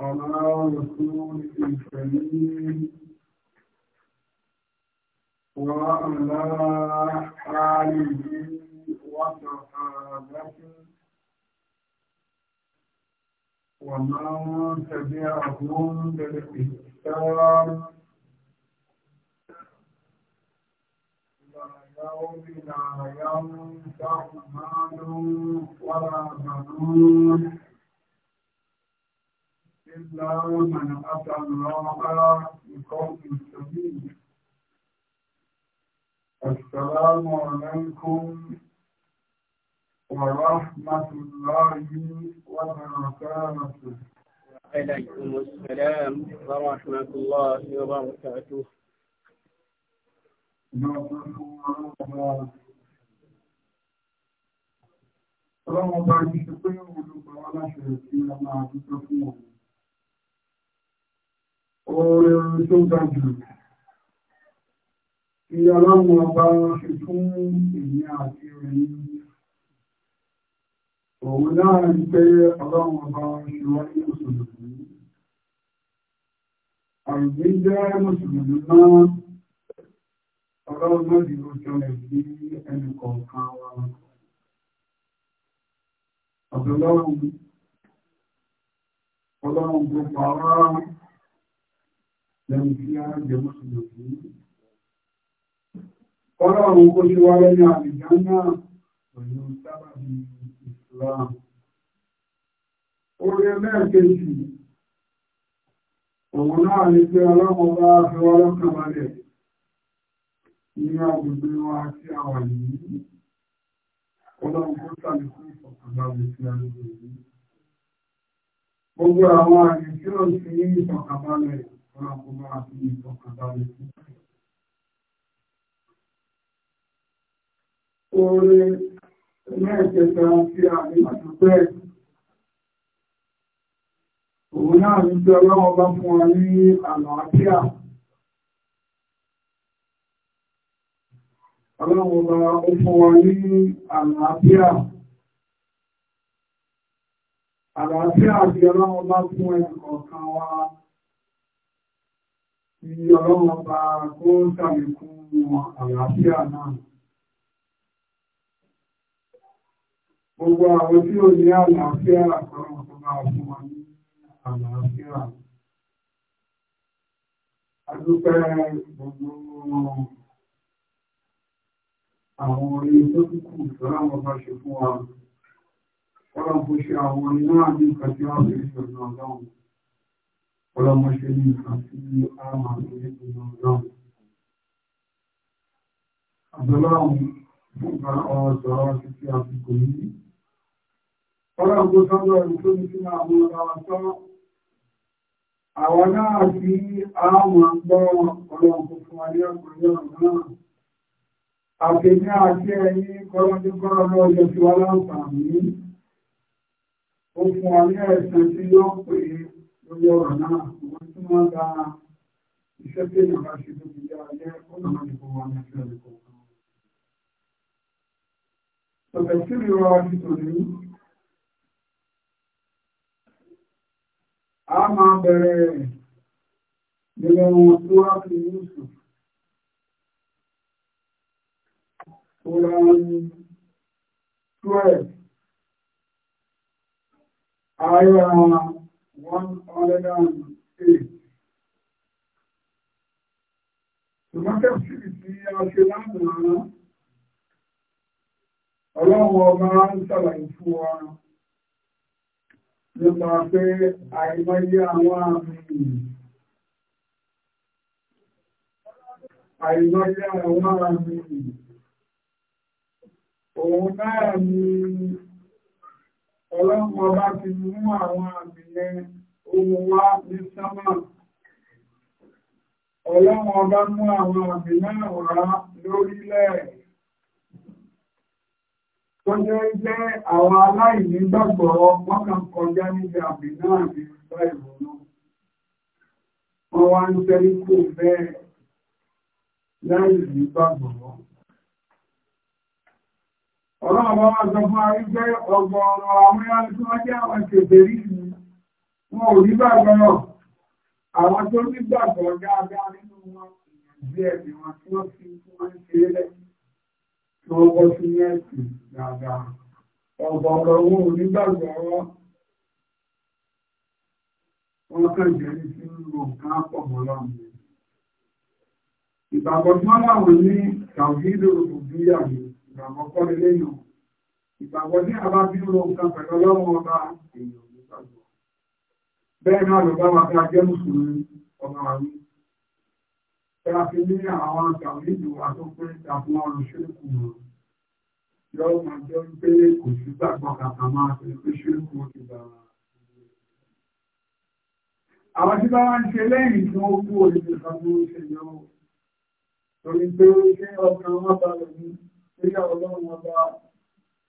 على رسوله الكريم وعلى آله وصحابته ومن تبعهم بالإحسان يوم لا ينفع مال ولا بنون إلا من أتى الله بقوم سليم السلام عليكم ورحمة الله وبركاته وعليكم السلام ورحمة الله وبركاته Ọlọ́run ọba ìṣẹ́pẹ́ òun ló bá wá láṣẹ ìrẹsì ọmọ orin tó ga jù kí ọlọ́run ọba fi fún èmi àti orin òun láàrin pé ọlọ́run ọba ṣe wáyé mùsùlùmí àrùgbé jẹ́ mùsùlùmí náà ọlọ́run dìbò jọlẹ̀ sí ẹnì kọ̀ọ̀kan wa ọ̀dọ́lọ́run ọlọ́run gbogbo àwọn lẹ́nu tí a jẹ mọ́sùlùmí. Ọlọ́run kó ṣe wá lẹ́nu àbìjá náà pẹ̀lú sábàbí Islam. Orí ẹlẹ́ẹ̀kejì, òun náà ni pé ọlọ́run bá fi wá lọ́kàn balẹ̀ ní agbègbè wa tí a wà yìí. Ọlọ́run kó sàlékún ìfọ̀kànbalẹ̀ sí agbègbè yìí. Gbogbo àwọn àyè tí ó ń fi ní ìfọ̀kànbalẹ̀ ọlọ́run kó bá wa fi ìfọkànbalẹ̀ fún. Oore ẹlẹ́ẹ̀kẹta tí a ní àdúgbẹ́ òun náà ní bí ọlọ́run bá fún wa ní àlàáfíà. Ọlọ́run ọba ó fún wa ní àlàáfíà. Àlàáfíà bí ọlọ́run bá fún ẹnì wa. Ibi Gbogbo àwọn tí ó ní àlàáfíà ọlọ́run tó máa fún ní àlàáfíà. Adúpẹ́ gbogbo àwọn orin tó kúkú sọ́rọ̀ ọba ṣe fún wa. Ọlọ́run àwọn orin náà ní wọ́n fi ṣe ọ̀nà ọlọ́run ọlọ́mọṣẹ́ ní nǹkan tí a máa ń lè gbogbo náà. Àbẹ̀láhùn nípa ọ̀sọ̀ ọ̀sẹ̀ tí a fi kò ní. Ọlọ́run tó sọ́jọ́ ìtò ní sí máa mú ọlọ́wọ́ sọ́. Àwọn náà tí a máa ń gbọ́ ọlọ́run kò fún wa ní ọkùnrin ọ̀rọ̀ náà. Àfẹ́ní àti ẹ̀yìn kọ́lọ́dúnkọ́rọ́ lọ́jọ́ tí wá láǹfààní. ní ẹ̀sẹ̀ tí yóò pè é lórí ọ̀rọ̀ náà wọ́n tí wọ́n dá iṣẹ́ tí èèyàn bá ṣe tó fi yá ayé ó nà máa dìbò wọn àti ọ̀rẹ́ kọ̀ọ̀kan. Sọ̀tẹ̀ sí mi rọra ti tò ní. A máa bẹ̀rẹ̀ nínú wọn tó wá fi ní sùn. Tóra ní twelve. Ayọ̀ àwọn 108. Ṣùgbọ́n kẹ́sì tí a ṣe lánàá, ọlọ́run ọba ń ṣàlàyé fún wa nípa pé àìmọye àwọn àmì àìmọye àwọn àmì òun náà ni ọlọ́run ọba ti mú àwọn àmì yẹn ohun wá ní sánmà ọlọ́run ọba mú àwọn àmì náà wá lórílẹ̀ tó jẹ́ jẹ́ àwọn aláìní gbàgbọ́ wọ́n kàn kọjá níbi àmì náà ní ìgbà ìrònú wọ́n wá ń tẹ́lẹ̀ kò bẹ́ẹ̀ láì ní gbàgbọ́ Ọlọ́run bá wá sọ fún arí jẹ́ ọgbọ̀ọ̀rọ̀ àwọn ẹran tí wọ́n jẹ́ àwọn kèfèrí ni wọn ò nígbàgbọ́ náà. Àwọn tó nígbàgbọ́ dáadáa nínú wọn ìyànjú ẹ̀mí wọn tí wọ́n fi wọ́n ń ṣe lẹ́ tí wọ́n bọ́ sí ẹ̀sìn dáadáa. Ọgbọ̀ọ̀rọ̀ wọn ò nígbàgbọ́ wọn kàn jẹ́ ní sí ń lo nǹkan pọ̀ mọ́ lọ́run. Ìgbàgbọ́ tí wọ́n láwọn ní Tàwídò Òbíyà ni ìgbàgbọ́kọ́ ilé nù ìgbàgbọ́ ní àbábínú ló nǹkan pẹ̀lú ọlọ́run ọba èèyàn nígbàgbọ́ bẹ́ẹ̀ náà ló bá wa bí ajẹ́ mùsùlùmí ọmọ àwọn ẹ a fi ní àwọn àgbàwí ìdùnwà tó pé ìtàkùn ọrùn ṣẹ́kù wọn yóò máa jẹ́ pé kò sí gbàgbọ́ kàkà máa fi pé ṣẹ́kù ti bàrà pé ọlọ́run ọba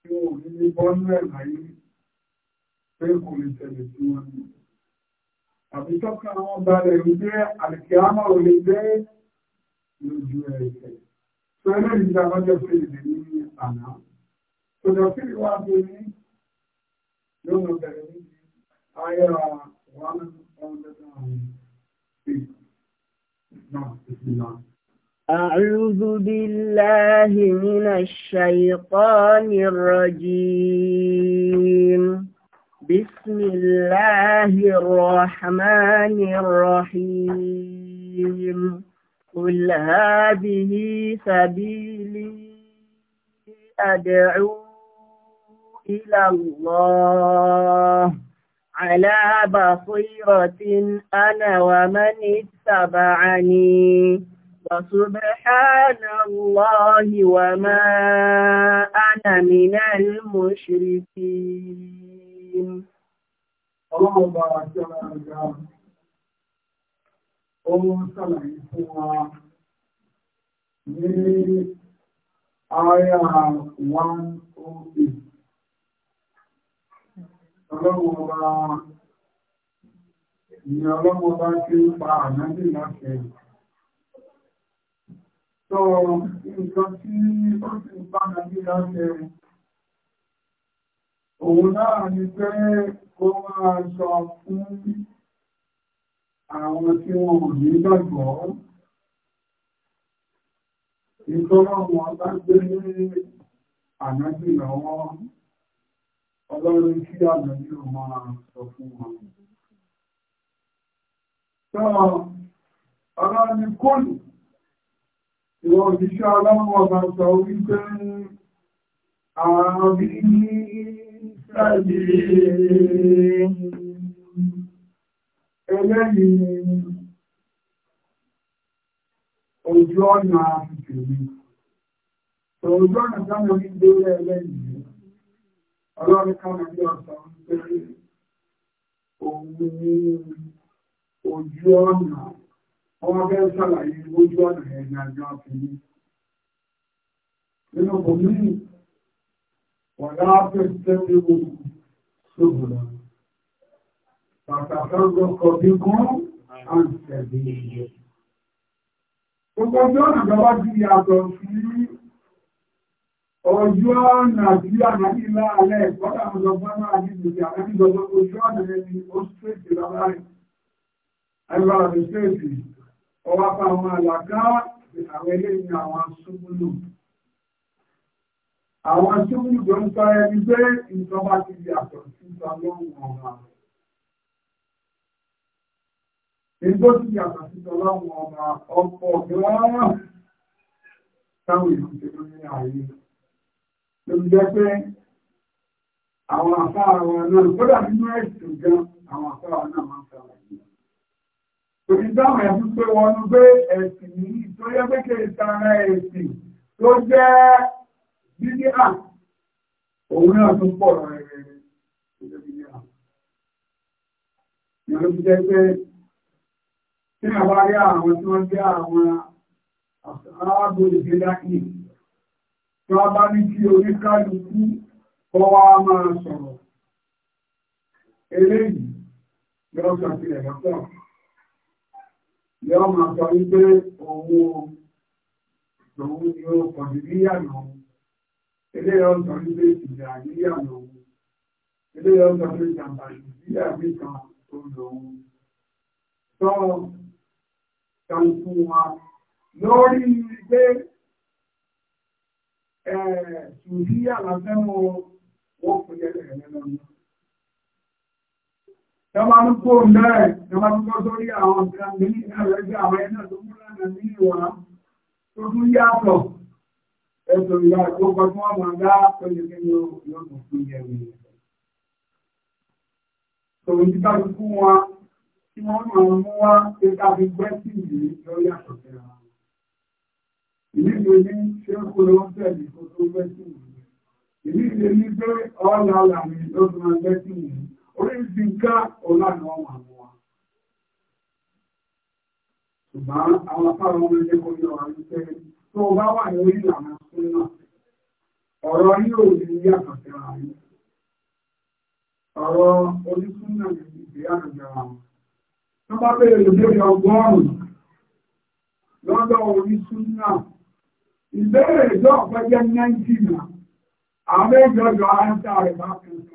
tí wọn ò ní ní bọ́nú ẹ̀ láyé pé kò lè tẹ̀lẹ̀ sí wọn ni. Àbí tọ́ka wọn balẹ̀ ń jẹ́ àlìkíámà ò lè jẹ́ lójú ẹsẹ̀. Sọ eléyìí ni abájọ́ fi lè ní àná. Sọ̀dọ̀ sí ìwà àbẹ̀ní yóò lọ bẹ̀rẹ̀ أعوذ بالله من الشيطان الرجيم بسم الله الرحمن الرحيم قل هذه سبيلي أدعو إلى الله على بصيرة أنا ومن اتبعني فسبحان الله وما أنا من المشركين Ọlọ́run bá wa jẹ́ ọ̀rọ̀ àjá, ó mú 108. So, nǹkan tí ó ti bá Nàìjíríà ṣe òun náà ni pé kó máa sọ fún àwọn tí wọn ò ní gbàgbọ́. Ìtọ́lọ́ wọn bá gbé ní ànájì lọ́wọ́ ọlọ́run kí ànájì ò máa sọ fún wọn. Sọ ọlọ́run kò ìwọ òṣìṣẹ́ ọlọ́run ọba sọ wípé àwọn bí ní sàdìrí ẹlẹ́yìn ojú ọ̀nà àfikèrè tó ojú ọ̀nà sáàmù ní gbélé ẹlẹ́yìn ọlọ́run kánà bí ọ̀sán pé òun ní ojú ọ̀nà àfikèrè ọmọ fẹ́ sàlàyé ojú ọ̀nà ẹ̀nà àjọ àfẹ́lú nínú kò ní wọ̀dá fẹ́ tẹ́lẹ̀ ohun ṣòbùrọ̀ pàtàkọ́gọ́ kọ̀bí kan àǹtẹ̀lẹ̀ ìyẹ́ gbogbo ọjọ́ ọ̀nà gbọ́wọ́ di yàtọ̀ sí ọjọ́ ọ̀nà tí ànábìlá alẹ́ ìgbọ́dà ọ̀dọ́gbọ́n náà ní ìgbèsè ànábìlọ́gbọ́n ojú ọ̀nà ẹni ó ṣèṣe lábáyé ẹgbẹ́ àdìsẹ́ẹ̀sì ọwá pa àwọn àlàká àwọn eléyìn àwọn súnmùlù àwọn súnmùlù tó ń sọ ẹni pé ìjọba ti di àtọ̀ síta lọ́wọ́ ọba ìjọ ti di àtọ̀ síta lọ́wọ́ ọba ọ̀pọ̀ gbọ́nà táwọn ìlú ti ló ní ààyè àwọn afárá wọn náà kódà nínú ẹ̀sìn gan àwọn afárá náà máa ń sọ̀rọ̀ Òbí dáhùn ẹ̀dún pé wọ́n ń gbé ẹ̀sìn yìí tó yẹ pé kí ìtara ẹ̀sìn tó jẹ́ bídíà. Òun náà tún pọ̀ lọ́rẹ̀ rẹ̀ ṣe bídíà. Ìyàwó ti jẹ́ pé tí a bá rí àwọn tí wọ́n jẹ́ àwọn aláàbò ìgbéga yìí, tí wọ́n bá ní kí oníkálukú kọ́ wa máa sọ̀rọ̀. Eléyìí, yọ yọ́ máa sọ wípé owó òun ni ó kọ̀dìríyànà eléyọ́ sọ wípé ìjà àríyànà eléyọ́ sọ wípé ìjàmbá ìbílẹ̀ àríkà tó lòun sọ ṣàǹtù wa lórí pé ẹ̀ẹ́dùn sí àlàfẹ́ wọn wọ́n fún yẹ́lẹ̀ ẹ̀lẹ́lọ́nà Tọ́bá ń kó mẹ́rẹ̀ tọ́bá ń kọ́ sórí àwọn ìrìnà ní ẹ̀rẹ́gbẹ́ àwọn ẹ̀nà tó múlá nà ní ìwà tó tún yàtọ̀. Ẹ̀tọ̀ ìyá ìkọ́kọ́ tó wọ́n ni yóò tó fún yẹ̀wò. Tòun ti tàbí fún wa tí wọ́n máa mú wá pé tàbí gbẹ́ sí ìlú lórí àtọ̀tẹ̀ ra. Ìlú ìlú ní ṣé kó lọ tẹ̀lé kó tó ìlú. Ìlú ìlú ní pé ọ̀là ọ̀là mi ló ìlú orí ti ká ọlànà ọmọ àwọn wa ṣùgbọ́n àwọn afárá wọn jẹ́ kó yọ àwọn ìṣẹ́ tó bá wà ní orí ìlànà súnmọ́ ọ̀rọ̀ yóò ní yàtọ̀ sí ara yìí ọ̀rọ̀ onísúnmọ́ ní ìgbé àjọjọra wọn tó bá bẹ̀rẹ̀ lórí ọgọ́rùn-ún lọ́dọ̀ onísúnmọ́ ìbéèrè ìjọ ọ̀pẹ́ jẹ́ 19 àwọn ẹgbẹ̀rẹ̀ àánsá rẹ̀ bá fi ń sọ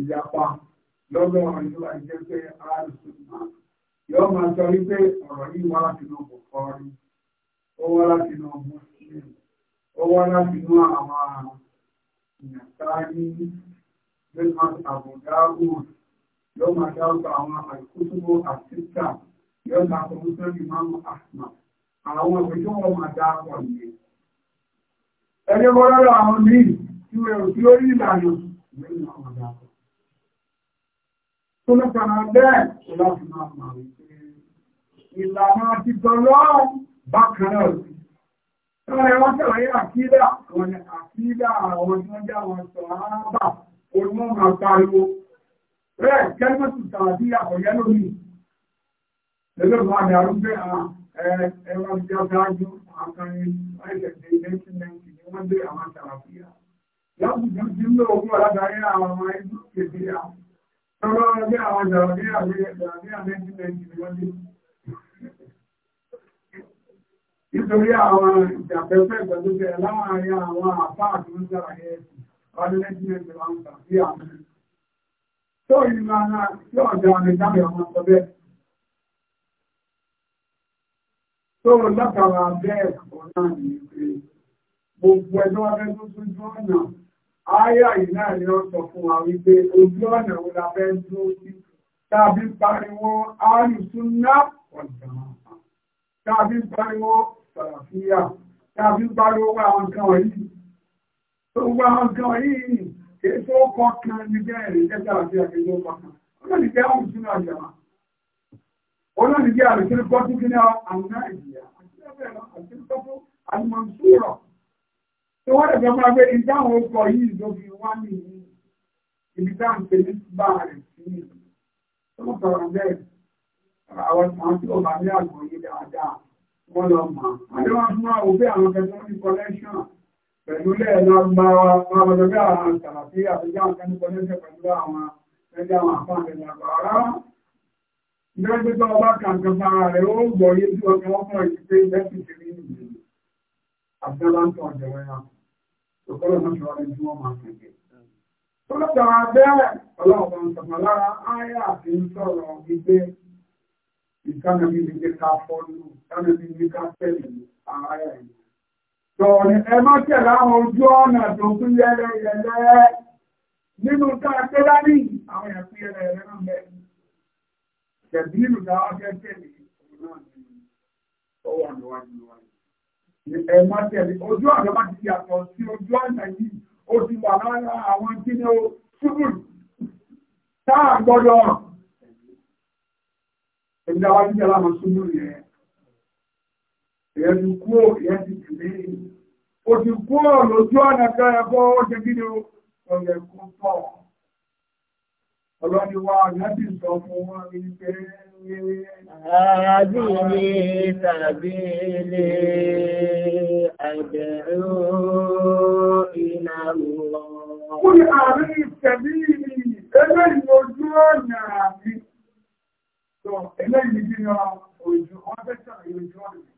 ìyapa lọ́dọ̀ ìjọba ìjẹ́ pé yóò máa sọ wípé ọ̀rọ̀ yìí wá láti inú bùkọ́rí ó wá láti inú muslim ó wá láti inú àwọn ìyàtàní belmont abudahu yóò máa dárúkọ àwọn àìkútùbù àtìkà yóò máa sọ wípé ìmáàmù àwọn máa dárúkọ ẹni wọ́n àwọn míì tí wọ́n ìlànà àwọn tó lọ́pàá bẹ́ẹ̀ tó láti máa mọ̀ wípé ìlànà àti tọ́lọ́ bákan náà sí. Tọ́lá ẹ̀ wọ́n ṣàlàyé àkídà wọn ni àkídà àwọn tí wọ́n jẹ́ àwọn sọ̀rọ̀ onímọ̀ máa pariwo. Bẹ́ẹ̀ kẹ́lẹ́mọ̀ sì tàbí àkọ̀yẹ́ lónìí. Ẹgbẹ́ ìwà ni àrùn pé ẹ̀rọ ìjọba-ájú àkàrin ẹ̀ẹ́dẹ̀gbẹ̀ 1990 ni wọ́n gbé àwọn tàbí à. Lábùjọ́ ti ń lọ ogún ọ̀làdáyé àwọn ẹgbẹ́ Nítorí àwọn ìjàfẹ́fẹ́ ìgbẹ̀lúgbẹ̀ láàárín àwọn àfáà tó ń sára ẹ̀ẹ́sì, ọdún lẹ́gbẹ̀ẹ́ ìgbẹ̀lá ń tà sí àmì. Tó ìrìnà náà tí ọ̀dá àmìjáde ọmọ sọ bẹ́ẹ̀. Tó látara bẹ́ẹ̀ ọ̀nà ìgbẹ̀ Áyà yìí náà ni ó sọ fún wa wípé ojú ọ̀nà wo la fẹ́ dúró sí. Tàbí pariwo Alùsúnná ọ̀dàmà. Tàbí pariwo Sàràfíà. Tàbí pariwo àwọn nǹkan wọ̀nyí. Tó gba àwọn nǹkan wọ̀nyí kìí tó kọ́ kan ní bẹ́ẹ̀ ní jẹ́ Sàràfíà kìí tó kọ́ kan. Olóòdì jẹ́ Alùsúnná ọ̀dàmà. Olóòdì jẹ́ Alùsúnná pọ́tù kí ni àwọn àmì náà ìjìyà. Àti tí wọ́n dẹ̀jọ́ máa gbé ìdáhùn ọkọ̀ yìí lóbi wá ní ibi tá à ń pè ní bá rẹ̀ sí ní ọmọ sọ̀rọ̀ bẹ́ẹ̀ àwọn àwọn tí ọba ní àgbọ̀nyé dáadáa wọ́n lọ mọ̀ àti wọ́n fún wa òbí àwọn kẹta ní collection pẹ̀lú lẹ́ẹ̀lọ gba wọn lọ bí àwọn sàlàfí àtijọ́ àwọn kẹta ní collection pẹ̀lú àwọn ẹgbẹ́ àwọn àfáàlẹ̀ ní àgbà rárá ìgbẹ́gbẹ́ tó ọba kàǹkan fara rẹ̀ ó gbọ́ yé tí ọkọ̀ ọkọ̀ ìgbẹ́ ìgbẹ́ sì ti rí nìyí àti ọlá ń tọ̀ ọ̀jọ̀ wọn Ìkọ́lọ̀ náà ṣe wá ní tí wọ́n máa tẹ̀lé. Tó lọ́tàrà bẹ́ẹ̀ ọlọ́ọ̀pọ̀ ń sọ̀rọ̀ lára áyà àti ń sọ̀rọ̀ gbígbé ìkánàbí ní pé ká fọ́lú, ìkánàbí ní ká tẹ̀lé áyà yìí. Sọ̀rọ̀ ẹ má tẹ̀lé àwọn ojú ọ̀nà tó kú yẹlẹyẹlẹ nínú ká tẹ́lá ní àwọn ẹ̀kú yẹlẹyẹlẹ náà mẹ́rin. Ṣẹ̀bí ìlú dáwọ́ fẹ́ tẹ̀lé ẹ má tẹ̀lé ojú ọ̀nà bá ti yàtọ̀ sí ojú ọ̀nà yìí ó ti wà lára àwọn kíni ó túbù táà gbọ́dọ̀ ẹ̀dá wá ní ẹlànà súnmù yẹn ẹ̀yẹn ti kú ìyẹn ti tìlé ó ti kú lójú ọ̀nà kẹrẹ bọ́ ó ṣe kíni ó ọ̀yẹ̀kú pọ̀ Ọlọ́ni wa láti sọ fún wọn ní pé Àbí ní tàbí ilé àìbẹ̀rù iná lọ. Kúrì àrí ìtẹ̀bí eléyìí ojú ọ̀nà àbí. Sọ eléyìí bí na ojú ọjọ́ ṣàlàyé ojú ọ̀nà.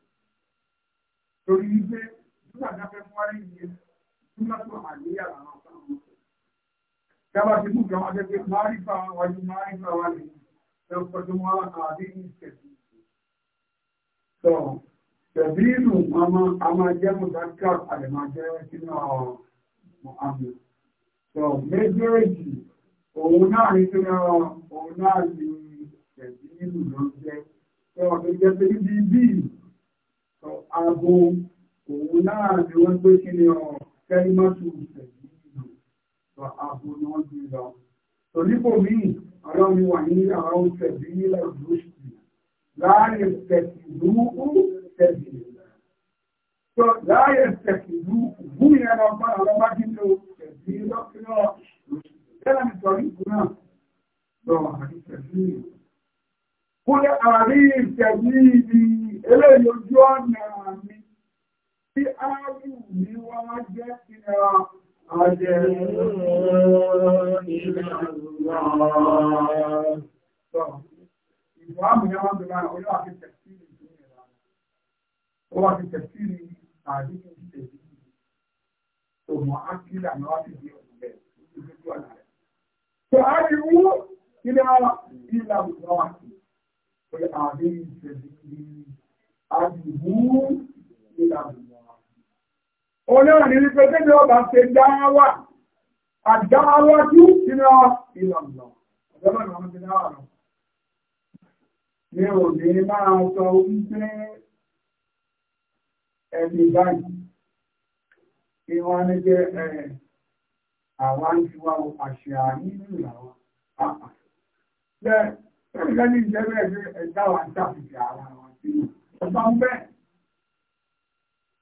Torí wípé, nígbàdá fẹ́ fún wárí ìyẹn, nígbàtọ̀ àníyàn àwọn. Kama ki mú kama jẹ́ pé márífà wà ní márífà wà ní ẹ̀fọ́dúnmọ́ àbí ìṣẹ̀sì. Sọ, tẹ̀bílù a máa jẹ́ mùsáká àlè máa jẹ́ sínú àmì. Sọ, méjèèjì, òun náà ní sínú òun náà ní tẹ̀bílù ló ń jẹ́. Sọ, tó jẹ́ pé níbi bí ààbò òun náà ni wọ́n gbé kí ni ọ̀ kẹ́lí ààbò ni wọ́n gbé lọ. Tòlípò míì, ọlọ́run wà ní àwọn oúnjẹ bí nílẹ̀ òdòṣì láàyè tẹ̀sìlú tẹ̀sìlú. Sọ láàyè tẹ̀sìlú bú yẹn lọ bá àwọn bá dín lọ tẹ̀sìlú lọ́kìlọ́ bẹ́ẹ̀ ni tòlípò náà lọ àti tẹ̀sìlú. Kúlẹ̀ àárín ìtẹ̀sìlú ibi eléyìí ojú ọ̀nà mi tí áàbù mi wá jẹ́ sí ẹran. Ìwàmù yẹn wọ́n bẹ̀rẹ̀ ọjọ́ àti tẹ̀sílì tó yẹ̀ lára. Ó wá ti tẹ̀sílì àdínkù ti tẹ̀sílì. Tòmọ̀ ákílà ni wá ti di ọ̀dọ̀ bẹ̀rẹ̀ lójú ọ̀la rẹ̀. Tò á ti wú ilé ara ìlà òṣùwọ̀n wá sí. Ó yẹ àdínkù tẹ̀sílì. Àdìbú ìlà òṣùwọ̀n. Onáà ní wípé tí ọba ṣe dáwà, àdáwà tí ìrìnà ìlànà. Ọjọ́bà ni wọ́n ti dáwà lọ. Mi ò ní máa sọ wípé ẹni báyìí, kí wọ́n ní pé àwọn ti wá àṣẹ àníyàn ìlàwọ̀. Bẹ́ẹ̀, ẹ̀rìnlẹ́ni ìjẹ́bẹ̀ẹ́ ẹ̀dáwà ń tàbí ara wọn sí ọ̀sán bẹ́ẹ̀.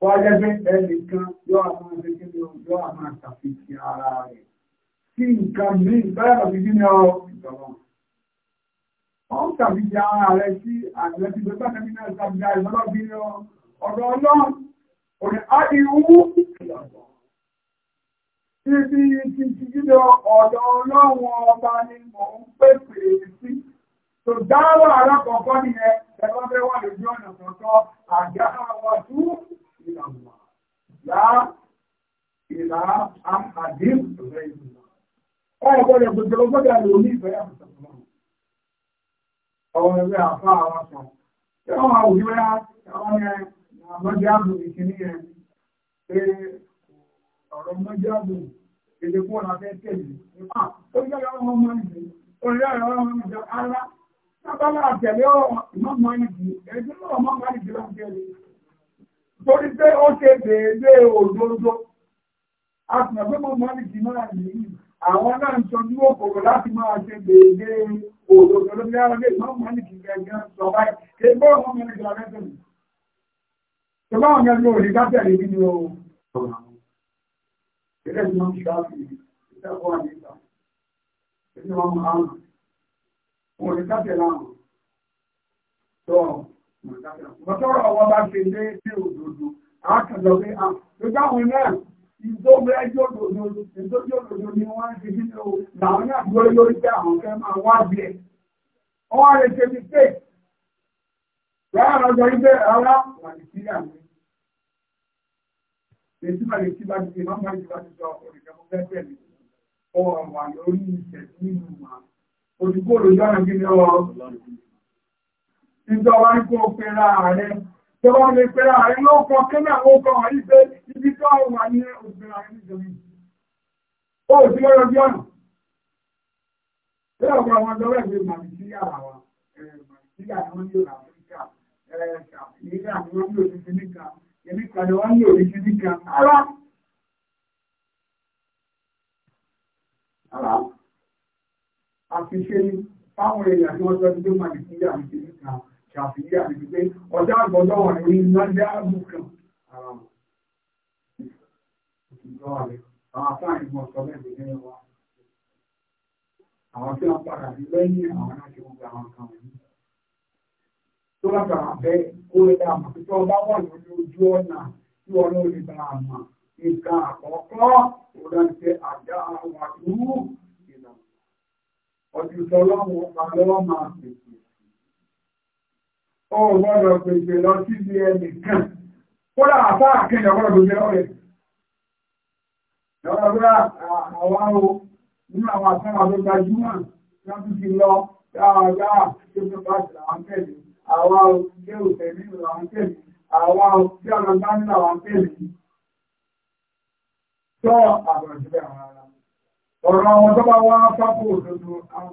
Tó a jẹ́ pé ẹnìkan yóò àwọn ẹgbẹ́ kí ni yóò àwọn àtàfíìsì ara rẹ̀. Tí nǹkan ní ìbáyọ̀ fi kí ni ọ ìjọba. Wọ́n tàbíjì ara rẹ̀ sí àjẹ́sí pé bá kẹ́mí náà tàbíjì ara ìbọ́lọ́ bí ní ọ̀dọ̀ ọlọ́run. Òní á ti wú ìlọ̀dọ̀. Ibi ti ti jíjọ ọ̀dọ̀ ọlọ́run ọba ni mò ń pèpè sí. So dáwọ̀ alákọ̀ọ́kọ́ nìyẹn, ẹ̀rọ bẹ́ẹ̀ إلى الله لا إلى أحد غير الله ọ̀gbọ́n ẹ̀bùn tó gbọ́dọ̀ lò ní ìfẹ́ àbùsọ̀ ọ̀rọ̀ ẹgbẹ́ àfá àwọn sọ tí wọ́n máa wùí rá àwọn ẹ̀ mọ́jáàbù ìkíní ẹ̀ pé ọ̀rọ̀ mọ́jáàbù èdè fún ọ̀nà fẹ́ tẹ̀lé nípa tó jẹ́ ọmọ ọmọ ìdí orílẹ̀ ọ̀rọ̀ ọmọ ìdí ara lábálà tẹ̀lé ọmọ ìdí ẹ̀dùn ọmọ ìdí lọ́n tẹ̀lé torí pé ó ṣe déédé òdodo àtìmọ̀ pé mọ́ mọ́lìkì máa ní àwọn náà ń sojú òkòrò láti máa ṣe déédé òdodo lórí ara lè mọ́ mọ́lìkì gẹ́gẹ́ sọ báyìí kí bọ́ ọmọ mọ́lìkì lọ rẹ́tọ̀ mi tó bá wọn gẹ́gẹ́ òní ká tẹ̀lé nínú ọ̀rọ̀ gẹ́gẹ́ tí wọ́n ń ṣáàfì ìṣẹ́kọ̀ọ́ àyíká gẹ́gẹ́ wọn mọ̀ àwọn Bọ́tọ́rọ̀ wọn bá ṣe lé sí òdòdó, àákàlọ́ pé à, ah, lójú àwọn náà, ìjọ mẹ́jọ òdòdó, ìjọ jẹ́ òdòdó ni wọ́n ń ṣe sí ní o, làwọn náà dúró lórí pé àwọn fẹ́ máa wá bí ẹ̀. Wọ́n á lè ṣe ní pé, rárá lọ́jọ́ ilé rárá wà ní síríà mi. Èsì bá lè ṣí bá ti ṣe, máa ń bá ti sọ olùkẹ́kọ̀ọ́ fẹ́ bẹ̀rẹ̀ mi. wa. Òdìgbò lójú ọ̀nà ọ̀rọ̀ ìjọba ń kó pẹ̀lá ààrẹ ìjọba lè pẹ̀lá ààrẹ ló kọ kẹ́lá ó kọ wà nípe ibi tó wà ní òṣèlú ààrẹ nítorí ó sí lọ́rọ̀ bí ọ̀nà lọ́rọ̀ ọ̀pọ̀ àwọn ọjọ́ ẹgbẹ́ màlìsíyà àwọn eh, màlìsíyà ni wọ́n ní òun àfíríkà ẹ̀ẹ́sà ìyíká ni wọ́n ní òṣìṣì níka èmíkà ni wọ́n ní òṣìṣì níka ara ara àfiṣe ni fáwọn èèyàn tí wọ́n sọ pé màlìsíyà ń ṣe níka ṣàfihàn àti pé ọjọ́ àgbọ̀dọ̀ wà ní lọ́jọ́ àgbò kan ara wọn. Àwọn afáàrin wọn sọ bẹ́ẹ̀ nílé wa. Àwọn tí wọ́n padà sí lẹ́yìn àwọn láti gbogbo àwọn kan wọ̀nyí. Tó lábà abẹ́ kó lè dá àmọ̀ tó bá wà lórí ojú ọ̀nà tí wọ́n ló lè bá àmọ̀. Nǹkan àkọ́kọ́ ó dá ní pé àdá àwọn àdúrú ìlànà. Ọdún sọ lọ́wọ́ ọba lọ́wọ́ máa pèsè ọgbọ́dọ̀ pèsè lọ sí ibi ẹnìkan kódà àfá àkẹyìn ọgbọ́dọ̀ pèsè lọ rẹ̀ lọ́gbọ́dọ̀ àwọn o nínú àwọn àtẹ́wà tó gbajúmọ̀ láti fi lọ dáadáa tó fi pàṣẹ àwọn tẹ̀lé àwa o ilé òfẹ́ nínú àwọn tẹ̀lé àwa o tí ọ̀nà bá nínú àwọn tẹ̀lé tọ́ àbọ̀dọ̀ síbẹ̀ àwọn ará ọ̀rọ̀ àwọn tó bá wá fákòó lójú àwọn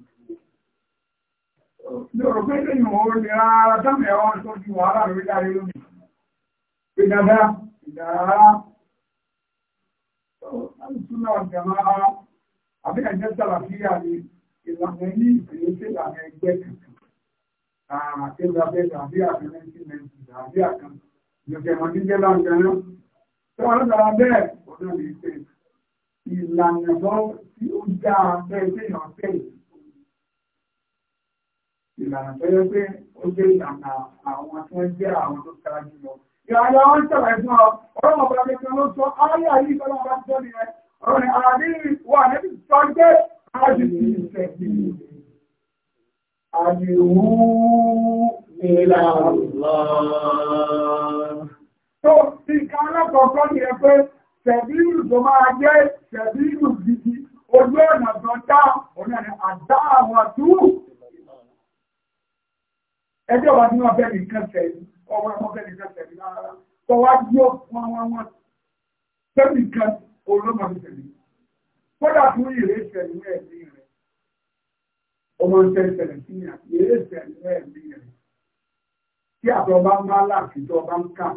ní ọ̀rọ̀ pé lẹ́yìn òun ní ara dámẹ̀ ẹ̀wọ̀n tó ju wàhálà lórí láyé lónìí pé dáadáa ìdára alùsùnà ọ̀dẹ̀mọ́ àbí ẹ̀jẹ̀ sàlàfíà ni ìlànà ní ìpínlẹ̀ sí ìlànà ẹgbẹ́ kankan àti ìlàbẹ̀ tàbí àbẹ̀rẹ̀ sí mẹ́tì tàbí àkan ìjọba jíjẹ́ láǹkan náà tó wọ́n lọ́dọ̀ bẹ́ẹ̀ ọ̀dọ́ ní pé ìlànà bọ́ tí ó dáa bẹ́ẹ̀ ìlànà tó yẹ pé ó jẹ́ ìlànà àwọn tó ń jẹ́ àwọn tó kára jù lọ. Ìlànà àwọn ìṣẹ̀lẹ̀ fún ọ, ọ̀rọ̀ ọ̀pọ̀lọpọ̀ ẹgbẹ́ ló sọ, ayé àyè ìfẹ́lẹ́ ọba tó ní ẹ, ọ̀rọ̀ ni àbí wà níbi sọ pé a jù sí ìfẹ́ sí i. Àdìwú ìlànà. Tó ti ká alákọ̀ọ́kọ́ ni ẹ pé ṣẹ̀bílù tó máa jẹ́ ṣẹ̀bílù gidi, ojú ọ̀nà tó dá, òun ni àdá àwọn àdúrù ẹbí ọba tí wọ́n fẹ́ nìkan tẹ̀lé ọwọ́ ẹ̀mọ́ fẹ́ nìkan tẹ̀lé rárá tó wá bí ó wọ́n wọ́n wọ́n fẹ́ nìkan olóòmọ̀ ti tẹ̀lé kódà fún ìrẹsẹ̀ nínú ẹ̀mí rẹ̀ ọmọ ń tẹ̀lé tẹ̀lé sí ní àti ìrẹsẹ̀ nínú ẹ̀mí rẹ̀ tí àtọ̀ bá ń bá láti tó ọba ń kà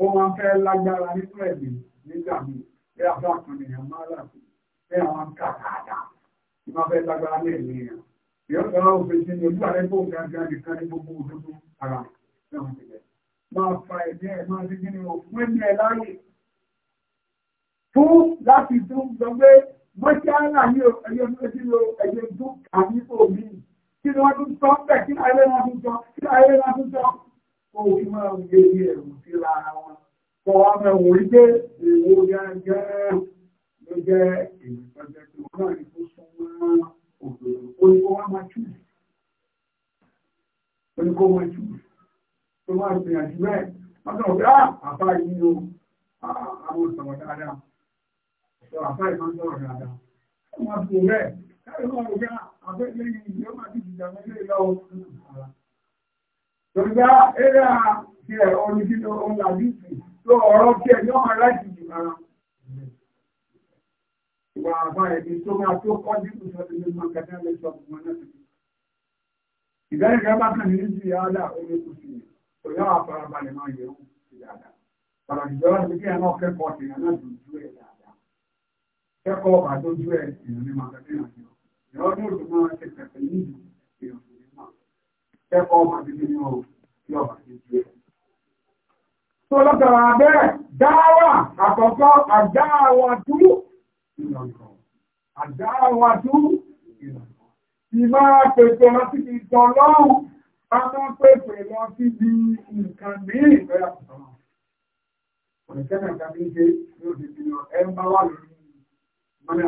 ó máa ń fẹ́ lágbára nínú ẹ̀mí nígbà míì bí àbá kan nìyẹn máa láti bí àwọn ń kà dáadáa ìmọ̀ fẹ́ lágbára ní ẹ̀mí rẹ̀ Ìyọ́kọ̀ọ́ òfèsì ni olúwa rẹ̀ bó gangan nìkan ní gbogbo òdodo ara náà ti bẹ̀. Máa fa ẹ̀mí ẹ̀ máa ti gíní o fún ẹ̀mí ẹ̀ láyè. Fún láti dún sọ pé ní ẹyẹ tó ti dún àbí omi. Kí ni wọ́n tún sọ bẹ́ẹ̀ kí láyé wọn tún kí láyé wọn tún sọ. máa ń gbé ẹ̀rù sí ara wọn. Kọ̀ wá mẹ́ wò rí pé èwo gangan ló jẹ́ èyí tó jẹ́ pé náà ní kó sún mọ́ obìnrin oníkó wá máa jù oníkó máa jù tó máa gbìyànjú àti bẹ́ẹ̀ wọ́n sọ pé àbá yìí o àwọn sọ̀rọ̀ dáadáa sọ àbá yìí máa ń sọ̀rọ̀ dáadáa wọ́n máa fi bẹ́ẹ̀ káyọ̀ máa rò pé àbẹ́ lẹ́yìn ìjọ máa ti jìjà mọ́ ilé lọ́wọ́ Yorùbá eré àti ẹ̀ ọ́nìkí ló ń lajú sí lọ ọ̀rọ̀ kí ẹ̀ yọ́ máa láti jù ara ìwà àbá ẹni tó máa tó kọ́ dínkù sọ́dún ní máa kẹta lẹ́sọ̀ ọ̀gbọ̀n náà ti ìdáyẹ̀ kan bá kàn ní sí yàrá omi kù sí òyà àfarabalẹ̀ máa yẹ̀ wò sí yàrá pàtàkìjọba ti kí ẹ̀nà kẹ́kọ̀ọ́ ti yàrá dojú ẹ̀ dáadáa kẹ́kọ̀ọ́ bá dojú ẹ̀ ìyàn ní máa kẹta náà yọ ìyàwó ní òtún máa ṣe kẹfẹ́ nídìí èèyàn fún mi náà kẹ́kọ̀ọ́ bá ti ní yọ yọ bá dojú ẹ̀. tó lọ́tọ̀rọ̀ abẹ́rẹ́ dáwà àkọ́kọ́ àdáwà dúró ìlànà àdáwàdú ìlànà ìmá pèpè lọ sí ìtàn lọ́hùn a máa pèpè lọ sí bí nǹkan míì lọ́yà tọ̀tọ̀ ọ̀nìkẹ́nà nǹkan míì ṣe ní òfin sí lọ ẹ bá wà lórí mọ́ni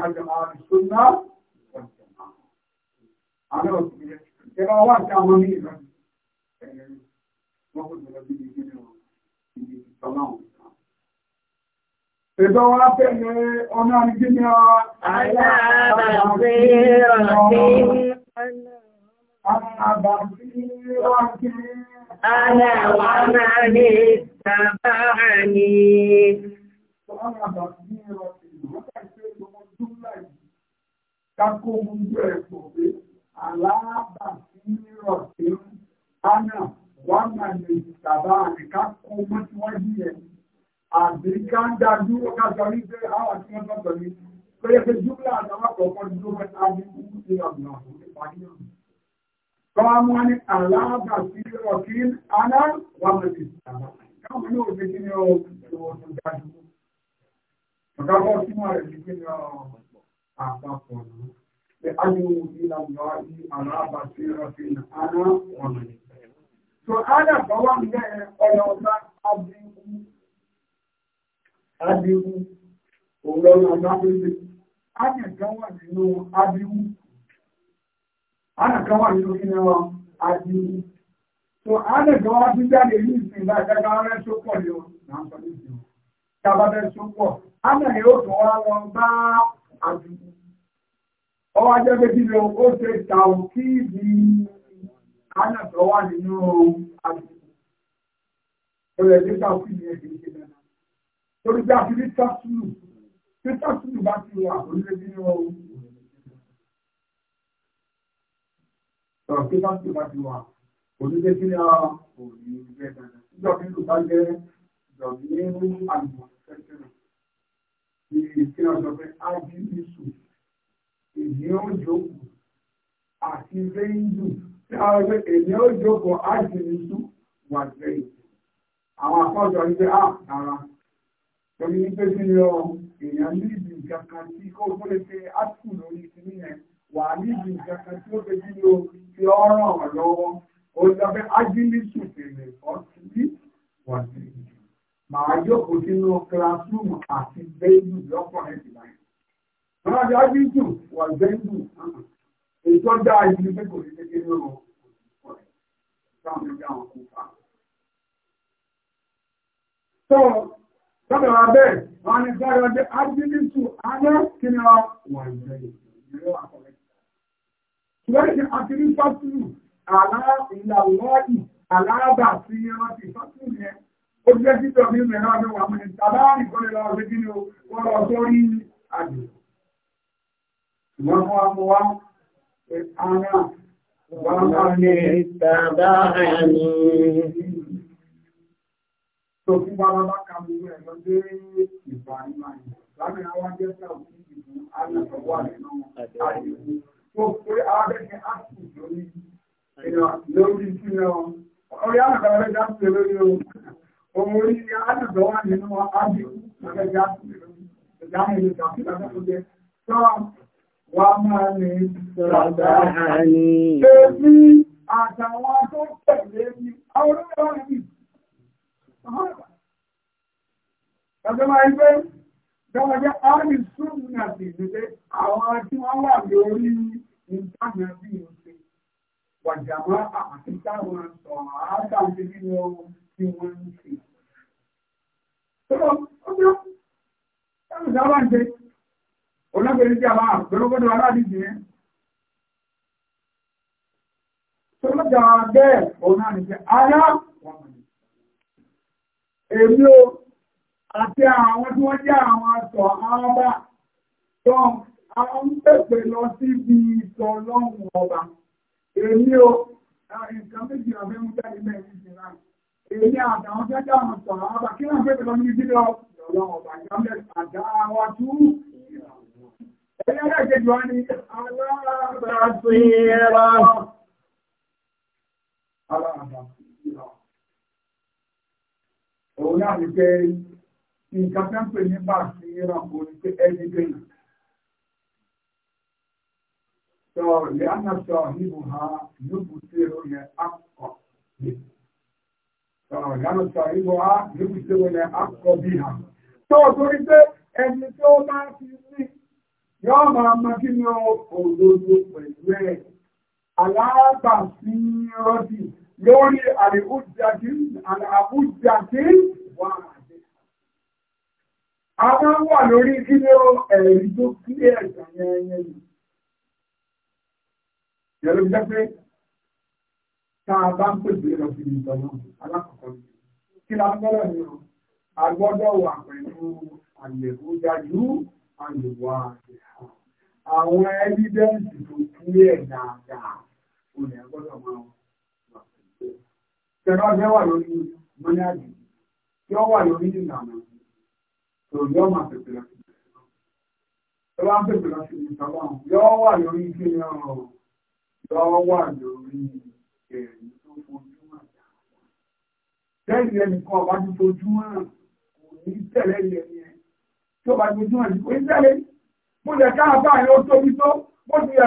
Ìjọ wa bẹ̀rẹ̀ ọ̀nà àrígíní ọ̀rọ̀. Alábàbí rọ̀bí. Alábàbí rọ̀bí. Aláwà máa ní sàbára ní. Alábàbí rọ̀bí. Wọ́n kà ṣe gbogbo júmọ̀ yìí. Kákó gbogbo ẹ̀kọ́ pé alábàbí rọ̀bí. Aláwà máa ní sàbára ní kákó mọ́ síwájú yẹn àbí ká ń dá dúró ká sọ ní pé àwọn àti wọn sọ̀tọ̀ ní pé pé júmọ́lá àtàwọn àkọ́kọ́ dúró fẹ́ ta ní kú sí ọ̀nà ìpàdé náà. Tọ́wá mú wọn ní àlàáfà sí ọ̀kí aná wà mẹ́tì ìtàlá. Káwọn ní òfin kí ni ìlànà ní àlàáfà sí ọ̀kí aná wà mẹ́tì ìtàlá. Tọ́ Adíwú, òun lọ́nà Adábẹ́lẹ̀. na wà nínú Adíwú. Ánìkan wà nínú kí náà So, Ánìkan na tún jáde ní ìsìn láìjẹ́gbá rẹ̀ sópọ̀ ni ó náà sọ ní ìsìn. Tàbátẹ́ na Ánìkan yóò tún wá lọ bá Adíwú. Ọwọ́ ajẹ́ pé kí torí pé àfi ní tásùlù tí tásùlù bá ti wà orílẹ̀ bí wọ́n o. sọ̀rọ̀ pé tásùlù bá ti wà orílẹ̀ bí wọ́n o. ìjọ bí ló bá jẹ́ ìjọ bí ní àlùmọ̀ fẹ́fẹ́rẹ́ ní kí wọ́n sọ pé ájú ìṣù èyí ó jókòó àti rẹ́ńdù tí a rẹ pé èyí ó jókòó ájú ìṣù wà lẹ́yìn àwọn akọ́jọ ní pé ah, á dára torí pé kí ni ọ èèyàn níbi nǹkan kan tí kò tó lè ṣe ápù lórí ìsinmi yẹn wà níbi nǹkan kan tí ó lè kí ni o fi ọ̀ràn ọ̀ lọ́wọ́ ó dábẹ́ ágílísù fèrè ọ̀sùn bí wà sí i màá jókòó sínú kílásírùmù àti bẹ́ẹ̀lù lọ́kùnrin ìgbà yẹn. Àwọn àjọ ágílísù wà bẹ́ẹ̀lù ètò ọjà ìdílé pé kò ní kékeré lọ́wọ́ kò ní kọ́ ẹ̀ Tọ́bẹ̀ wa bẹ́ẹ̀, wọ́n ni gbára dé Adílítù Adé kí ni wà ìgbẹ̀rẹ̀. Ṣùgbọ́n ìṣẹ́ àtìrí fásitì aláìlàwọ́ọ̀dì aláàbà sí ẹran ti fásitì yẹn. Ó jẹ́ títọ́ mi mẹ́rin ọdún wà mọ́ ní tàbáàrì kọ́lé lọ sí kí ni ó lọ sórí àjò. Ṣùgbọ́n wọ́n mú wá ara wà mọ́ ní tàbáàrì tó fún bàbá bá ka mú rẹ̀ lọ dé ìgbà nígbà yìí lábẹ́ àwọn jẹ́ sẹ́ òfin ìdìbò alẹ́sọ̀ wà nínú àyẹ̀wò tó pé arábẹ́ni àti lórí lórí kí ni ọ orí àgbàlá rẹ̀ dáhùn pé lórí o òun orí ni alẹ́sọ̀ wà nínú àyẹ̀wò lábẹ́ dáhùn lórí ìdáhùn ìdàkúndàkùn jẹ́ sọ wà máa ní sọ̀rọ̀ àní. èmi àtàwọn tó tẹ̀lé mi àwọn olóyè wà níbi. Ẹgbẹ́ máa ń gbé dáwọ́jẹ́ àárín súnmù náà sì nílé àwọn tí wọ́n wà lórí ìtànà bí i ṣe. Wàjàmá àti táwọn sọ̀rọ̀ àádọ́gbé nínú ohun tí wọ́n ń ṣe. Tọ́lọ́, ọjọ́, ẹ̀rù dáwà ń ṣe. Olágbèrè jẹ́ àwọn àgbẹ̀rọ̀gbọ́dọ̀ aládìjì yẹn. Tọ́lọ́ èmi o àti àwọn tí wọ́n jẹ́ àwọn àtọ̀ àwọn ọba tó àwọn ń pèpè lọ síbi ìtọ̀ lọ́hùn ọba èmi o nǹkan méjì ọ̀fẹ́ mú jáde mẹ́rin sí náà èmi àtàwọn tó jẹ́ àwọn àtọ̀ àwọn ọba kí náà pèpè lọ níbi ìtọ̀ lọ́hùn ọba ìyáwó àdá wa tú ẹ̀yẹ́ lẹ́ẹ̀kejì wá ní aláàbàṣírà aláàbàṣírà òun náà ní pé nǹkan tó ń pè ní bàtí ìran kò ní pé ẹni dènà sọ lẹ́yìn sọ níbo ha níbo tí ó yẹ akọ bí sọ lẹ́yìn sọ níbo ha níbo tí ó yẹ akọ bí ha tó o torí pé ẹni tó bá ti ní yóò máa ma kí ni òdodo pẹ̀lú ẹ̀ alábàásí rọ́dì lórí àríkújájí àbújájí wà àdé. Àwọn wà lórí kí ní ó ẹ̀rí tó kí ẹ̀jà yẹnyẹn yìí. Yẹ̀lú jẹ́ pé táa bá ń pèsè lọ sí ìtọ́nà alákọ̀ọ́kọ́ ní. Kí la gbọ́dọ̀ ní ọ? A gbọ́dọ̀ wà pẹ̀lú àlèkújájú àlèwà àdé. Àwọn evidence tó kí ẹ̀ dáadáa, olè gbọ́dọ̀ máa wà tẹ̀rọ jẹ́ wà lórí mọ́níàjì tí ó wà lórí ìlànà tó yọ máa pèpè lọ sí ń pèpè lọ sí ìtọ́lọ́ yọ wà lórí kí ọ̀rọ̀ yọ wà lórí ẹ̀rí tó fojú hàn dáadáa. lẹ́yìn ẹnì ọba ti fojú hàn kò ní tẹ̀lé yẹn yẹn tí ọba ti fojú hàn kò ní tẹ̀lé mo lè ká àbá yẹn ó tóbi tó mo ti yẹ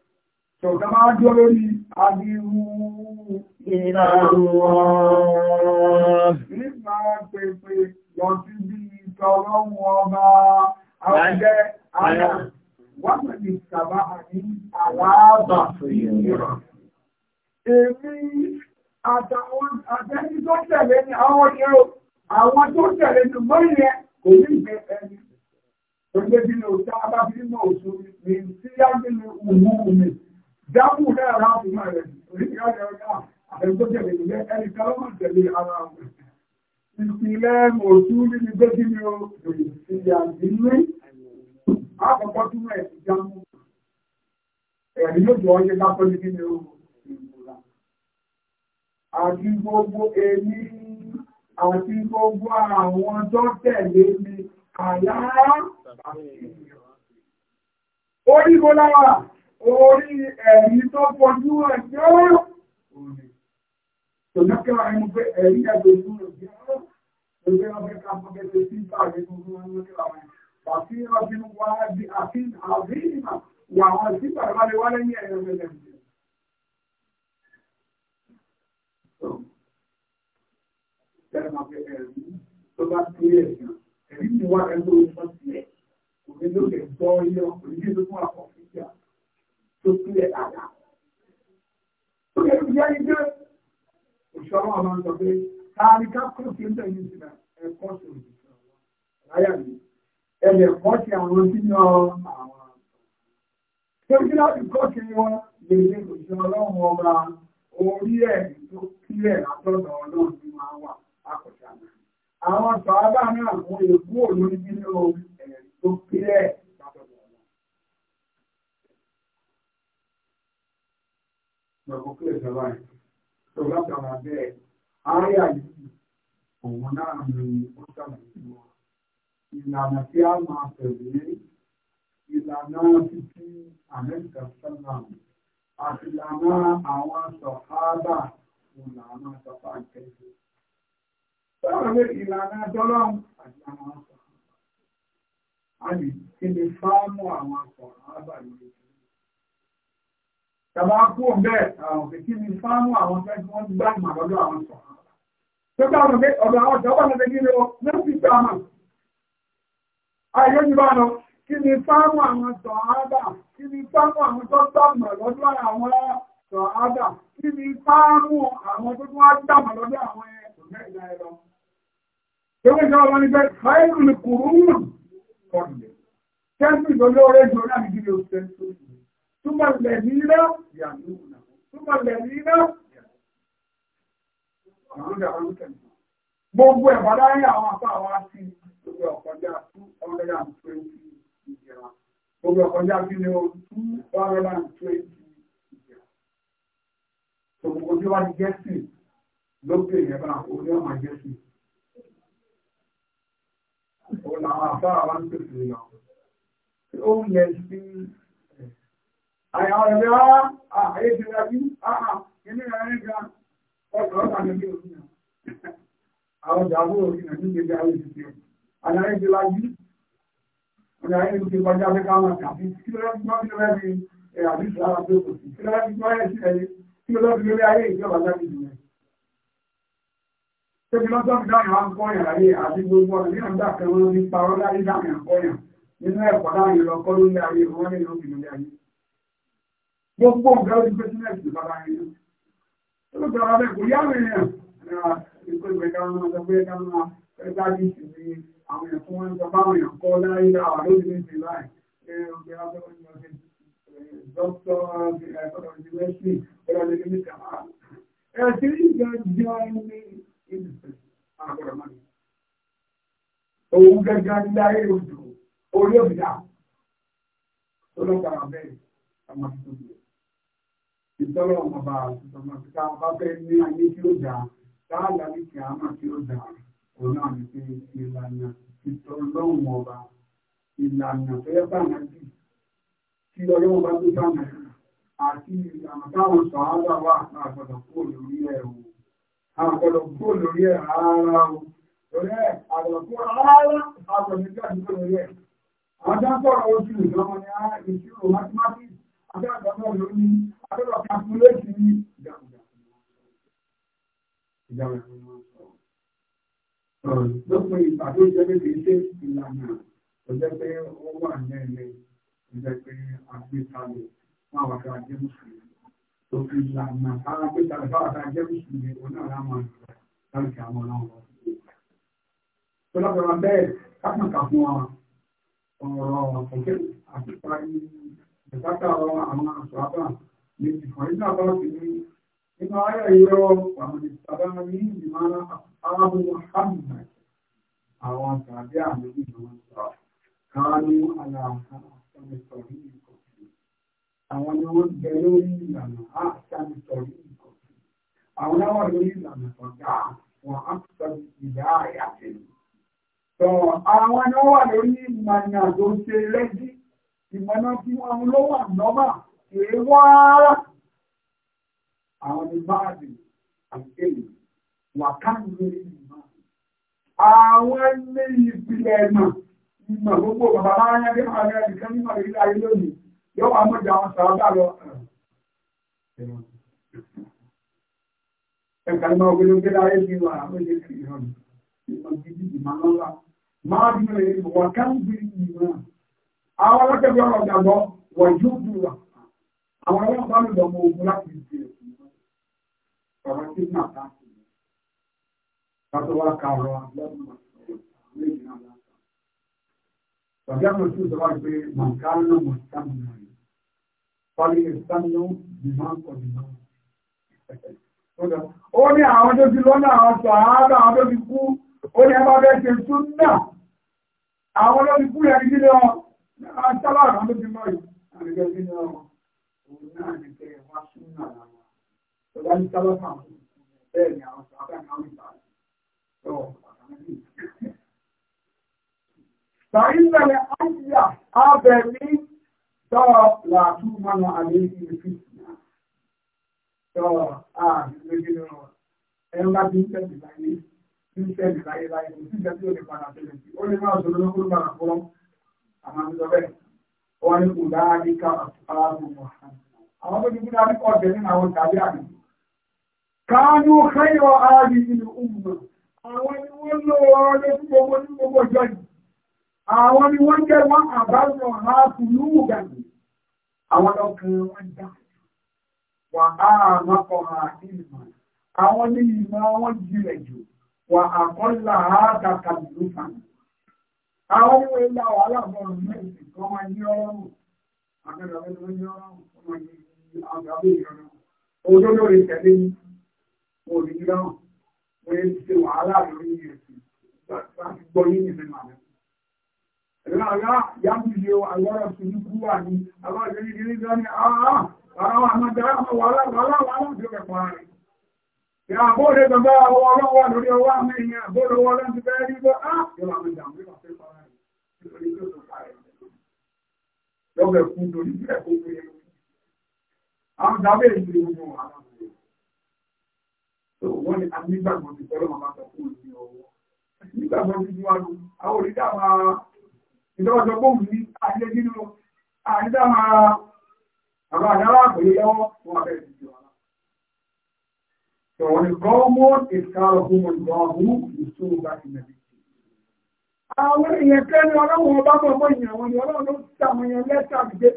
Tọ̀ká máa jọ lórí agbírú ìrànlọ́. Nígbà pèpè lọ sí bí ìtọ́lọ́wọ́ ọba àwọ̀jẹ́ ara wọ́n pẹ̀lú ìsàbá àní àlàábà Èmi àtàwọn àtẹ́ni tó tẹ̀lé ni àwọn yẹ́ àwọn tó tẹ̀lé ni mọ́ ìyẹn kò ní ìgbẹ́ ẹni. Tó gbé bí dábù náà rà fún máa rẹ̀ oríṣiríṣi ọjà àtẹ̀gbọ́ tẹ̀lé ìlẹ́ ẹni kálọ́mà tẹ̀lé ara wọn. ìpìlẹ̀ mòtú nínú gbẹ́jì ni ó lòdì sí àdínlé àkọ́kọ́ tún rẹ̀ ti já mú. ẹ̀rí yóò jọ ọyẹ lásán ní kíni ó ìmúra. àti gbogbo èmi àti gbogbo àwọn tó tẹ̀lé mi àlá àti ìrọ̀. orí mo lára orí ẹ̀rí tó fojú rẹ̀ jẹ́ òní. Tòlúkẹ́ wa ẹnu pé ẹ̀rí ẹ̀dọ̀jú rẹ̀ jẹ́ òní ọbẹ̀ ká fọ́kẹ́ tó sí bá rẹ̀ tó fún wọn lókè àwọn àti ọdún wa di àti àbí ìmà wà wọn sí bàbá lè wálé ní ẹ̀rọ mẹ́lẹ̀ tó bá ti rí ẹ̀sán ẹ̀rí ni wá ẹgbẹ́ òṣìṣẹ́ òní ló lè gbọ́ ilé ọkùnrin ní ìlú fún àkọ́kọ́ tó sílẹ̀ dáadáa. Ó yẹ kí yẹ́n gbé òṣù ọmọ ọmọ sọ pé káàrí kápẹ́ òkè ń bẹ̀yìn ìsìnà ẹ̀kọ́ sí òṣìṣẹ́ ọ̀la. Láyà mi, ẹ̀lẹ̀ kọ́ sí àwọn tí ń yan àwọn. Ṣé kí láti kọ́ sí wọn lè lè òṣìṣẹ́ ọlọ́run ọba orí ẹ̀ tó kílẹ̀ látọ̀dọ̀ ọlọ́run tí máa wà lákọ̀ọ́sà náà. Àwọn sọ̀rọ̀ bá náà wọ́n èkú òlórí nínú ẹ̀rí lọ́kọ́kọ́ ìjọba ẹ̀ tó látara bẹ́ẹ̀ àárẹ̀ yìí òun náà ni ó ṣàlàyé wọn ìlànà tí a máa tẹ̀lé ìlànà títí amẹ́ríkà sálàm àti ìlànà àwọn sọ̀hábà ìlànà sọ̀fà ìkẹ́jọ́. Sọ́ọ̀rọ̀ ìlànà dọ́lọ́m àti àwọn sọ̀hábà. A lè kí ni fáàmù àwọn sọ̀hábà Tàbá kú bẹ́ẹ̀ àwọn òfìsí ni fánú àwọn tẹ́ tí wọ́n gbá ìmọ̀ lọ́dọ̀ àwọn sọ̀. Tó bá wọn pé ọ̀dọ̀ àwọn ìjọba lọ́dẹ kí ni ó lọ́sí gbà mà. Ayé ti bá lọ, kí ni fánú àwọn sọ̀ ábà, kí ni fánú àwọn tó gbàmọ̀ lọ́dọ̀ àwọn sọ̀ ábà, kí ni fánú àwọn tó tún wá gbàmọ̀ lọ́dọ̀ àwọn ẹ̀sùn mẹ́ta ẹ̀rọ. Tó bá ìjọba wọn ni pé, Káyọ̀ ni kùrú ثم الذين يعنونه ثم الذين Gbogbo ẹ̀bá láyé àwọn apá àwọn àti gbogbo ọ̀kọjá two hundred and twenty ìjẹra. Gbogbo ọ̀kọjá bí ní o two hundred twenty ìjẹra. Gbogbo tí wọ́n ti jẹ́ sí lókè ìyẹ̀bá orí ọmọ jẹ́ sí. Òun làwọn apá àwọn ń pèsè lọ àyà ọ̀rẹ́ bí wá àyè ti rẹ̀ bí àà inú rẹ̀ ń ga ọ̀sọ̀ ọ̀sà ní bí òfin náà àwọn ìdààmú òfin náà nígbè bí àwọn ìdíje àyàrá ti lajú ọ̀nà ayé ti kọjá pé káwọn tàbí kí ló lọ́ọ́ gbọ́ kí ló lọ́ọ́ fi àbí ìsìlára tó kò sí kí ló lọ́ọ́ fi gbọ́ àwọn akọ́yàn láyé àti gbogbo ọ̀nà nígbà àwọn akọ́yàn nínú ẹ̀kọ́ láwọn gbogbo nǹkan ó ti pé sílẹ̀ sí bàbá yẹn ló ti ọ̀rọ̀ bẹ́ẹ̀ kò yá àwọn èèyàn nípa ìgbẹ́ káwọn máa sọ pé káwọn máa fẹ́ dájú sí ni àwọn èèyàn fún wọn sọ báwọn èèyàn kọ́ láyé láwà lóde ní ìsìn láì ṣe ọgbẹ́ abẹ́wọ́n òun gẹ́gẹ́ ní láyé orí òbí tó lọ́kàrà bẹ́ẹ̀ ọmọ tuntun ìtọ́lọ̀ ọba ìtọ́lọ̀ tá a bá fẹ́ ní ayé tí ó dáa dáadáa ní kí a máa tí ó dáa òun náà ní pé ìlànà ìtọ́lọ̀ ọba ìlànà tó yẹ báyà jù tí ọlọ́run bá tó báyà àti ìlànà táwọn sọ̀hálà wà náà gbọ́dọ̀ kúrò lórí ẹ̀ o àwọn gbọ́dọ̀ kúrò lórí ẹ̀ rárá o lórí ẹ̀ àgbọ̀dọ̀ rárá àgbọ̀dọ̀ nígbà lórí ẹ̀ àwọn dáńtọ̀rọ̀ ojú ìjọba ni agbẹ́gbẹ́ ló ní agbẹ́gbẹ́ kàkúlẹ́tì ní ìjàmùjàmù lópin ìpàdé ìjẹ́bẹ̀ kìí ṣe ìlànà tó jẹ́ pé ó wà lẹ́ẹ̀lẹ́ tó jẹ́ pé agbékalẹ̀ máa wà ká jẹ́ mùsùlùmí tó fi ìlànà kára pé tàbí bá wà ká jẹ́ mùsùlùmí onára máa láti àwọn ọlọ́run tó lábẹ́ra bẹ́ẹ̀ kápẹ́ǹkà fún wa ọ̀rọ̀ ọ̀kẹ́ àti parí ìtàkà àwọn àṣàbà méjì fún ìgbà bá ti ní nínú ayé ìyọ pàmìlì sábà ní ìmọ̀ra arábù Muhammad àwọn tàbí àmì ìjọba sọ káánú aláàfáà sọmi sọrí ìkọ̀sí àwọn ni wọ́n bẹ lórí ìlànà àṣàmì sọrí ìkọ̀sí àwọn náwà lórí ìlànà ọ̀gá wọn á sọ ìyá àyàfẹ́ sọ àwọn náwà lórí ìmọ̀nà tó lẹ́gbẹ̀ẹ́ ìmọ̀nà tí wọ́n ń lówà nọ́mà èèwọ́ àwọn ni báàdì àgbélé wà káàkiri ìmọ̀ àwọn ilé ìpìlẹ̀ ẹ̀mà ìmọ̀ gbogbo bàbá bá yá bí wọ́n rẹ̀ nìkan nímọ̀ ìlú ayé lónìí yóò wà mọ́jà wọn sàrábà lọ ẹ̀ka ìmọ̀ ògbélógbé láyé bí wà àwọn ilé ìmọ̀ gidi ìmọ̀ lọ́la máa bí wọ́n wà káàkiri ìmọ̀ àwọn alákẹ́bí ọ̀rọ̀ ìgbàgbọ́ wọ̀n yóò dùn wà àwọn ọlọ́pàá mi lọ́mọ ogun láti ìdí ẹ̀sìn ọ̀rọ̀ tí náà bá ti lọ pàtó wá ka ọ̀rọ̀ lọ́dún méjì náà láta tàbí àwọn tí ó sọ wáyé pé màkánà mọ̀sánà rẹ̀ pálí ìsánà bìmáǹkọ̀ bìmáǹkọ̀ ó ní àwọn tó ti lọ́nà àwọn sàárà àwọn tó ti kú ó ní ẹ bẹ́ẹ̀ ṣe súnà àwọn tó ti kú yẹn nílé wọn Àtàlà àwọn ló fi mọ́ yìí, àrẹ́gẹ́ bí náà òun náà ní pé wá sún náà lára. Ọ̀gá ní sábà máa fún un bẹ́ẹ̀ ni àwọn sábà máa ń bá a. Sàílẹ̀ Ánjíyà abẹ ní tọ́ọ̀ làtú mọ́nà àléébí fìtìnà. Tọ́ọ̀ àgbègbè ẹ̀rọ bá ti ń tẹ̀lé láyé, ti ń tẹ̀lé láyé láyé, kò sí ìjẹ́ tí ó lè padà tẹ̀lé sí. Ó lè máa sọ̀rọ̀ lókùnrin padà fọ́lọ́ àmà ń sọ bẹ́ẹ̀ wọ́n ní kò dáa ní ká àtúbáàbò mọ̀ àwọn tó ti kú dáa ní kọ́ ọ̀tẹ̀ nínú àwọn tàbí àmì káánú káyọ̀ ààrí nínú ọmọ àwọn ni wọ́n lóore fún gbogbo ní gbogbo ìjọ yìí àwọn ni wọ́n jẹ́ wọ́n àbájọ ráàpù lúwùgbà yìí àwọn ọkùnrin wọn dá wà á àmọ́kọ̀ọ́ àti ìmọ̀ àwọn ní ìmọ̀ wọn jìnlẹ̀ àwọn ohun ẹ̀yà wàhálà fún ọ̀rọ̀ mẹ́rin tó máa yí ọlọ́run akẹ́kọ̀ọ́ tó yí ọlọ́run tó máa yí àgbàbí ìrọ̀rùn òdodo rẹ̀ tẹ̀lé ní òrìlọ́ wọ́n yẹ ti ṣe wàhálà lórí ẹ̀sìn láti gbọ́ yín nìfẹ́ màmá. Ìlànà yàtúnṣe àlọ́rọ̀ sí ní kú wà ní àwọn ìdílé ìdílé ìdílé ní àárá àwọn àmàdá wàhálà wàhálà wàhálà tí ó ọlọ́wọ́ lórí ọwọ́ àmì ìyẹn àbóde ọwọ́ lọ́n ti fẹ́ rí bọ́ á yọ àwọn ìdààmú ìpàṣẹ nítorí tó tó parẹ́ lọ́bẹ̀ kú lórí bẹ́ẹ̀ kó pé àwọn dábẹ́ ìlú ìlú àwọn ọmọ wọ́n ní anígbàgbọ́ ti tọ́lọ́ màmá sọ fún òní ọwọ́ nígbàgbọ́ ti ju wájú àwọn òrìdá máa ìjọba sọ fóònù ní ayé nínú àìdá máa àwọn àdára àpòlé lọ́wọ́ wọn abẹ́rẹ́ ti ju wájú. sọ̀rọ̀ ní gọ́ọ̀mù ìsàlọ̀ fún ọ̀gbọ̀n ọ̀hún ìṣòro bá ti nàbí àwọn èèyàn kẹ́ni ọlọ́run ọba bọ̀bọ̀ ìyàn wọn ni ọlọ́run ló ti àwọn èèyàn lẹ́tà gbé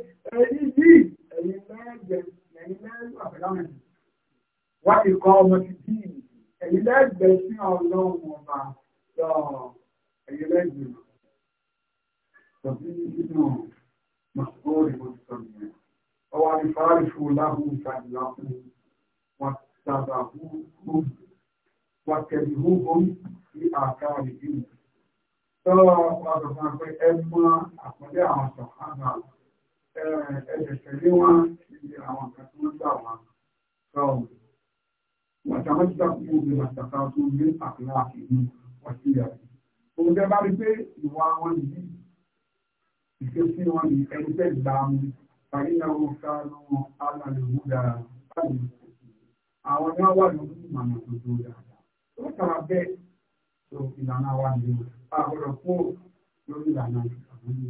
ẹ̀yìn yìí ẹ̀yìn lẹ́ẹ̀jẹ̀ ẹ̀yìn lẹ́ẹ̀rù àbẹ̀láwìn wá ìkọ́ ọmọ ti bí ẹ̀yìn lẹ́ẹ̀gbẹ̀ sí ọlọ́run ọba lọ ẹ̀yìn lẹ́ẹ̀gbẹ̀ tọ́sí nínú mọ̀sọ́rì mo ti sọ nìyẹn ọwọ́ àrífáàrí fún láhùn ìtàgìlá fún wọn tàbà hù wọ́n tẹ̀lé hù hù sí àkáàrí ìlú tọ́lọ́ ọ̀pọ̀ fún pé ẹ mọ́ àpọ́lé àwọn sọ̀hánà ẹ̀ẹ́dẹ̀ tẹ̀lé wọn níbi àwọn kan tó ń gbà wọn sọ wàtàmọ́tà kúrò ní wàtàkà tó ní àkàlà àkìní ọtí yàrá òun jẹ́ bá rí pé ìwà wọn yìí ìṣesí wọn ní ẹni tẹ́ gbà mú fàyíyàwó sáré wọn alàlùwù dára láti àwọn ni wọn wà lórí ìmọ̀nà tó tó dáadáa ó tàbí bẹ́ẹ̀ tó ìlànà wa nìyẹn àgbọ̀dọ̀ kó lórí ìlànà ìṣàmúlò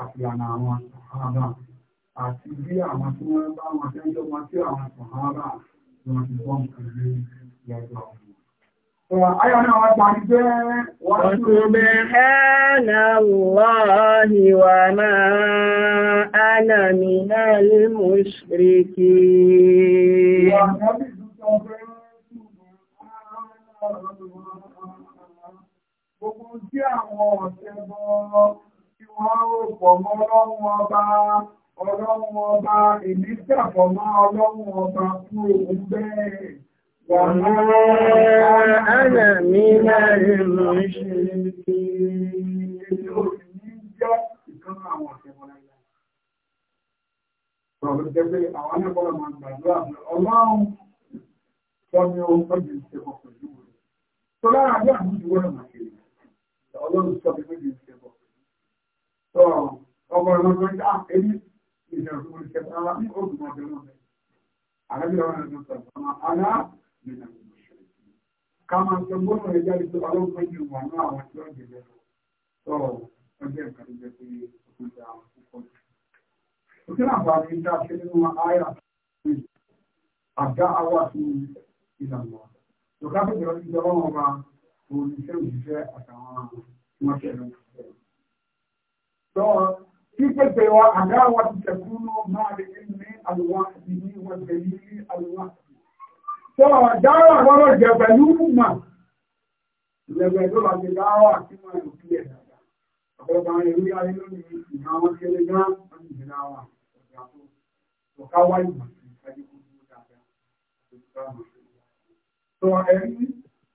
àti ìlànà àwọn sàhábà àti bí àwọn tí wọ́n bá wọn tẹ́jọ́ wọn tí àwọn sàhábà wọn ti bọ́ nǹkan lé lẹ́jọ́ wọn. وسبحان الله وما أنا من المشركين gbogbo tí àwọn ọ̀sẹ̀ bọ́ tí wọ́n ó pọ̀ mọ́ ọlọ́run ọba ọlọ́run ọba èmi jàpọ̀ mọ́ ọlọ́run ọba fún òun bẹ́ẹ̀. Wàhálà mi náà lè mọ̀ ṣe ní kí èmi ò ní jẹ́ ìkan àwọn ọ̀sẹ̀ wọn láyé. Bọ̀dọ̀ jẹ́ pé àwọn akẹ́kọ̀ọ́ máa gbàdúrà ọlọ́run sọ ni ó ń tọ́jú ìṣẹ́kọ̀ọ́ pẹ̀lú rẹ̀. Tọ́lá àbúrò àmújú wọ́n máa ṣe rẹ̀ ọlọ́run sọ pé méjì ṣe bọ̀. sọ ọmọ ẹ̀rọ tó ń ká èyí ìṣẹ̀lẹ̀ fún oṣù kẹta ní oṣù mọ̀ọ́dé wọn bẹ̀rẹ̀. àlẹ́ bí ọ̀rọ̀ ẹ̀rọ sọ ọmọ alá nínú àwọn ìṣẹ̀lẹ̀ ká máa sọ gbọ́dọ̀ ẹja ìṣó ọlọ́run méjì wà ní àwọn tí wọ́n jẹ̀lẹ̀ lọ. sọ ọjọ́ ìkàlẹ̀ jẹ́ pé oṣù ìjà àwọn púpọ̀ jù. òkè àǹfààní ìjà ṣe oníṣẹ́ òṣìṣẹ́ àtàwọn ọmọṣẹ́ rẹ̀. Sọ pípèpè wa àdá wa ti tẹ̀kú náà máa lè ní àlùwà àti ní wọn tẹ̀lé ní àlùwà. Sọ dáwà lọ́rọ̀ jẹ pẹ̀lú mà. Ìlẹ̀gbẹ̀ tó bá ti dáwà tí wọ́n lò kí ẹ̀ dáadáa. Ọ̀pọ̀lọpọ̀ àwọn èrú yára inú ni ìhà wọn kéré gán wọ́n ti dáná wà.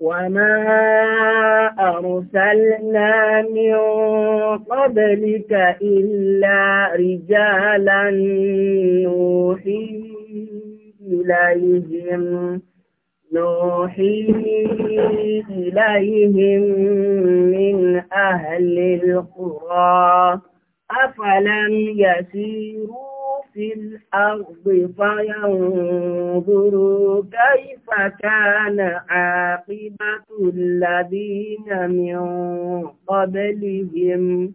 وما أرسلنا من قبلك إلا رجالا نوحي إليهم نوحي إليهم من أهل القرى أفلم يسيروا في الأرض فينظروا كيف كان عاقبة الذين من قبلهم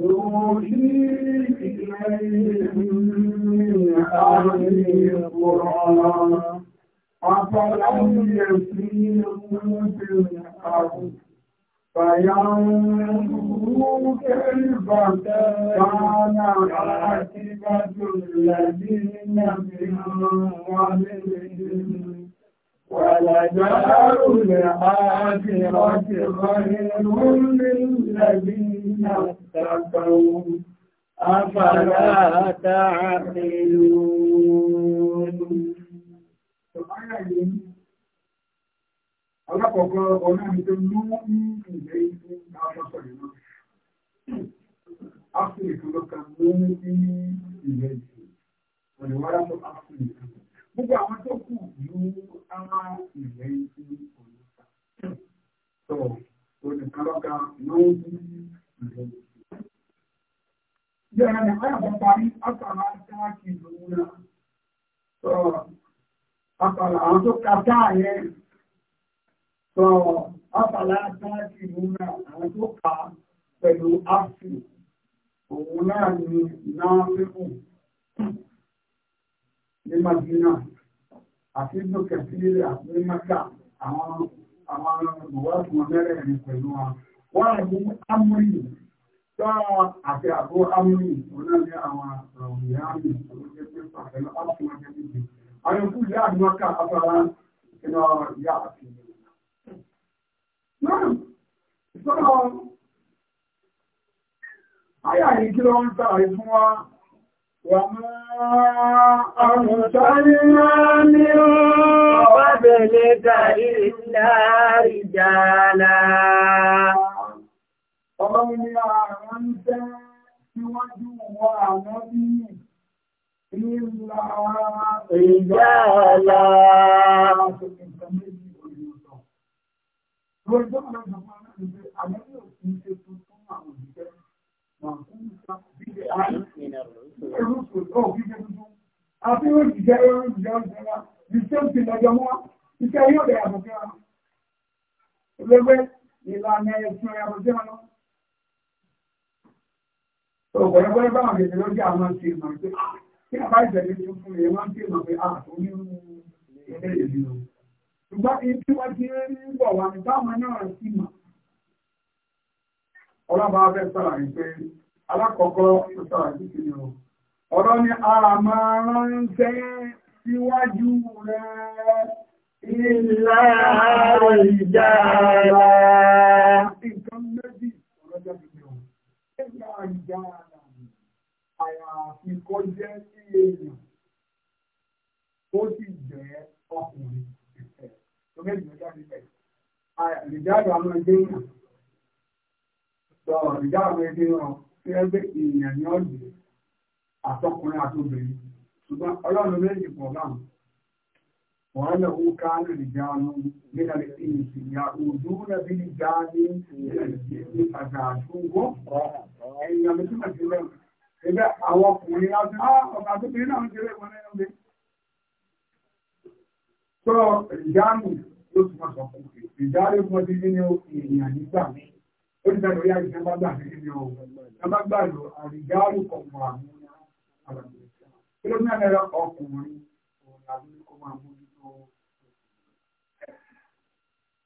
نوحي إليهم من أهل القرآن أفلم يسيروا في الأرض فينظروا كيف كان عاقبة الذين من قبلهم ولدار الآخرة خير للذين اتقوا أفلا تعقلون Ọlọ́pọ̀pọ̀ ọ̀nà ìjọ ló ń ilẹ̀ ìlú àpapọ̀ ìlú. Áfíríkà lọ́kà ló ń ní ilẹ̀ ìlú. Ọ̀nà wáyá tó Áfíríkà gbogbo àwọn tó kù ló ara ilẹ̀ ìlú òyìnbá tó olùkọ́lọ́gà ló ń bí ilẹ̀ ìlú. Yàrá ni àyà bọ́ parí àtàrà dáàkì lòun náà. Tó àtàrà àwọn tó ka dáa yẹn. Tó àtàrà dáàkì lòun náà àwọn tó ka pẹ̀lú áfì. Òun náà ni náà fífún ní madina àti dókẹ̀sílì àti mẹ́ta àwọn àwọn ìwádìí wọn mẹ́rẹ̀ẹ̀rin pẹ̀lú wa wọ́n àbú amúrì tọ́ra àti àbú amúrì ọ̀nà ní àwọn rọ̀mìyàmì olóògbé pípa pẹ̀lú ápùwọ̀n jẹ́bìbì àwọn ikú ìyá àdúmọ́ká afárá iná ìyá àti náà sọ́rọ̀ ayà yìí kí ló ń sàlàyé fún wa وما أرسلنا من قبلك إلا رجالا Ọlọ́run ni ààrẹ ń tẹ́ síwájú wa ànábí ìlà ìjàlá. àwọn òṣìṣẹ́, màá الرسل أو في جنسه أعطيه الجائر الجائر بالشمس المجموعة ìkẹyọ́ rẹ̀ àbọ̀kẹ́ra olóògbé ìlànà ẹ̀sùn rẹ̀ àbọ̀kẹ́ra lọ. ọ̀pọ̀lọpọ̀ ẹgbẹ́ àwọn èdè lọ́jọ́ àwọn ti mọ̀ pé kí àbá ìṣẹ̀lẹ̀ tó fún mi wọ́n ti mọ̀ pé àtò ní ilé ìlú lọ. ṣùgbọ́n ibi wọ́n ti rí bọ̀ wá ní táwọn náà ti mọ̀. ọlọ́ba fẹ́ sọ̀rọ̀ yìí pé alákọ̀ọ́kọ́ ọ̀sán àdíkì ni ọ̀ ọ̀rọ̀ ni a máa ránṣẹ́ síwájú rẹ̀ ilá ìjára nǹkan méjì ọ̀rọ̀ jáde ni ọ̀ ilá ìjára àyàfi kó jẹ́ sí èèyàn ó sì jẹ́ ọkùnrin ìfẹ́ tó méjì ló jáde bẹ̀ ìjára àwọn ẹgbẹ́ yàn ìjára ẹgbẹ́ èèyàn ní ọ̀dẹ̀ àtọkùnrin àtobìnrin ṣùgbọ́n ọlọ́run méjì pọ̀ láwọn wọ́n lọ wú ká ní ìjà nígbà tí èyí sì ya ojú lẹ́bí ìjà ní ìtajà àdúgbò èèyàn mi túmọ̀ sí lẹ́nu ẹgbẹ́ àwọn ọkùnrin láti á ah, ọ̀gá àtobìnrin náà ń jẹ́ lẹ́wọ̀n lẹ́nu mi. sọ ìjánu ló túmọ̀ sọ fún mi ìjánu mọ́ ti ní èèyàn nígbà mi ó ti dàgbé yá ìṣẹ́ bá gbà ní ní o ẹ bá gbà lò àrígáàlù kọ̀ọ̀mọ̀ àwọn àlàyé kí ló ní àlẹ́ ọkùnrin òun làbí kó máa mú ní tó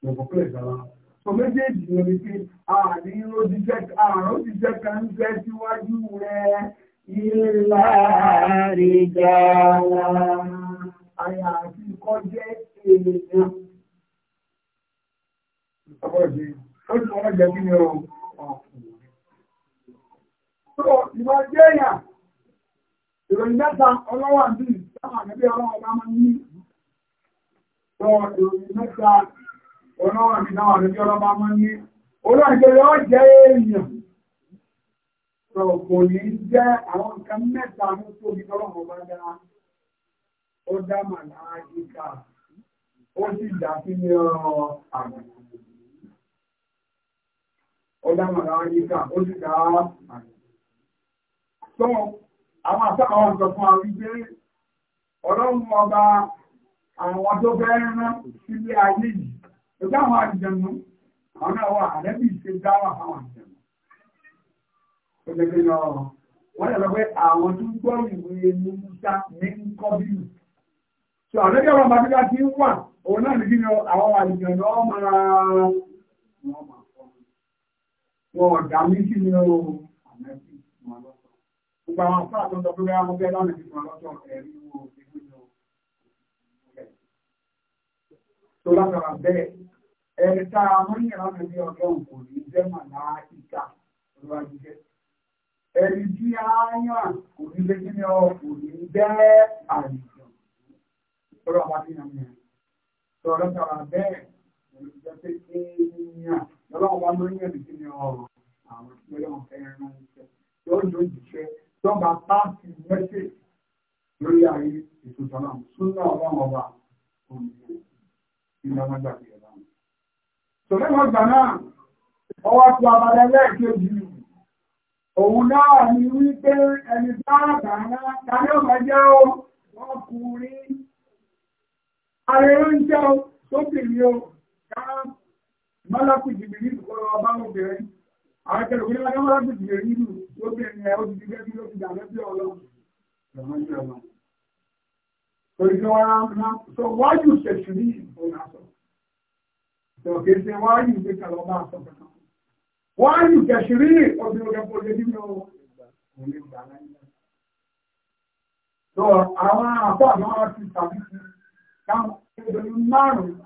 lọ́pọ̀ pé ìgbàlá ó ti wọ́n jẹ́ kí ni ó ọkùnrin. Tó ìwọ jẹ́ èèyàn, ìròyìn mẹ́ta ọlọ́wà ń bì sáwọn àgbẹ̀bí ọlọ́wọ́ bá máa ń ní. Tó ìròyìn mẹ́ta ọlọ́wà ń bì sáwọn àgbẹ̀bí ọlọ́wọ́ bá máa ń ní. Olóòjẹ́ yóò jẹ́ ọ̀rọ̀ àgbẹ̀ ọdámọ̀lá ayíká ó sì dá tó àwọn àtàwọn ọ̀sọ̀ fún àwọn ìgbé ọlọ́run ọba àwọn tó bẹ́ẹ̀ rán sílé ayé yìí ẹgbẹ́ àwọn àjẹmú àwọn náà wà àdẹ́bì ṣe dáwà àwọn àjẹmú ó jẹ́ pé lọ wọ́n yẹ lọ pé àwọn tó gbọ́ ìwé musa ní ń kọ́ bí mi so àdẹ́bì àwọn bàbá tí wà òun náà nìgbìyànjú àwọn àjẹmú ọmọ wọn ọ̀dà mí sí ní ọ̀rọ̀ àmẹ́sì fún ọlọ́tọ̀. Gbogbo àwọn afá tó ń sọ pé bẹ́ẹ̀ wọ́n bẹ́ẹ̀ lánàá fún ọlọ́tọ̀ ẹ̀rí wo ìlú lọ. Tó látara bẹ́ẹ̀, ẹni tá a mú tí a yàn kò ní lé kí ni ọ kò ní jẹ́ àìsàn. Tọ́lọ́ bá ti yàn mí. Tọ́lọ́ tara bẹ́ẹ̀, olùjọ́ pé èèyàn lọ́wọ́ wa ló ń yẹ̀rì kí ni ọ̀rọ̀ àwọn ìpínlẹ̀ ọ̀fẹ́ ẹran iṣẹ́ tí ó yóò jíṣẹ́ tó bá pàṣẹ mẹ́sẹ̀ lórí ayé ètò ìtọ́nà súnà ọlọ́run ọba òmìnira ìlànà gbàgbé ẹ̀rọ. sọ̀rọ̀ ìgbà náà ọwọ́ tó abalẹ̀ lẹ́ẹ̀kejì òun náà ni wípé ẹni bá àgbàrá tàbí ọmọ jẹ́ ó ọkùnrin arẹ́rẹ́ ń jẹ́ ó sóbìnrin ó káàkiri mọ́lápù jìbìrì lọ́rọ̀ ọba obìnrin àwọn ìkẹlẹ̀ òkúlé wájú mọ́lápù jìbìrì lù lóbìnrin ẹ̀ ó ti gbé bí ló ti dà lẹ́bí ọlọ́run So wájú ṣẹ̀ṣù ní ìfún àṣọ. Ìjọ̀kẹ́ ṣe wájú ìgbé kalọ̀ bá àṣọ kankan. Wájú ṣẹ̀ṣù rí obìnrin ọ̀gá pọ̀ lójú lọ. So àwọn àpá àwọn ti tàbí sí. Káwọn obìnrin márùn-ún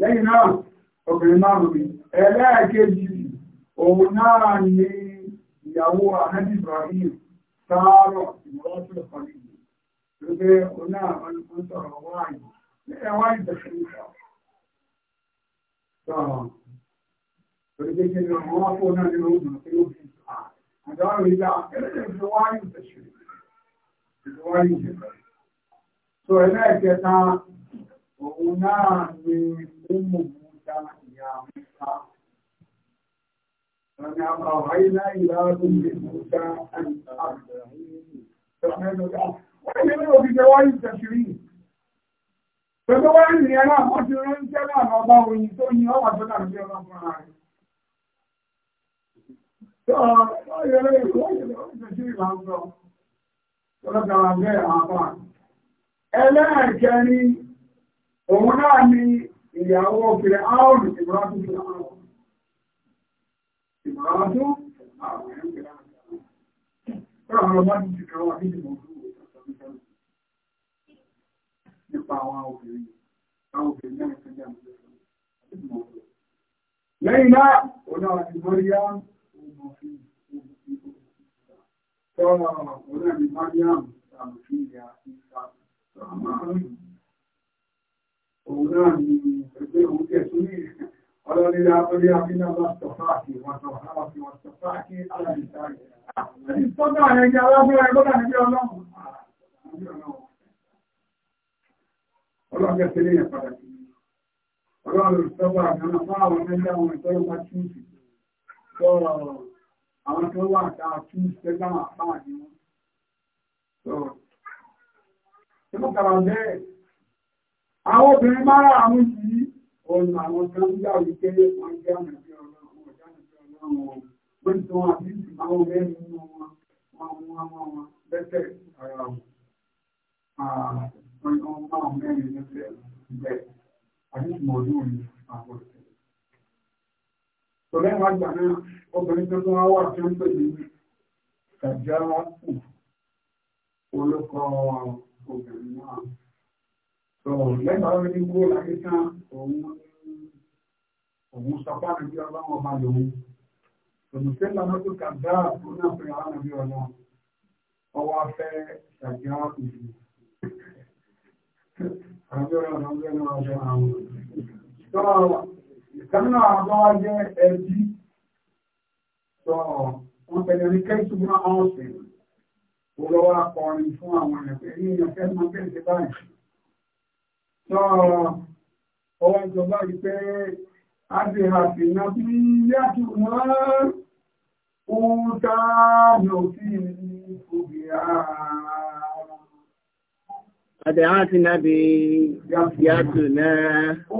lẹ́yìn náà obìnrin márùn-ún ni ẹlẹ́ẹ̀kejì òun náà ni ìyàwó ahmed ibrahim sáárọ̀ ìmọ̀lọ́sọ̀ ìkọ̀lẹ̀ yìí lóde òun náà wọn sọ̀rọ̀ wáyé lẹ́yìn wáyé bẹ̀rẹ̀ nípa sọ̀rọ̀ oríṣiríṣi ni àwọn wọn fún náà nínú ògùn tí ó fi sà àdáwọ̀ ìyá ẹlẹ́yìn fi wáyé bẹ̀rẹ̀ ìfowáyé bẹ̀rẹ̀ sọ ẹlẹ́ẹ̀kẹta òun náà ni mímú múta ìyá múta. wá ní ìyẹn náà wọ́n ti rán oyin tó tó dà fún ara rẹ̀. bẹ́ẹ̀ àwọn Òun náà ni ìyàwó obìnrin áòrùn ìmọ̀ràtún fi àwọn ìmọ̀ràtún àwọn ẹgbẹ̀rẹ̀ àwọn ọmọ ti kàwọn àbíjìmọ̀ fún ìtàkùn nípa àwọn obìnrin àwọn obìnrin náà ti jẹ́ àwọn lẹ́yìn náà ọ̀nà àti ọmọ fi ọmọ fi ọmọ fi ọmọ fi ọmọ fi ọmọ fi ọmọ fi ọmọ fi ọmọ fi ọmọ fi ọmọ fi ọmọ ọmọ fi ọmọ fi ọmọ fi ọmọ fi ọmọ fi ọmọ òun náà ni ẹgbẹ́ òun tẹ̀ tún ní ọlọ́nilá orí abínà bá sọ̀fáàkì wọn sọ àwọn fi wọn sọ̀fáàkì aláìsáàkì. Àti sọ́dọ̀ àwọn ẹgbẹ́ alágbára ẹgbọ́dà níbi ọlọ́run. Ọlọ́run jẹ́ sílé yẹn padà sí. Ọlọ́run sọ́dọ̀ àgbàna fún àwọn ẹgbẹ́ àwọn obìnrin máa rà mú sí ọ̀nà àwọn kan ń yà wípé wọ́n jẹ́ àmì sí ọlọ́run ọ̀já àmì sí ọlọ́run wọ́n ti wọn àti àwọn mẹ́rin nínú wọn wọn mú àwọn wọn lẹ́sẹ̀ ara wọn àwọn ọmọ àwọn mẹ́rin lẹ́sẹ̀ bẹ́ẹ̀ àti ìmọ̀lú òní àwọn ọ̀sẹ̀. Tọ́lẹ́wọ̀n àgbà náà obìnrin tó tún wá wà tí ó ń pè ní Kàjá Olókọ́ obìnrin náà lẹ́gbàá lórí ní kó láyé tán òun sọpá nàbí ọlọ́run ọba lòun òmùsẹ́ lọ́nà tó kà dá òun náà pé àwọn nàbí ọlọ́run ọwọ́ afẹ́ ṣàjẹ́ àwọn kùsù àbí ọlọ́run ọgbẹ́ náà ọjọ́ àwọn sọ ìkànnà àbáwá jẹ́ ẹbí sọ wọn pẹ̀lú ní kẹ́sù náà ọ̀sẹ̀ òun lọ́wọ́ akọrin fún àwọn ẹ̀fẹ́ ní ìyànfẹ́ máa ọwọ́ ìjọba dịghị adìhàfì náà bí yàtù máa ń tààmì òfin òbí Adìhàfì náà yàtù náà.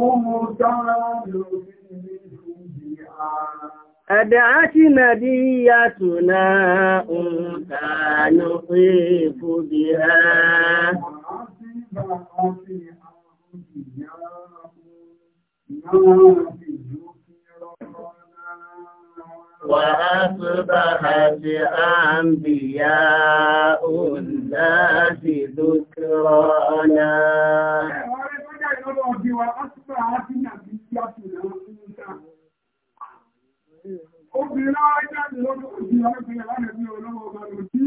Oòrùn tààmì òfin òbí Àdáàtì nàdíyàtùná òǹkà ló وأصبحت أنبياء الناس ذكرانا ya ajá ni lọ́dún òjì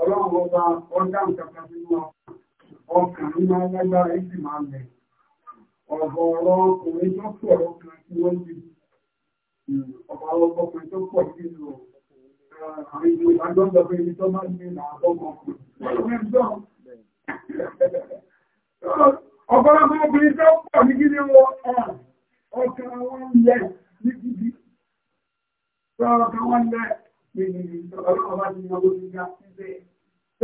ọlọ́run ọba ọjà nǹkan sínú ọkàn nínú alágbára ìsì máa lẹ̀ ọ̀gọ̀ ọ̀rọ̀ ọkùnrin tó pọ̀ ọkùnrin tí wọ́n ti ọ̀pọ̀ ọkùnrin tó pọ̀ sí ìlú eh, àwọn ìlú agbọ́dọ̀ pé ibi tó máa ń gbé làbọ́ ọkùnrin ọ̀pọ̀lọpọ̀ obìnrin tó pọ̀ ní kí ni wọ́n eh, ọkàn wọn lẹ̀ ní gidi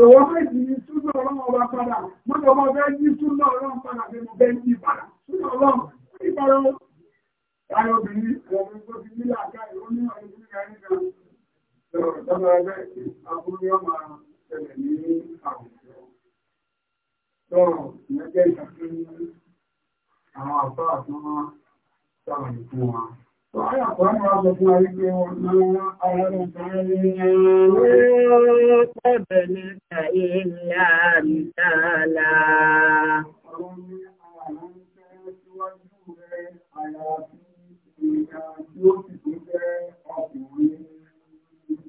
Ìwọ́n méjì ní súnà ọlọ́run ọba padà, mọ́tò ọba bẹ́ẹ̀ ní súnà ọlọ́run padà pé mo bẹ́ẹ̀ ní ìbàdà. Súnà ọlọ́run, ìbàdà ó. obìnrin, ọ̀gbìn tó ti nílà ká ìwọ́n ní ọ̀rẹ́ ìlú ìyá nígbà. Lọ́rọ̀ ẹgbẹ́ نوحي إليهم من أهل القرى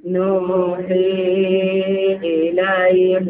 ونوحي إليهم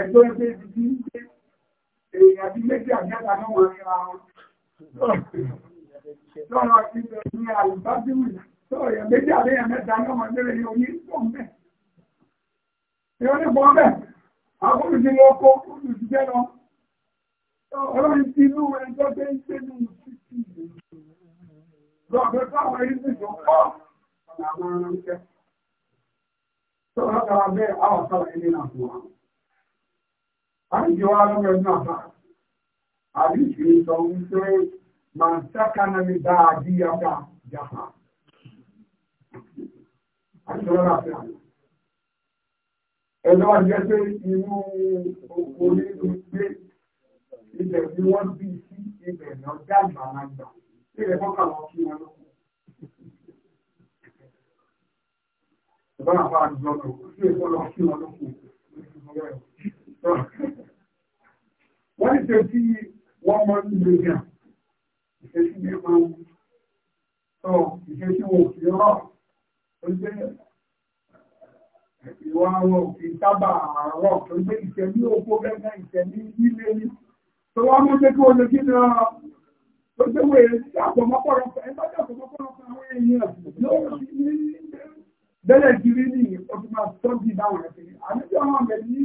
ẹgbẹ́ ẹgbẹ́ títí èèyàn bí méjì àgbẹ́ta náà wọ́n ríra wọn lọ́rọ̀ ti bẹ̀ ní àlùbáṣíwì lọ́rọ̀ èèyàn méjì àléèyàn mẹ́ta náà wọ́n lérè ní oní pọ̀n bẹ́ẹ̀ ní àkókò ti lọ kó lọ ọlọ́run ti inú tó ń títí ẹni àwọn ń tẹ́ bẹ́ẹ̀ ẹni náà àríjọ alúgbẹ̀ẹ́nú àbá àríjì sọ wípé màá sákànà mi bá àdíyàbá jàpá àríjọ lọ́la fẹ́ àná ẹ̀lọ́ jẹ́ pé inú oko nínú gbé ibẹ̀ ni wọ́n bí sí ibẹ̀ náà dàgbà lágbà ilẹ̀ fọ́kà wọn kí wọn lókun. Ìbára fún àjọ lọ Se èkó lọ kí wọn lókun wọ́n ní ṣe tí wọ́n mọ́ ní lóògbà ìṣe tí ní máa ń sọ ìṣe tí wọ́n fi rọ̀ tó jẹ́ ìwà àwọn òfin sábà àárọ̀ tó jẹ́ ìṣẹ̀mí òpó gẹ́gẹ́ ìṣẹ̀mí nílé ní tó wá mú jẹ́ kí wọ́n lè kí ni ọ tó jẹ́ wọ́n èyí àpòmọ́pọ̀rọ̀ ẹgbẹ́ àpòmọ́pọ̀rọ̀ àwọn èèyàn yóò fi ní bẹ́lẹ̀ kiri ní ọdún máa tọ́jú ìdáhùn ẹ̀sìn àníjọ́ àwọn àmì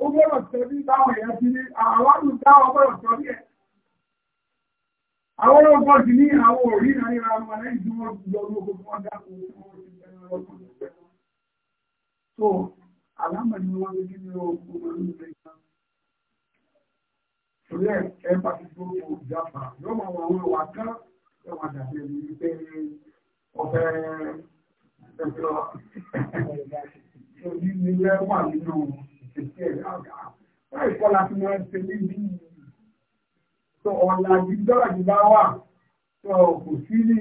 ó gbọ́dọ̀ tẹ̀lé báwọn èèyàn ti ní àwọn àdúgbò àwọn gbọ́dọ̀ tọ́lé ẹ̀. àwọn ọgbọ́n ti ní àwọn òrí ìrànlẹ́ra wọn lẹ́yìn tí wọ́n lọ lóko fún ọjà kò tí wọ́n ti tẹ̀lé ọkọ̀ lọ́pẹ́ wọn. so àlámọ̀ ni wọ́n ti ní ọkọ̀ wọn ní ìlẹ̀ ìgbà. torí ẹ̀ ẹ bá ti tó ìjàpá yóò máa wọ àwọn ìwà kan yóò máa dàbí ẹ̀ àgbà báyìí kọ́ láti mọ ẹsẹ̀ níbi tó ọ̀nà ìdọ́là ìgbà wà tó kò sí ní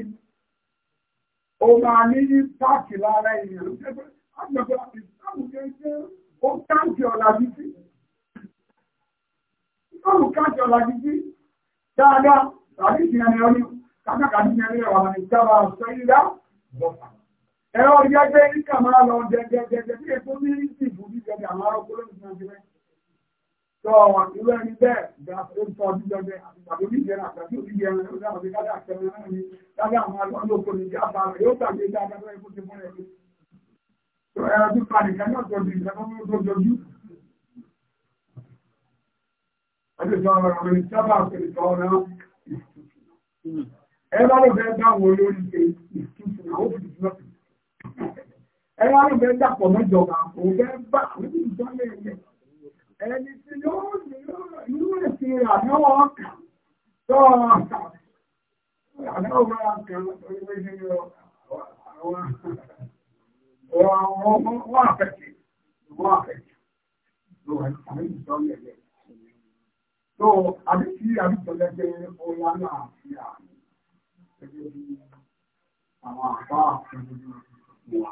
ó máa ní ní páàkì lára èèyàn àgbẹ̀fẹ́ àwùjọ ẹgbẹ́ ó káàkì ọ̀la títí ìkọlù káàkì ọ̀la títí dáadáa tàbí ìsìn ẹni ọdún kàkàkà ní ẹni ẹwà ní ìjábà sẹ́yìn dá bọ́sà ẹ̀rọ jẹ́jẹ́ ní kàmá lọ jẹjẹjẹjẹ bí èkó ní ìsìnkú ní jẹjẹ àwọn arọ́kọ́ ló ń sàn jẹ́ tó àwọn ìlú ẹni bẹ́ẹ̀ gba ó sọ ọdún jẹjẹ àtàbí oníjẹrẹ àtàbí oníjẹrẹ ó dáhùn sí kájà àtẹnudẹ náà ní kájà àwọn alóko ní jáfa rẹ̀ yóò gbàgbé dáadáa lọ́wọ́ ikú ti fún ẹ̀ lé tó ẹ̀rọ tó pa nìkan náà tó di nǹkan tó tó dojú. ọdún sọ ọ̀rọ̀ rẹ̀ sábà pèlè sọ ọ̀rọ̀ ìtùtù ẹ bá lọ fẹ́ dáwọn olórí ṣe ìtùtù náà ó fi ìtùtù ẹ wá ló fẹ́ dàpọ̀ mẹ́jọba òun fẹ́ bá àwọn ìjọ lẹ́yìn ẹni tí yóò ní irú ẹ̀sìn rẹ̀ àdáwọ̀ ọkà tó ọkà àdáwọ̀ ọkà orílẹ̀-èdè wọ́n àfẹ́kì wọ́n àfẹ́kì ló wà àwọn ìjọ lẹ́yìn tó àbíkí àbíkọ lẹ́gbẹ́ ọ̀la náà fi àwọn àbá àti ìjọba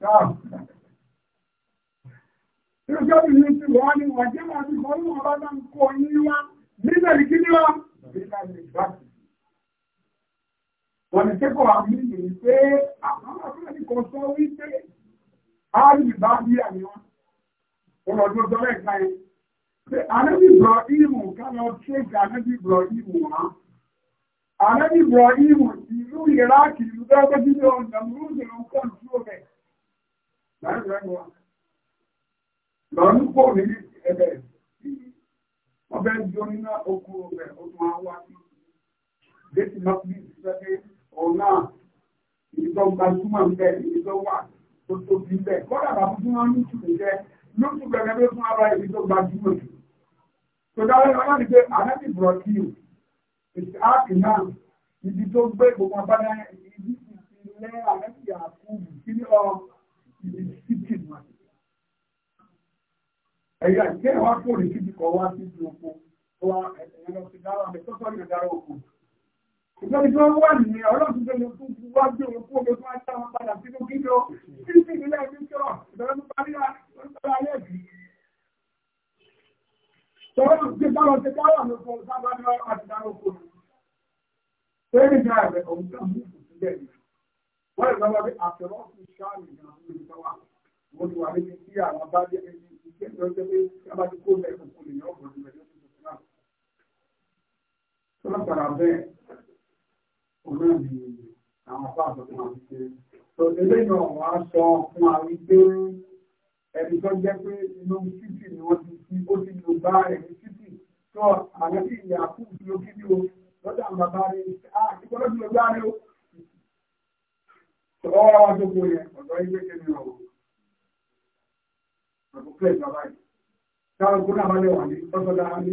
Irúgbẹ́ ìlú ti wọ́n ní wàjẹ́ máa ti kọ́ lóun ọba náà kọ yín wá nílẹ̀ ìkí ní wá. Wọ́n ní kékọ̀ọ́ àmì ìlú pé àwọn akọ́lẹ̀ ní kan sọ wípé ààrùn bá bí àmì wọn. Ọ̀rọ̀ tó sọ bẹ́ẹ̀ ká yẹn. Pé ànábì bọ̀ ìmù ká lọ ṣéèkì ànábì bọ̀ ìmù wá. Ànábì bọ̀ ìmù ìlú Ìrákì ìlú bẹ́ẹ̀ tó ti ní ọ̀nà mú Lọ́nù kò ní ẹ̀bẹ̀ ọbẹ̀ jọ nínú okú ọbẹ̀ ọdún àwọn àti Déti Nọ́pìlì ìfẹ́fẹ́ ọ̀nà ìjọ gbajúmọ̀ ń bẹ̀ ìjọ wà tó tóbi ń bẹ̀. Kọ́dà bàbá fún wọn ní ìtùlẹ̀ jẹ́ lóṣù bẹ̀rẹ̀ pé fún ara ìjọ gbajúmọ̀. Tó dáwọ́ lọ́wọ́ ni pé Anẹ́tì Brọ̀kìl, ìsáàkì náà, ibi tó gbé gbogbo abáyá ibi ìfilẹ́ Anẹ́tì Àkúbù sí ọ ìrìsítì máa ẹ̀yà ìkẹ́ wa kò rí síbi kan wá sí ju oko wa ẹ̀yìn lọ sí dára mi tó sọ́ọ̀nì dára oko. ìjọba tí wọ́n wà nìyẹn ọlọ́run tó lè tó fi wá gbé oko omi tó wá já wọn padà sínú kíjọ títí ìdílé ẹni tó ìbẹ̀rẹ̀ tó parí ọ̀sán ayé bí. tọ́wọ́ ti dára ti dára mi fún ọ̀sán bá ní ọ̀sán wọ́n lè lọ́wọ́ bí àfẹ́rọ́ ti ṣáàlì ìgbà tó lè sọ́wọ́ wọ́n ti wà níbi tí àwọn bá dé ẹni iṣẹ́ ìtọ́jú pé sábà ti kó mẹ́rin kò lè yọ ọ̀gbọ̀n ìgbà tó ti sọ́wọ́. tó lágbára bẹ́ẹ̀ òun náà ni àwọn afá àtọ́kùn àti é tó eléyìí ọ̀wọ́ á sọ fún wa wípé ẹni tó jẹ́ pé inú títì ni wọ́n ti fi ó ti lò bá ẹni títì tó àgbẹ̀tì ìyàkú lókìdí Tọ́wọ́ wá gbogbo a ọ̀dọ́ ilé kẹ́mi ọ̀wọ̀. Àbúkú ẹ̀dá báyìí. Táwọn ogun náà máa lè wà ní tọ́tọ́ dára ní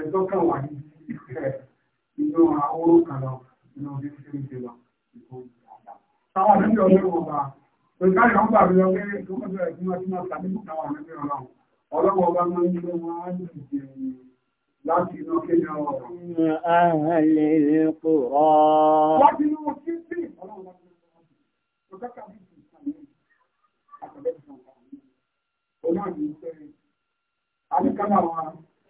ẹ̀tọ́ kan wà ní inú àwọn orúkà lọ inú orí fún ìṣe lọ ìfò ìgbà. àmì ọlọ́run wọn gbàgbé lọ pé àmì ọlọ́run. Ọlọ́run ọba máa ń gbé wọn á ní ìṣe láti iná kéde ọ̀rọ̀. Àhàn lè lè kó rọ̀. Wọ́n ti ní wọ́n ti ń bí ọlọ́run ọba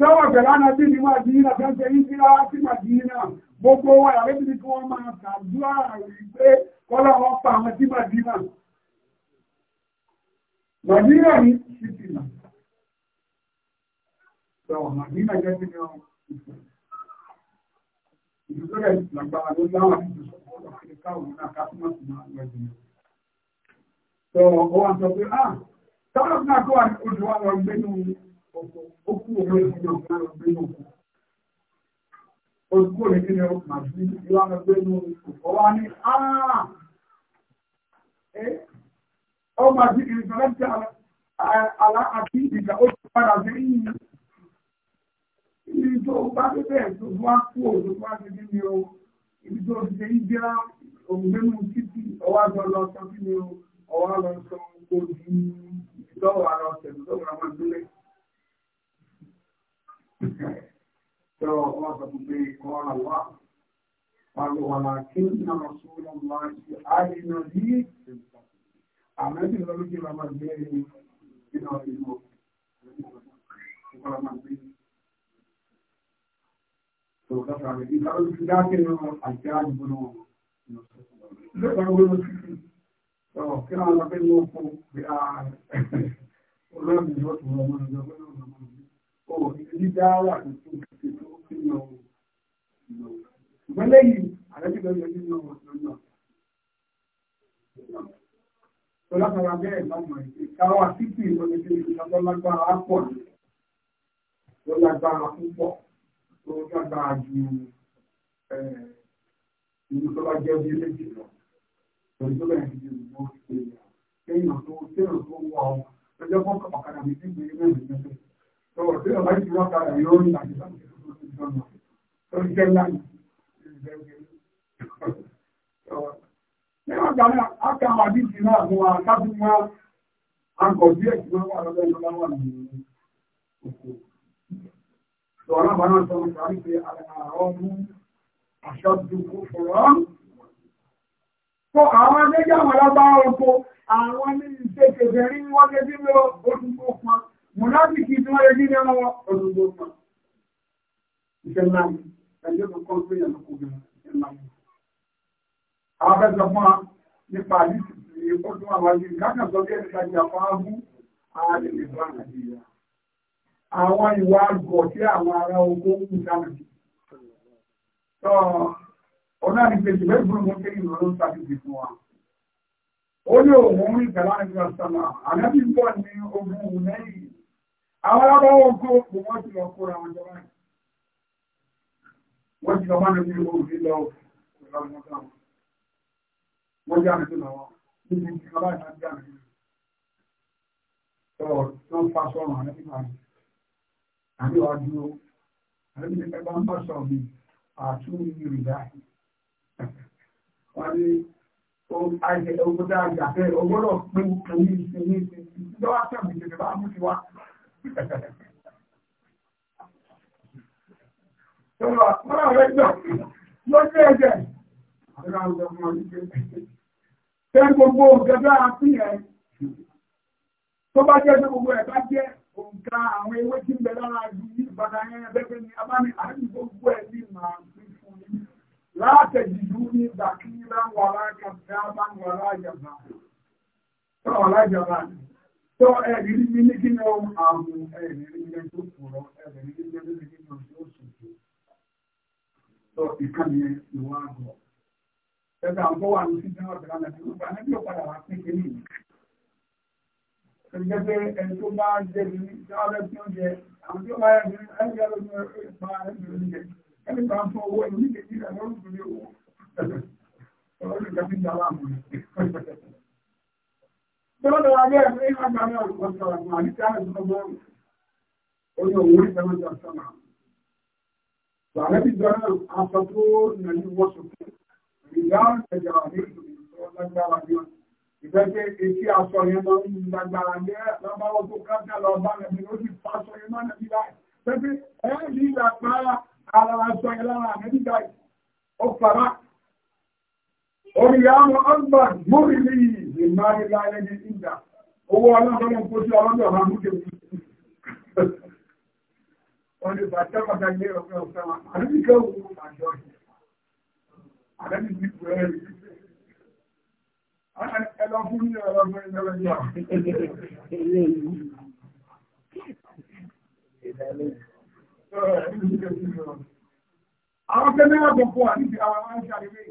Tẹ́wọ̀ jẹ̀lá náà bí ní Màdínà, tẹ́jẹ́ ìsìnlá sí Màdínà, gbogbo wà lábẹ́bí ní kí wọ́n máa tàbíwà wípé kọ́lá wọn pa àwọn sí Màdínà. Màdínà ní ìsìnlá. Tẹ́wọ̀ Màdínà jẹ́ sí ní ọmọ ìsìnlá. Ìjúgbẹ́rẹ̀ lágbára ló láwọn àti ìjọsọ́kọ́ ọ̀dọ̀ káwọn náà ká túnmọ̀ sí ah, táwọn náà kọ́ àti ojú wa lọ ó kú òun lórí ìdílé òkú láwọn gbé ní òkú ó kú òun lórí ìdílé òkú màá sí ìlànà gbé ní òkú ọwá ní áà ọ máa sí ìrìnsọ láti àlá àti ìgbà ó ti padà sí ìyìn ìrìn tó bá tó bẹ́ẹ̀ tó wá kú òun wá sí ní o ibi tó ti ṣe ìgbéra òun gbé ní títì ọwá jọ lọ sọ kí ni o ọwá lọ sọ kó di ìtọ́wọ̀ àlọ́ tó wà máa dúlẹ̀. فهو تطبيق قال الله قال ولكن رسول الله أجنبي أنا أقول لك لما جاءني إلى الموت Ọ̀kí àwọn akẹ́lẹ́ ọkọ̀ bí i ààrẹ. Ọlọ́run ni ó tún ọmọ ìjọba náà onídáwà tuntun ti tó kí ni ọ̀hún lọ. ṣùgbọ́n lẹ́yìn àrẹ́jùlọ yẹ nínú ọmọ tó náà. tọ́lápàá bẹ́ẹ̀ lọ́mọ ìpè káwà títí ìlọ́ni tí ìjọba lágbára pọ̀ ní. ó lágbára púpọ̀ tó lágbára ju ìlú tó bá jẹ́ bí méjì lọ. lórí tó bẹ̀rẹ̀ ti di ìlú kéèyàn tó kéèyàn tó wọ ọ lọ́jọ́ fún ọ̀kadà mi tí ìgbéyàwó ìgbésẹ̀. So tí ọba ti wọ́n kára yóò ní àti sáàmì tó ti dọ́nà. Tó ń jẹ́ láì Níwọ̀n gbà náà, a kà wà ní ìsinmi àwọn àwọn akábí wọn, a gọ̀ díẹ̀ tí wọ́n wà lọ́wọ́ ìjọba wà ní òkú. Sọ̀rọ̀ bá náà sọ̀rọ̀ sọ̀rọ̀ pé àrọ̀ mú aṣọ dùkú fọ̀rọ̀. Fọ àwọn ẹgbẹ́ àwọn alábá oko, àwọn ní ìṣe kèfèrí wọ́n lé bí lọ, ó ti mú pọn. Mùnáfíkì tí wọ́n rẹ̀ nílẹ̀ wọn ọdúnbó mọ̀. Ìṣẹ̀lá mi, ẹjọ́ tó kọ́ sí ẹ̀lú kò bẹ̀rẹ̀ ìṣẹ̀lá mi. Àwọn afẹ́ sọ fún wa nípa àdìsí ó tún àwọn àjò ìkákan sọ bí ẹnìkan jà fún ábú àwọn àdìsí fún Nàìjíríà. Àwọn ìwà àgọ̀ tí àwọn ará oko ń kú sáà Sọ ọ̀nà àdìsí ìwé ìgbóhùn kéré ìrọ̀lọ́ sábìsì fún wa. Ó ní òun ìgbàlá ìgbà sọ́nà, àná ń bọ̀ ní ogun lẹ́yìn àwọn alábọ́wọ́ kó wọ́n ti lọ kóra wọn jọ báyìí wọ́n ti lọ bá lórí orí lọ wọ́n jẹ́ àmì tó lọ́wọ́ níbi ìjọba ìjọba jẹ́ àmì tó lọ́wọ́ tó ń fa sọ́run àwọn ẹgbẹ́ àmì àbí wàá dúró àbí ẹgbẹ́ ń bá sọ̀rọ̀ mi àtúnú yorùbá wọ́n ní ọgbọ́dọ̀ àgbàfẹ́ ọgbọ́dọ̀ pé òun ìsinmi ìsinmi ìjọba tẹ̀mí ìjọba mú ti wá Ṣé gbogbo ògẹ́gbẹ́ àfihàn tó bá jẹ́ gbogbo ẹ̀ bá jẹ́ òǹkà àwọn ewé tí ń bẹ lára ní ìbàdà ni a bá ní àárín gbogbo ẹ̀ ní màá fi fún ní ní láwọn tó ẹ̀rí rí ní kí ni ó àmú ẹ̀rí rí ní tó fòrọ ẹ̀rí rí ní ẹ̀rí rí ní oṣù oṣù tó ìkànnì ìwọ àgọ́ ẹgbẹ́ àwọn tó wà ní sídìí náà bẹ̀rẹ̀ àti gbogbo àwọn ẹbí ọ̀padà wà pé kí ni ìgbẹ́ pé ẹni tó bá jẹ́ ní ìjọba tí ó jẹ àwọn tí ó bá yẹ ní ẹni yẹ lóṣù pa ẹni ló ń jẹ ẹni kan fún owó ìlú kejì rẹ̀ lọ́rùn tó ní owó ọ̀rọ̀ ìjọba lọ́dọ̀ wa bẹ́ẹ̀ fún ìwà gbàmí ọ̀gbọ̀n sọ̀rọ̀ mọ̀ ní káàrì ọgbọ̀n orí òun ìfẹ́mọ́ jọ sọ́mà bàbẹ́bí jọ́nà aṣọ tó nà ní wọ́sùn ìdáhùn ìjọba ní ìṣòro lágbára ní wọn ìfẹ́jẹ́ etí aṣọ yẹn lọ ní lágbára ní lọ́bàwọ́ tó kájà lọ bá rẹ̀ ní ó sì fa aṣọ yẹn máa nàbí láì pẹ́pẹ́ ẹ̀ ní ìgbà pa ara aṣọ yẹn lára àmẹ́bí láì ó fara oníyàwó ọgbà múrí ní ìmáyé láyé ní ìjà owó ọlọ́dọ́lọ́ kó sí ọlọ́dọ̀ ọ̀hán múkè mú wọ́n ni bàtẹ́kọ̀dá ilé ọ̀fẹ́ ọ̀fẹ́ wọn àdébìkẹ́ òun àjọ àdébìkẹ́ òun ẹlọ fún ní ọ̀rọ̀ fún ìjọba Àwọn kẹ́mẹ́rẹ́ àbọ̀kọ́ àti àwọn aṣàríwé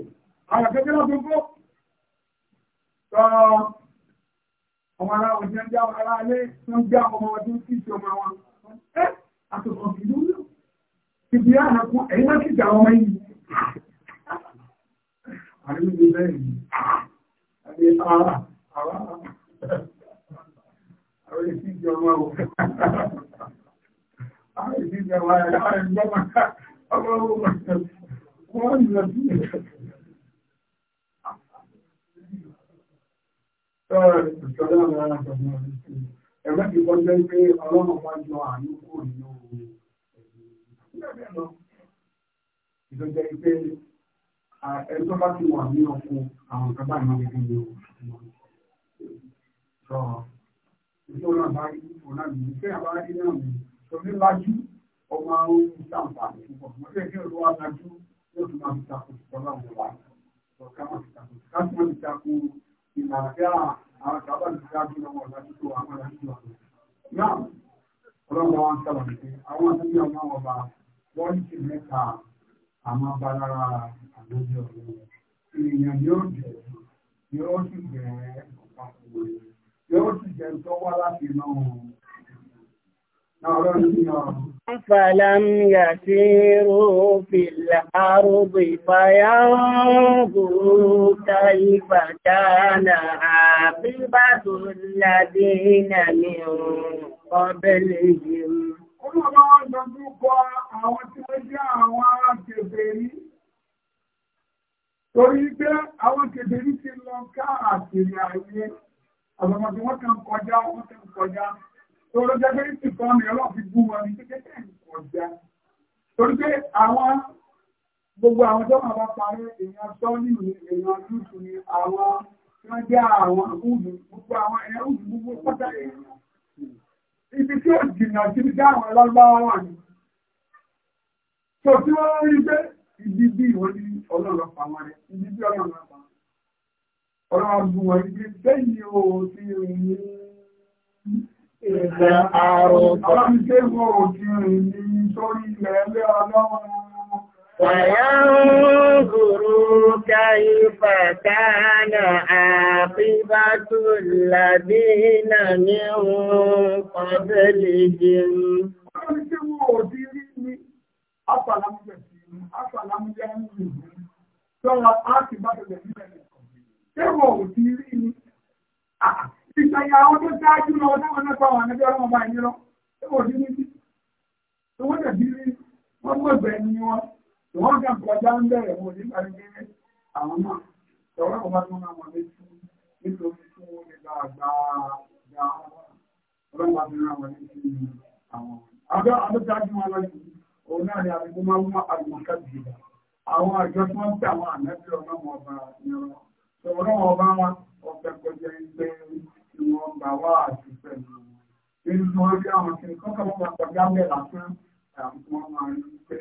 Àgbẹ̀kẹ́ lọ gbogbo. Sọ ọmọ ara wọn jẹ́ ń já ara lé tó ń já ọmọ ọdún sí ti ọmọ wọn. Ẹ́ àtọ̀kọ̀ ìlú náà. Ìbí àná kún ẹ̀yìn náà kìjà ọmọ yìí. Àríwí ni bẹ́ẹ̀ ni. Àbí ara ara àwọn èsì ìjọba wọn. Àwọn èsì ìjọba ẹ̀ àwọn ìjọba ọmọ wọn. Wọ́n yọ sí ìjọba. Ẹ̀mẹ́ ti kọ́ jẹ́ pé ọlọ́run wá jọ àánú kúrò nínú ẹ̀mí. Ìjọba ìpé ẹni tó bá ti wà ní ọkọ̀ àwọn ìjọba ìmọ̀ gẹ́gẹ́ ní ọkọ̀. Sọ, ìjọba bá rí ọ̀nà mi, ìfẹ́ àbá rí náà mi, torí lájú ọmọ àwọn ìsànfàní púpọ̀. Mo fẹ́ kí ọ̀rọ̀ wá lájú yóò tún máa fi takò sí ọlọ́run wá. Sọ ká má fi takò ìgbàgbé àwọn sábà ní sáájú lọ́wọ́ ìdájútó àwọn ìdájútó àwọn. Náà, ọlọ́run wa ń sábà ní pé àwọn àti ọmọ ọba wọ́n ti mẹ́ta àmọ́ abalára àlójú ọ̀rọ̀ èèyàn yóò jẹ́ yóò sì jẹ́ ọ̀pá láti náà أفلم يسيروا في الأرض فينظروا كيف كان عاقبة الذين من قبلهم Torí pé àwọn kèbèrè ti lọ káàkiri ayé, àwọn ọmọdé wọ́n kàn kọjá, wọ́n kàn kọjá. Tọ́rọ jẹ́ pé ìsìn kan ni ọlọ́run fi gún wọn ní kékeré ọ̀já. Torí pé àwọn gbogbo àwọn tó máa bá parí èèyàn sọ́ọ̀nì ní èèyàn lùtù ni àwọn tí wọ́n jẹ́ àwọn òòlù gbogbo àwọn ẹ̀yàn òòlù gbogbo pátá èèyàn. Ibi tí ó jìnnà síbi tí àwọn ọlọ́gbọ́n wà ní. Tò tí wọ́n rí pé ibi bí ìwọ́n ní ọlọ́run pa wọn rẹ̀, ibi bí ọlọ́run Ọlọ́run bu wọn ibi Ìgbà àrùn kan tí mo ò ti rìn ní sórí ilẹ̀ ẹlẹ́ ọlọ́run. وينظروا كيف كان عاقبة الذين من قبلهم Sọ́wọ́ á ti bá tẹ̀lẹ̀ nílẹ̀ ò ti rí ní àà ah, ìṣẹ̀yà àwọn tó dájú lọ táwọn náà pàwọn àmẹ́jọ́ ọlọ́mọ bá yìí lọ ẹwọ̀n tí wọ́n ti tó wọ́n tẹ̀ bí rí wọ́n mọ̀gbẹ̀ ní wọn tó wọ́n kàn kọjá ń bẹ̀rẹ̀ wọn ní ìpàdé àwọn náà tọ́wọ́ kọ́ bá tó máa wọn létí nítorí tí wọ́n lè bá gba gba ọlọ́mọ àti náà wọn létí àwọn àjọ àdótájú wọn lọ yìí òun náà ni àbíkú máa ń mọ àlùmọ̀ká jìbà àwọn àjọ tí wọ́n ń tẹ àwọn àmẹ́jọ́ ọlọ́mọ ọba yẹn lọ tọ́wọ́ ọba wọn ọ̀fẹ́ kọjá ẹgbẹ́ tí wọ́n gbà wá àti pẹ̀lú wọn. Nínú orí àwọn kìnnì kan kọ́ máa kọjá lásán, àwọn máa ń pé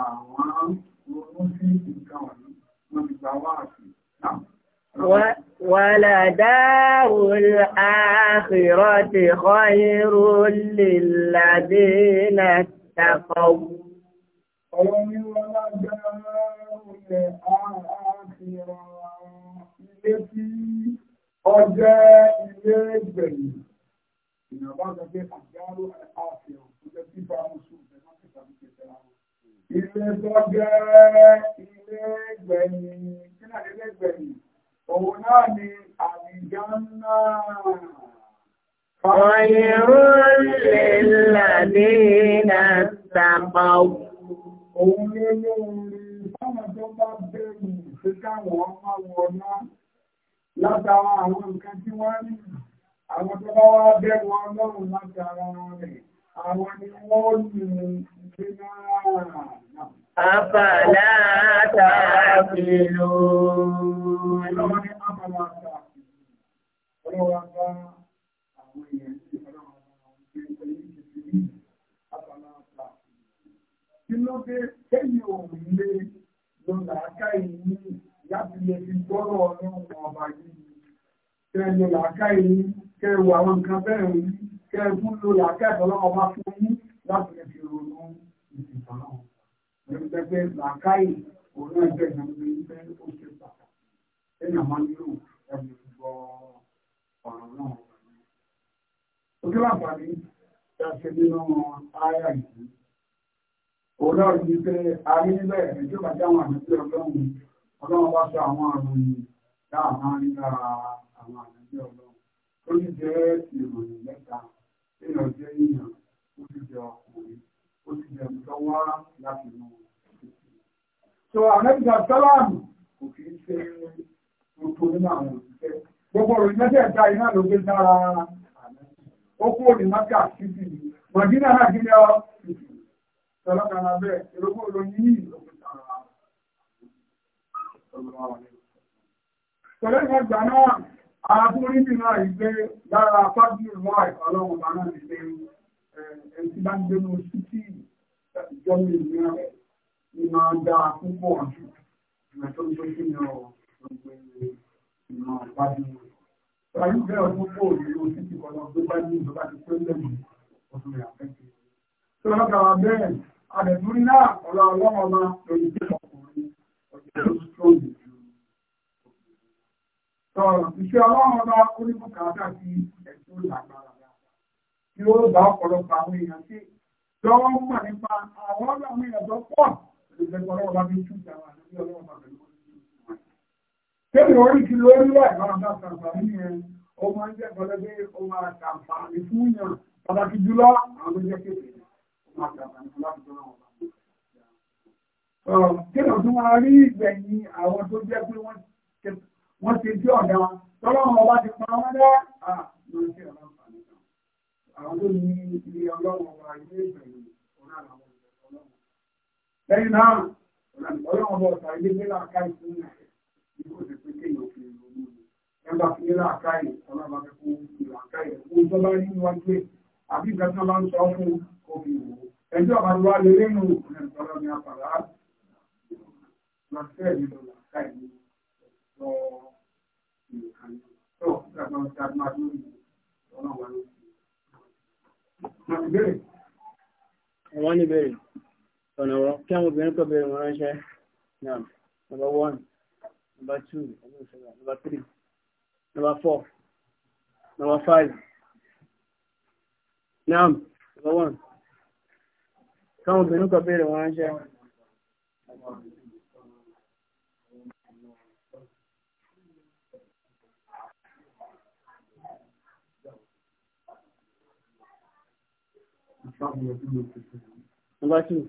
àwọn ronú sí nǹkan ọ̀hún, wọ́n ti gbà wá àti ولدار الآخرة خير للذين اتقوا ọlọ́run ọlágbára ọjẹ́ ilé gbẹ̀yìn èèyàn bá sọ pé àjáró àfihàn tó jẹ́ bíbá mùsùlùmí ẹ̀ má ti tàbí kẹsẹ̀ àwọn. ilé tó jẹ́ ilé gbẹ̀yìn kí náà ilé gbẹ̀yìn òun náà ni àlìjánná. Ọ̀yẹ̀rún lè làdé náà tàbá. Òun ló lóore fáwọn tó bá bẹ̀rù pé káwọn máa wọ̀ náà látara àwọn nǹkan tí wọ́n rí àwọn tó bá wá bẹ̀rù ọlọ́run látara rẹ̀ àwọn ni wọ́n lù ní náà. Kí ló dé kéyìí òun lé lọ́làákà yìí? láti lè fi gbọ́rọ̀ ọlọ́run ọba yìí kẹ́ ẹ lò làákà yìí kẹ́ ẹ wo àwọn nǹkan bẹ́ẹ̀ yìí kẹ́ ẹ tún lò làákà ìtọ́lọ́run ọba fún yín láti lè fi ronú ìsìnkú náà lórí pẹ́pẹ́ làákà yìí òun náà jẹ́ ìdánwò yìí pé ó ṣe pàtàkì ẹ̀yàn máa nílò ẹ̀mí gbọ́ ọ̀rọ̀ náà. Ojú àǹfààní ti a ṣe nínú ara yìí. Òun náà ní pé a rí níbẹ̀ ọlọ́run bá sọ àwọn àròyìn dáàmà nígbà àwọn ànábì ọlọ́run ó ní jẹ́ ìròyìn mẹ́ta èèyàn jẹ́ èèyàn ó sì jẹ́ ọkùnrin ó sì jẹ́ ìtọ́wọ́ ara láti mú so àmẹ́ríkà sáláàmù kò kì í ṣe gbogbo nínú àwọn òṣìṣẹ́ gbogbo òròyìn mẹ́tẹ̀ẹ̀ta iná ló gbé sára ó kú òrìn mọ́kà síbi mọ̀dínà náà kí ni ọ́ sọlọ́kànnà bẹ́ẹ̀ èrògbò òròyìn yìí Tọ́lẹ́ ìgbà náà, àbúrí bí náà ìgbé lára fájú ìwọ̀n àìfàlọ́wọ̀ bá náà ní pé ẹ̀ntí bá ń gbé ní oṣù tí ìjọba ìlú ní máa dá púpọ̀ jù ìgbà tó ń tó sí ní ọ̀rọ̀ gbogbo ìmọ̀ àpájú. Tọ́lẹ́ ìgbà púpọ̀ ìlú oṣù tí kọ̀ọ̀lọ́ gbé bá ní ìjọba ti pé lẹ́yìn ọdún ìyàfẹ́. Tọ́lẹ́ ìgbà ìjẹ̀rù strong ọlọ́run bá kú ní bùkátà sí ẹ̀sùn lágbára tí ó bá ọ̀pọ̀lọpọ̀ àwọn èèyàn sí lọ́wọ́ ń pà nípa àwọn ọ̀dọ̀ èèyàn tó pọ̀ ìjẹ̀kọ̀ ọlọ́run bá fi tú ìjàwá àti ọlọ́run bá pẹ̀lú lórí wà Um, kéèyàn tún máa rí ìgbẹ̀yìn àwọn tó jẹ́ pé wọ́n ti dé ọ̀dà tọ́lọ́run ọba ti pa wọ́n dá àwọn tó ní ilé ọlọ́run ọba ilé ìgbẹ̀yìn ọ̀nà àwọn ọlọ́run lẹ́yìn náà ọlọ́run ọba ọ̀tà ilé gbé láàká fún tó bá rí níwájú ẹ̀ àbí ìgbà tí wọ́n bá ń sọ fún kó fi wò ẹjọ́ àbájọ́ wa lè lẹ́nu ọ̀nà máa fẹ́ mi lọ làákà yìí lọ nǹkan tó gbàgbọ́n tá a máa lórí ọ̀nà wà lórí. Àwọn ní bèrè ọ̀nà wọ́n kí àwọn obìnrin kọ́ bèrè wọn ránṣẹ́ náà number one number two number three number four number five náà number one káwọn obìnrin kọ́ bèrè wọn ránṣẹ́. Unless you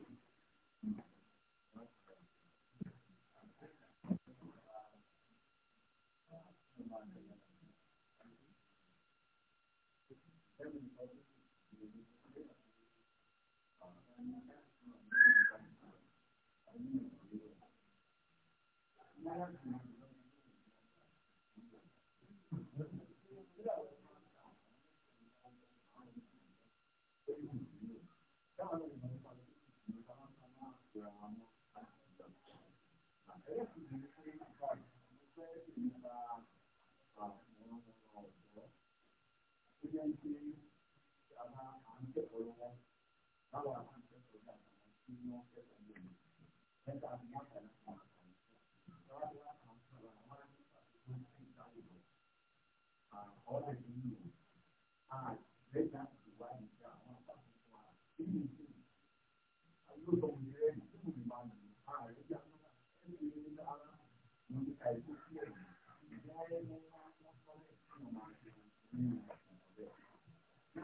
jẹ́ pé àwọn àǹkẹ́kọ̀ọ́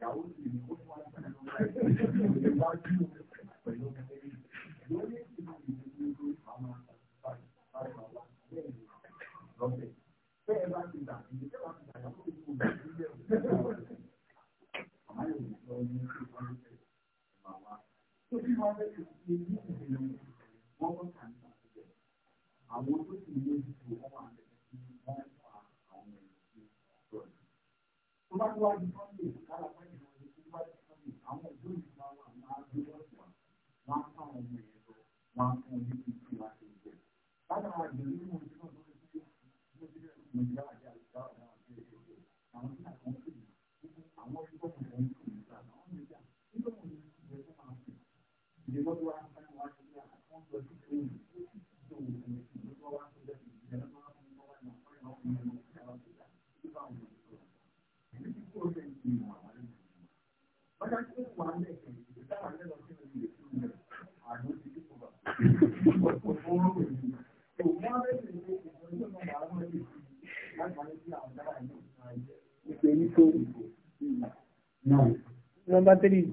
ìyàwó sì ní kó fún wa ní pẹ̀lú ọmọ rẹ̀ ìjọba bí o pẹ̀lú ọmọ rẹ̀ lórí ìlú ìlú ìlú àwọn àgbàlagbà bẹ́ẹ̀ ni lọ́sẹ̀ bẹ́ẹ̀ bá ti dà ní bẹ́ẹ̀ bá ti dà yàtọ̀ ìlú ìlú ìlú àmọ́ yóò sọ ní ìwà rẹ̀ màmá tó bí wọn bẹ́ẹ̀ ti ṣe ní ìlú wọn bọ́ tà ní àtijọ́ àwọn tó sì ní ìlú wọn wà ní ìlú wọn fà àwọn ènìyàn tó bá tó wá di sunday kára àwọn òbí mi máa wà máa gbé ọ̀sẹ̀ wọn á fáwọn ọmọ yẹn lọ wọn á fún un ní kí n fi wá sí ìjẹ. Bákan náà àgbèrè ní mo ti náà lórí sí mo ti rẹ̀ mo ti dáwà jẹ́ àlùkò àwọn àwọn àti àwọn tí àwọn ń pèmí àwọn ọkọ̀ mi ń pèmí sáà àwọn mi dà nígbà mo ní ìjẹ tó máa pè ìjẹ lọ́dọ̀ sí ìjẹ àwọn lọ Thank you. Number three.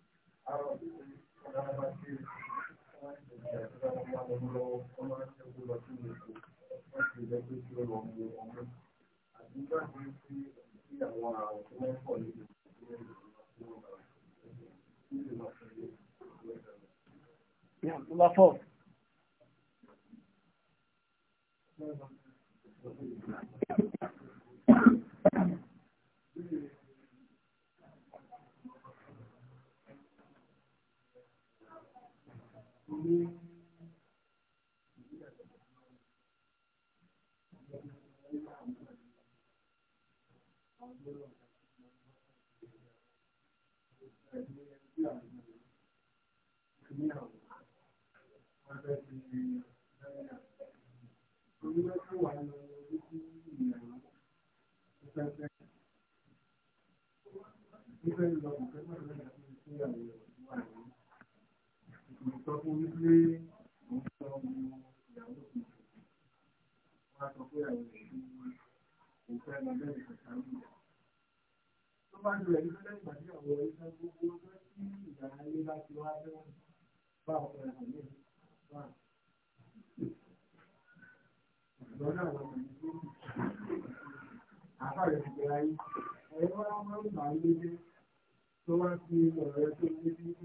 Àbáyé ti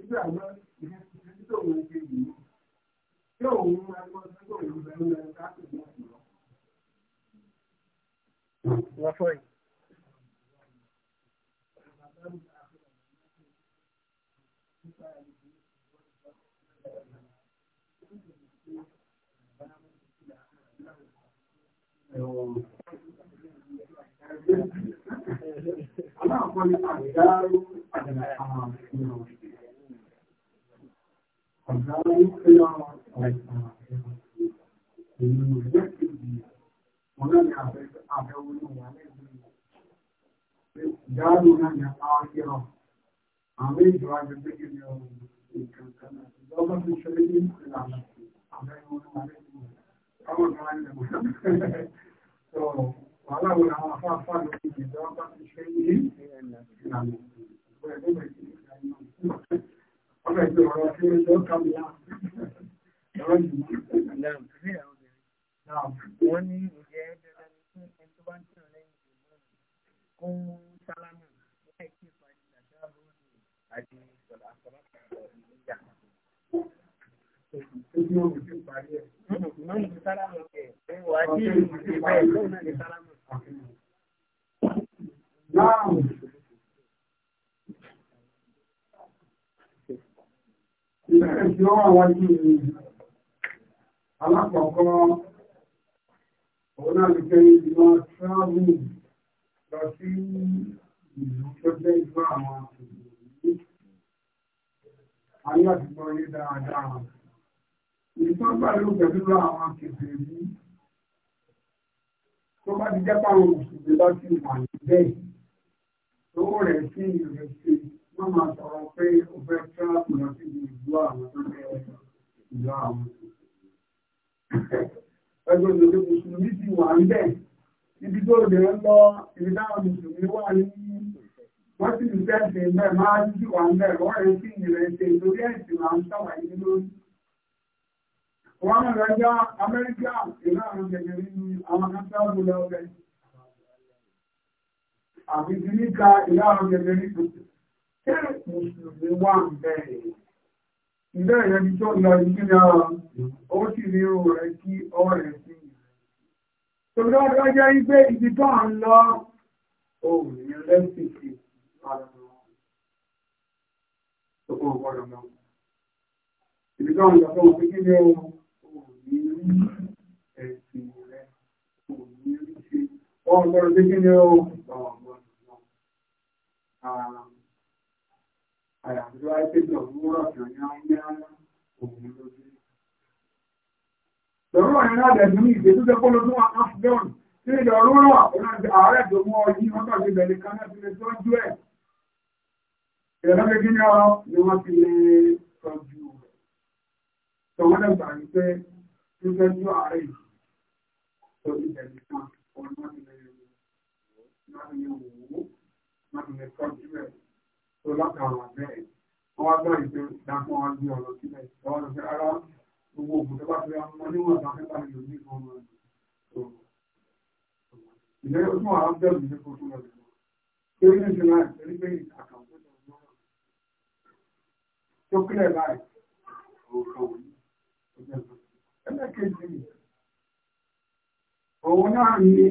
nígbà náà ìfẹ́ tó ń ṣe yìí tí òun máa lọ sí kò ní bẹ̀rù lẹ́nu káàkiri náà sí lọ. wọ́n fọ́ àdáró àdàlà àwọn àfihàn ọ̀gá nípínlẹ̀ ọ̀sán ìlú ìjẹ́ kejì wọn náà ní àbẹ̀wò ní wà lẹ́gbẹ̀ẹ́ ìdáàbò náà ní àákẹ́rọ̀ àwọn ìjọ agbègbè kejì ọ̀rọ̀ ìkankan náà ìjọba tó ṣẹlẹ̀ ní ìlànà àbẹ̀wò ní wà lẹ́gbẹ̀ẹ́ káwọn kan á lè wọ́n sọ wàhálà wo làwọn afáfá lórí ìjọba tó ṣẹlẹ̀ ní ìlànà. lọ kàmìlà. ti jẹ́ pàwọn òṣèlú bá ti wà níbẹ̀ owó rẹ̀ sí ìrẹsì wọ́n máa sọ̀rọ̀ pé o fẹ́ tíráàpù lọ sí ìlú àwọn tó fẹ́ ìlú àwọn. ẹgbẹ́ òṣèlú mùsùlùmí ti wà níbẹ̀ ibi tó lè ń lọ ibi táwọn mùsùlùmí wà ní wọ́n sì ń fẹ́ sí ń bẹ̀ máa ń jù wà níbẹ̀ wọ́n rẹ̀ sí ìrẹsì lórí ẹ̀sìn máa ń sàwáyé lórí. Wọ́n rẹ̀ já Amẹ́ríkà ìlànà gẹ̀gẹ̀rí ní àwọn akẹ́kọ̀ọ́ lọ́wẹ́. Àbí ti ní ka ìlànà gẹ̀gẹ̀rí tó ṣe mùsùlùmí wà ń bẹ̀rẹ̀. Ìbẹ́ rẹ̀ bí tó lọ ìdí náà, ó sì ní o rẹ̀ kí ọ̀rẹ́ sí. Tòbí ọjọ́ jẹ́ wípé ibi tó ń lọ, òun ni lẹ́sìkì ara wọn. Tó kọ́ ọ̀pọ̀lọpọ̀. Ibi tó ń lọ fún òfin kí ni ohun ẹ̀sìn rẹ̀ kò ní rí ṣe wọ́n gbọ́dọ̀ pé kí ni ó àyàfi wáyé pé lọ múrọ̀ tó ní àwọn ní àwọn òun lójú. lọ́rọ̀ yẹn láti ẹ̀dùn ní ìgbésí tó kọ́ lọ́dún afghan tí ìlọ rúrọ̀ àwọn ààrẹ tó mú ọyí wọn kà sí ìbẹ̀lẹ̀ kan láti lè tọ́jú ẹ̀. ìrọ̀lẹ́ pé kí ni ọ ni wọ́n ti lè nígbẹ́jú ààrẹ yìí tó ìbẹ̀rù kan òun náà nílẹ̀ yòówó náà ní òwò náà nílẹ̀ tọ́jú ẹ̀ tó látara bẹ́ẹ̀ wọ́n wá gbọ́ ìpè dákun wá gbé ọ̀rọ̀ sílẹ̀ lọ́wọ́ lọ sí ara gbogbo òkú tó bá fi ra mọ́ níwọ̀n ìgbà pípa ní òní kan mọ́ ẹ̀ tó ìlẹ́ ojú àwọn bẹ́ẹ̀ mi ní kó tó lọ sí wọn ẹlẹ́kejì òun náà ní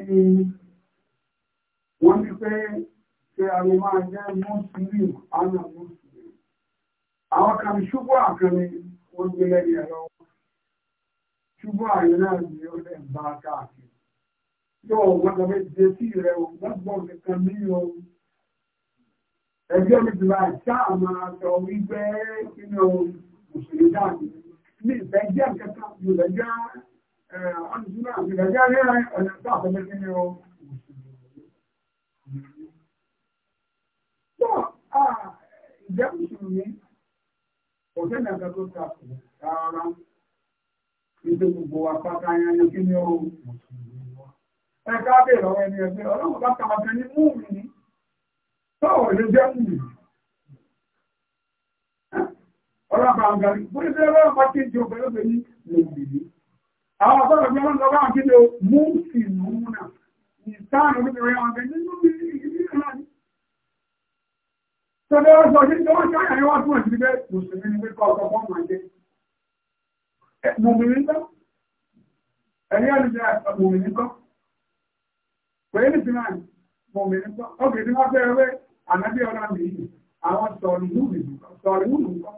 wọ́n ní pé ṣe àwọn máa jẹ́ mùsùlùm ánà mùsùlùm àwọn kan ṣubú àkànní wọ́n gbé lẹ́yìn ẹ̀rọ ṣubú àyè náà ní ó lè bá káàkiri yóò wọ́n lọ bẹ́ẹ̀ jẹ́ sí rẹ̀ o lọ́gbọ̀n nìkan ní o ẹgbẹ́ mi ti bá ṣáà máa sọ wípé kí ni o mùsùlùm dáàbò ní ìfẹ́jẹ́ kẹta ìrẹ̀jẹ́ ọdúnjúmọ́ àti ìrẹ̀jẹ́ rẹ̀ ọ̀nà tó àfẹ́mẹ́kí ni ó tó ìjẹ́ mùsùlùmí ọ̀gẹ́ nàgbà tó tàkù rárá nígbé gbogbo apáta yẹn kí ni ó ẹ̀ká bèèrè ọwọ́ ẹni ẹgbẹ́ ọlọ́run bá tàbí ní múùmí tó ò lè jẹ́ múùmí bàǹgàrí bó ní sẹ́yìn lọ́wọ́ pàtí ìjọ pẹ̀lú pẹ̀lú lòmìnirí àwọn ọ̀sọ́rọ̀ bí wọ́n lọ bá ń kéde mú sí núna ìsáàrùn olóbìnrin àwọn ọ̀gẹ́ nínú ìrírí náà ni tọ́lẹ́ ọ̀sọ̀ sí ìjọba tí àyàrí wá túnmọ̀ sí pé mùsùlùmí ni pé kọ́ọ̀kọ́ fọ́n máa jẹ́ mùmìnì ńkọ́ ẹ̀rí ọ̀lùjẹ́ mùmìnì ńkọ́ pẹ̀lú ìsìn náà mùmìnì ńkọ́ ó kèé tí wọ́n fẹ́ rẹ́ ànábì ọ̀nà mìíràn àwọn sọ̀rọ̀ ìlú mìíràn sọ̀rọ̀ ìlú mìíràn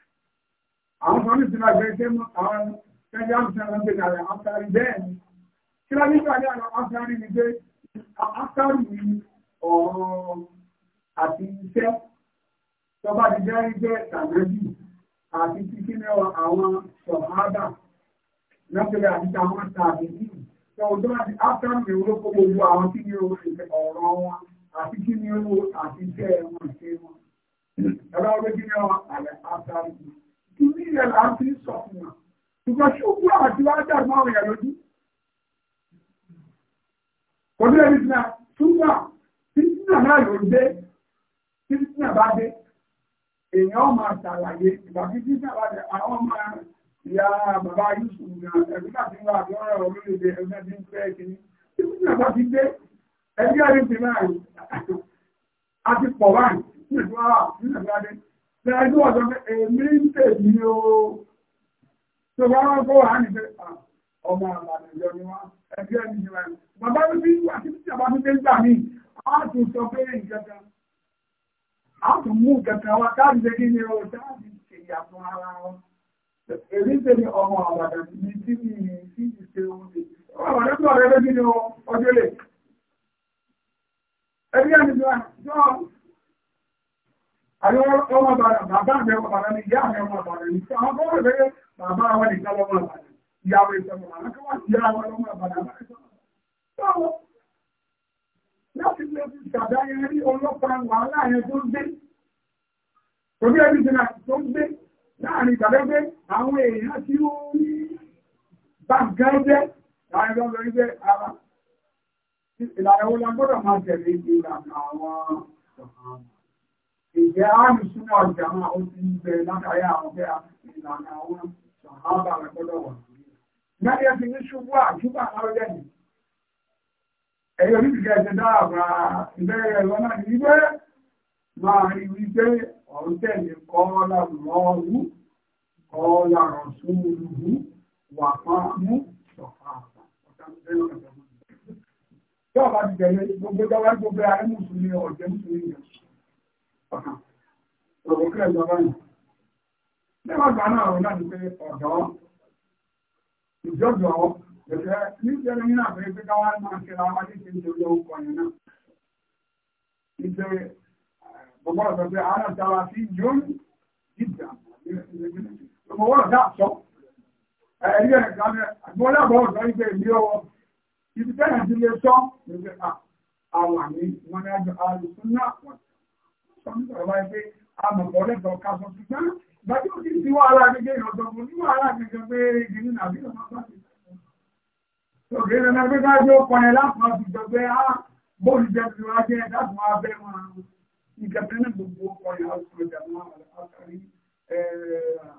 àwọn kan ní sinmi àgbẹ̀ ṣe mú àwọn ẹgbẹ́ amúsàn ń gbé kalẹ̀ afẹ́rí bẹ́ẹ̀ ni kí ló ní ìpàdé àwọn afẹ́rí ni pé afẹ́rí ni ọ̀rọ̀ àti iṣẹ́ tọ́ba ti jẹ́ iṣẹ́ tàbí àti títí ní àwọn sọ̀hádà lọ́pẹ̀lẹ̀ àti àwọn tàbí ọjọ́ wọn àti kí ni owó àti iṣẹ́ wọn ṣe wọn. Ẹ̀rọ orí kí ni wọn àlẹ́ afẹ́rí ni kìíní rẹ̀ là ń fi sọ fún wa ṣùgbọ́n ṣùgbọ́n àwọn àti wá dàrú máa wọ̀nyà lójú. kò ní ẹni sinà túbà títínà náà ló ń dé títínà bá dé èèyàn máa ṣàlàyé ìgbà tí títínà bá dé àwọn máa ìyá bàbá Yusuf náà ẹ̀mí láti ń wá àbí ọ̀rọ̀ orílẹ̀-èdè ẹgbẹ́ tí ń fẹ́ kìíní títínà bá ti dé ẹgbẹ́ àdéhùn ti máa àti pọ̀ báyìí tí wọ́n wà nígbà tí wọ́n Lẹ́jú ọ̀dọ́ pé o. Tó bá wọ́n kó wà nígbẹ́ ọmọ àlàjọ ni wọ́n ẹgbẹ́ ẹni ni wọ́n. Bàbá mi bí wà títí àbá a tún sọ pé ìjọba. A tún mú kẹ̀kẹ́ wa o, káàdì ṣe ìyàtọ̀ ara wọn. Èmi ń tèmi ọmọ àlàjọ mi tí mi sì ti ṣe ohun ṣe. Ọmọ àlàjọ mi ọ̀rẹ́ lé ni o, ọjọ́ lè. Ẹgbẹ́ ẹni ni wọ́n. Àwọn ọmọ bàbá mi ọmọ bàbá mi, ìyá mi ọmọ bàbá mi, àwọn ọmọ bẹ̀rẹ̀ bàbá wọn ní ìjọba ọmọ bàbá mi, ìyàwó ìjọba bàbá kí wọ́n ti yára Ìlànà wo la gbọ́dọ̀ máa tẹ̀lé ìlànà àwọn ọ̀hán. ìjẹ́ àrùsúnà ìjàmà ó ti ń bẹ látàrí àwọn ọ̀fẹ́ ìlànà àwọn ṣàhábà rẹ̀ gbọ́dọ̀ wà. ní ṣubú àjúbà lọ́rẹ́ ni. Ẹ̀yọ́ ní ìjẹ́ ẹ̀jẹ̀ dáàbà ìbẹ̀rẹ̀ ẹ̀rọ náà ní wípé Tí ọba ti gbogbo gbogbo mùsùlùmí ọ̀jẹ̀ mùsùlùmí yẹn Ọ̀pọ̀ kí ẹjọ́ báyìí. Nígbàgbà náà rọ̀ náà ní pé ọ̀dọ́, ìjọ́jọ́, ẹ̀fẹ́ ní ìjẹ́rẹ́ nínú àfẹ́ pé káwá máa ṣe ra wájú sí ìjọ́jọ́ ọkọ̀ yẹn náà. Ìjẹ́ bọ̀bọ̀ ọ̀sọ̀ pé àárọ̀ tara sí yóò dìjà. Ọmọ wọ́n dà sọ. Ẹ̀rí ẹ̀ gbọ́dọ̀ àgbọ̀lábọ̀ ọ̀dọ́ ìgbẹ́ ìlú ọwọ́. Ibi tẹ́lẹ̀ ti lè sọ, àwọn àmì wọn kan nígbà wáyé pé amọ̀pọ̀ lẹ́tọ̀ọ́ ká sọ ṣùgbọ́n ìgbà tí ó ti ti wàhálà gẹ́gẹ́ ìrọ̀tọ̀ fún ní wàhálà gẹ́gẹ́ pé gẹ́gẹ́ nínú àbí ọ̀nà pàtàkì. òkè nana pé ká yóò kọ́ ẹ lápá àtijọ́ pé á bóòlù jẹ́ ti wá jẹ́ dáàbò wá bẹ́ wọn ìkẹtẹ náà gbogbo ọkọ ìyá ọ̀sán ìjà wọn àtàrí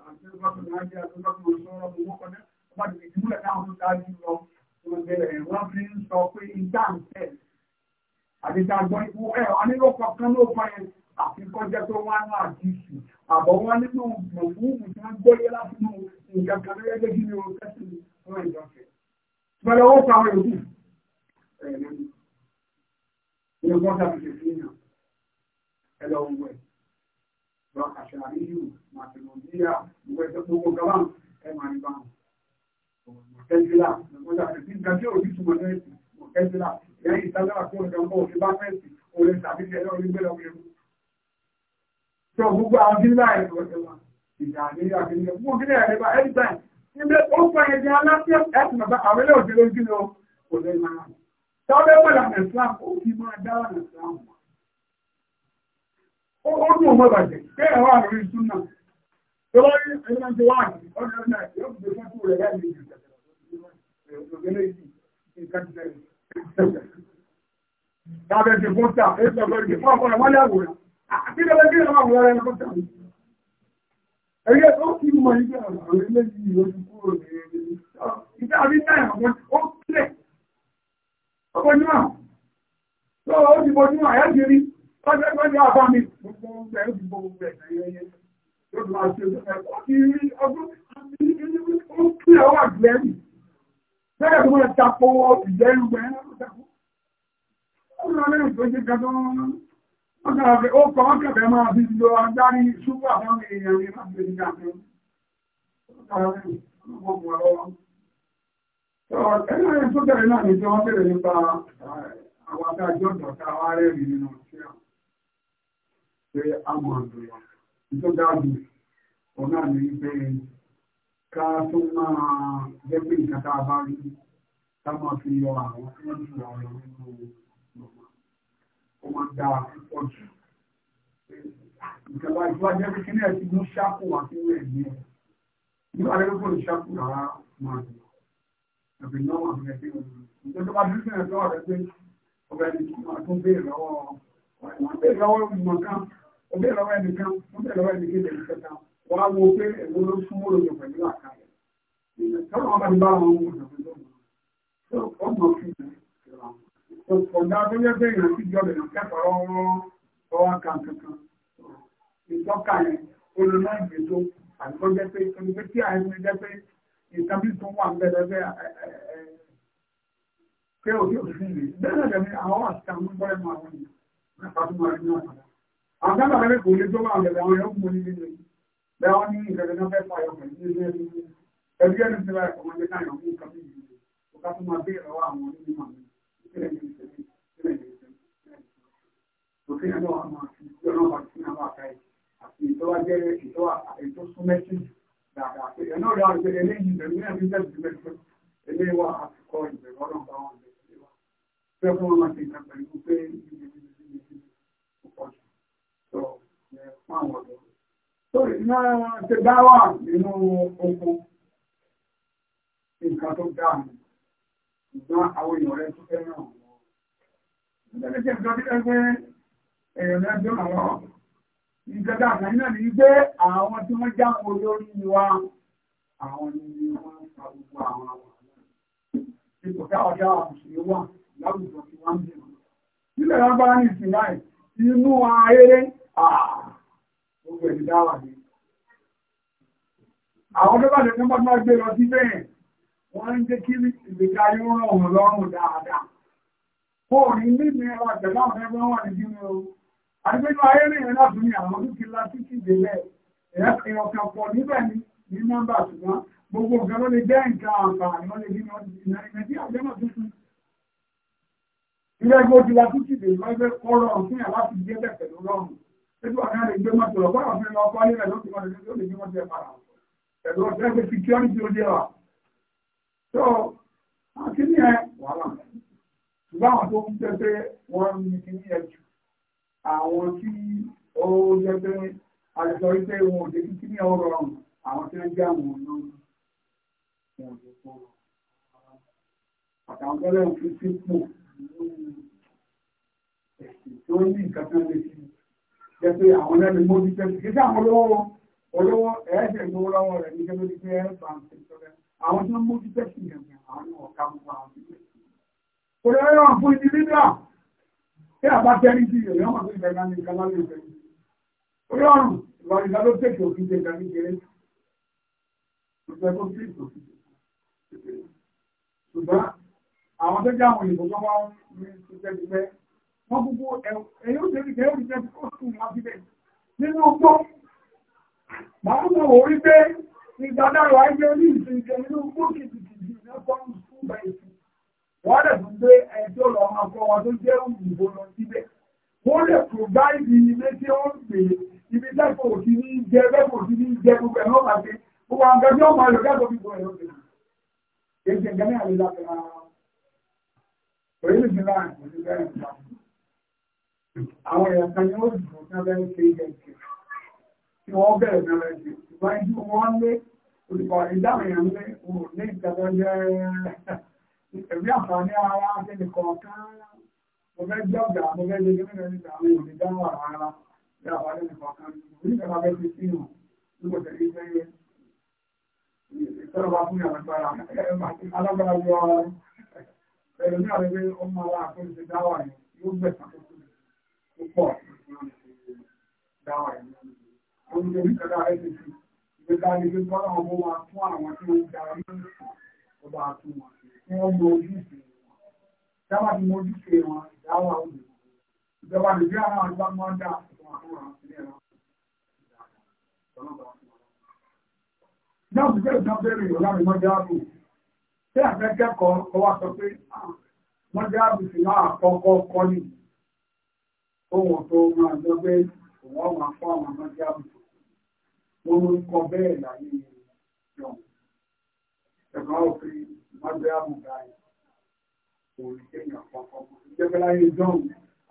àti ọgbàkùn náà jẹ́ àti ọgbàkùn ọ̀sán ọ̀rọ̀ mọ́kọ́ náà ọba ti fi múlẹ̀ táwọn tó dájú lọ wọ́n fi ń sọ pé ìdáǹtẹ̀ àti ìdáǹgbọ́n ikú ẹ̀ wọn nílò kọ̀ọ̀kan ló kọ́ yẹn àti kọjá tó wá ní àdìsí àbọ̀ wọn nínú mọ̀fúùmù tí wọ́n gbóyé láti mú nǹkan kan lórí ẹgbẹ́ kí ni o kẹ́sì fún ìjọsẹ̀. Bẹ́ẹ̀ ó fa àwọn yòókù. Ilé wọn tàbí ṣe fi yàn. Ẹ lọ wọ ẹ̀. Lọ àṣà àríyù, màtìmọ̀díyà, gbogbo ẹ̀sẹ̀ gbogbo gàmà ẹ̀ máa ní báwọn. Mọ̀tẹ́sílà, wọ́n tàbí ṣe nǹkan tí òbí túmọ̀ náà ẹ̀sìn. Mọ̀tẹ́sílà, ìyá ìtalára tó ń tó gbogbo àwọn bí láì lọ́jọ́ wa ìjà ní àgbẹ̀lẹ̀ fún òkèlè ẹ̀rẹ́ bá ẹ̀rí báyìí níbi ó fún ẹ̀yẹ di aláfíà ẹ̀sìn bàbá àwọn ilé òṣèlú ojú lọ kò lè máa tọ́lẹ̀ wọ̀ lànà Islam ó fi máa dá lànà Islam wà. ó dùn ọmọ bàjẹ́ pé ẹ̀rọ àrùn ìṣú náà tó bá rí ẹni máa ń ti wá àjì ọdún ọdún náà yóò fi fún kúrò rẹ̀ láì Tábẹ́ ti fún ta, èyí sọ̀rọ̀ ìgbìmọ̀ ọ̀pọ̀lọpọ̀ lẹ́wọ̀n àti ìrẹ́lẹ́ kí ẹ̀rọ àwọn ẹ̀rọ tó tàbí. Ẹ̀yẹ́ tó kí mọ̀ ní àwọn ilé yìí ló ti kúrò ní ìdá àbí náà àwọn ó kílẹ̀. Ọkọ̀ ní àwọn. Tó o ti bọ̀ nínú àyájú rí, ọjọ́ ẹgbẹ́ ní àbá mi. Gbogbo ọgbẹ́ ó ti bọ̀ gbogbo ẹ̀sẹ̀ yẹn. Yóò máa ṣe ọjọ́ ìrí ọdún àti ó kílẹ̀ ó wà gbẹ́rì. Bẹ́ẹ̀ ló Ọkàràfẹ́ ó kọ́ ọkàfẹ́ máa bí lo agbárí ṣúgbà fún èèyàn ní Amẹ́ríkà fún. Ọkàràfẹ́ ọmọ ọmọ ọlọ́wọ́. Ẹgbẹ́ tó bẹ̀rẹ̀ náà ní tí wọ́n bẹ̀rẹ̀ nípa eh, àwọn adájọ́ ọ̀dọ̀ta wá rẹ̀ rí nínú ọ̀ṣẹ́ àwọn. Ṣé a mọ̀ ọ̀dọ̀ tó dájú ọ̀nà ní pé ká tó máa jẹ́ pé ìkàtà bá rí ká máa fi ó máa ń dára púpọ̀ jù ìjọba ìjọba jẹ́ pé kí ní ẹ̀sìn mú ṣáàpù wá sí ilé ẹ̀mí ẹ̀ nípa lẹ́gbẹ́ kò ní ṣáàpù rárá máa dùn ẹ̀bí náà wà ní ẹgbẹ́ òun ìjọba bá dúró sílẹ̀ lọ́wọ́ rẹ̀ pé ọbẹ̀ ẹni máa tún béèrè lọ́wọ́ wọn béèrè lọ́wọ́ mọ̀ kan ó béèrè lọ́wọ́ ẹni kan ó béèrè lọ́wọ́ ẹni kéde ẹni kẹta wọ́n á wo pé ẹ̀wọ́ ló súnmọ́ lòdò pẹ̀lú pẹ̀lú ọ̀nà ọ̀dà tó yẹ pé èèyàn sì jọba èèyàn kẹ́kọ̀ọ́ ọwọ́ ọwọ́ kan kankan ìtọ́ka yẹn olùmọ̀gbé tó àgbọ̀ jẹ́ pé torí pé tí àìsàn jẹ́ pé nǹkan bí tó wà bẹ́ẹ̀ bẹ́ẹ̀ pé òkè òfin rè bẹ́ẹ̀ lẹ́nu àwọn àti àwọn bọ́lẹ̀ máa wọ̀ ní àpapọ̀ àti náà padà àwọn sábà rẹ̀ kò lè tó wà bẹ̀rẹ̀ àwọn yóò mú ní nínú bẹ́ẹ̀ wọ́n ní ìrẹ̀lẹ̀ náà fẹ́ fà yọ pẹ̀lú ilé ẹni ẹbí ẹni ti ra ẹ̀kọ́ wọn jẹ́ káyọ̀ mú nǹkan bí ìlú ọ̀ká tó máa bẹ́ẹ̀ lọ́wọ́ àwọn onímọ̀ òfin ẹ̀rọ àmọ́ àti ìjọba wà sí àwọn àkàì àti ìtọ́wà jẹ́ ìtọ́wà ètò súnmẹ́sì dáadáa pé ẹ̀ náà dáa pé eléyìí ìbẹ̀rù ní ẹ̀rí bẹ̀rù bẹ̀rù pé eléyìí wà àti kọ ìbẹ̀rù ọlọ́run bá wọn bẹ̀rù nínú oko nǹkan tó dáa nù wọ́n ìjọba àgbáyé náà ní pé àwọn tí wọ́n já wọn lórí wa àwọn ni wọ́n ń gbogbo àwọn àwọn ipò tá ọ̀dá àmùsùn wà láwùjọ tí wọ́n ń bì wọ́n. Nílẹ̀ ní ìsìn láì inú ayéré gbogbo ẹ̀dá wọ́n ń jẹ́ kí ìgbéga yóò ràn wọ́n lọ́rùn dáadáa. Kó o ní ní ìmọ̀ ẹ̀rọ àtẹ̀lá àwọn ẹgbẹ́ wọn ní kíni o. Àdébínú ayé ní ìrìn láti ní àwọn dúkìá láti kí ìdílé ẹ̀yọ̀ kan pọ̀ níbẹ̀ ni ní nọ́mbà ṣùgbọ́n gbogbo nǹkan ló lè jẹ́ nǹkan àǹfààní wọ́n lè bí Nàìjíríà jẹ́ mọ̀ tuntun. Ilé ẹgbẹ́ òjìlá tún ti dèrò ẹgbẹ́ kọ́rọ̀ fún yàrá láti gbé bẹ̀ pẹ̀lú lọ́rùn. Ṣébí wà náà lè gbé mọ́tò lọ, bọ́lá òfin lọ kọ́ nílẹ̀ lọ́sùn wọn lè gbé mọ́tò ẹ̀ para. Ẹ̀rọ ọ̀sẹ̀ ẹgbẹ́ tó àkíní ẹ wàhálà ṣùgbọ́n àwọn tó ń tẹ́tẹ́ wọ́n ń ní ẹ jù àwọn tí ó tẹ́tẹ́ àlùsọ iṣẹ́ wọn ò dé kíní ẹ rọrùn àwọn tí wọ́n jẹ́ àwọn olóòrùn wọn àtàwọn tẹ́lẹ̀ ń fi sípò ẹ̀sìn tó ní nǹkan tó lè fi jẹ́ pé àwọn lẹ́nu mójú tẹ́lẹ̀ kí àwọn olówó olówó ẹ̀ẹ́dẹ̀gbówó lọ́wọ́ rẹ̀ ní kí ló ti àwọn tó ń mójú tẹ́sì ẹ̀gbẹ̀ àwọn ọ̀ká gbogbo àwọn ìgbẹ̀. Kò lè rẹ̀ wọ́n fún individual tí a bá tẹ́rí sí ìyẹ̀wò yọ́mọ̀ tó ìgbẹ̀gbẹ̀ ní ìkan lálẹ́ ìfẹ́. Orí ọ̀rùn ìwọ̀n ìdá ló tẹ̀kì òfin jẹ ìgbà kékeré. Ṣùgbọ́n àwọn tó já àwọn ìbò tó wá ní ṣiṣẹ́ ti fẹ́. Wọ́n gbogbo ẹ̀yọ́ ṣe rí kẹ́yọ́ ṣiṣẹ́ ti kọ́ Ìgbà náà wà jẹ́ orí ìṣèjọ inú gbókìtìkìtì ní kọ́mù fún bẹ̀rẹ̀ wọ́n lè fún pé ẹjọ́ lọ máa kọ́ wọn tó jẹ́ òyìnbó lọ síbẹ̀. Wọ́n àwọn akẹ́kọ̀ọ́ kan ni ó dùn ní abẹ́rẹ́ kéjẹ́ kí wọ́n bẹ̀rẹ̀ náà rẹ̀ olùkọ́ ìdáhùn èèyàn ní òun ní ìjọba jẹ́ ẹ̀rí àǹfààní ara wa ṣe nìkan kan mo fẹ́ jẹ́ ọ̀gá mo fẹ́ jẹ́ gómìnà nígbà àwọn èèyàn ní dáhùn ara ara ní àwọn ẹnìkan kan oníkàlá bẹ́ẹ̀ fi sí hàn nígbà tẹ̀lé ìfẹ́ yẹn ìtọ́lọ́wà fún ìyàwó agbára alágbára wọ ẹ̀rọ ní àwọn ẹgbẹ́ ọmọ ara àkóso dáwà yẹn yóò gbẹ̀sán tó pọ̀ dáwà yẹn. Àwọn olùdókítà dáa ẹ̀ ti fi. Ìgbà ni pé kọ́nà ọmọ wa fún àwọn tí ó ń darí ìsìn ọba àtún wọn. Kí wọ́n mọ ojúṣe wọn. Ìjọba ti mọ ojúṣe wọn ìdáwà òun. Ìjọba Nàìjíríà náà ló bá máa ń dà fún àwọn àwọn ilé ẹ̀rọ. Náà ṣùgbọ́n ìjọba bẹ̀rẹ̀ ìrọ̀lá mi mọ́ jáàbù. Ṣé àfẹ́ kẹ́kọ̀ọ́ kọ́ wá sọ pé wọ́n jáàbù sí náà àkọ́kọ́ kọ́ Ó wọ̀n tó máa jọ pé òun ọ̀wà orúkọ bẹ́ẹ̀ láyé yọ̀n ẹ̀fọ́ òfin mọ́tẹ́ àmúga yìí òòrùn kéèyàn pọ̀pọ̀ ìjẹ́pẹ́ láyé john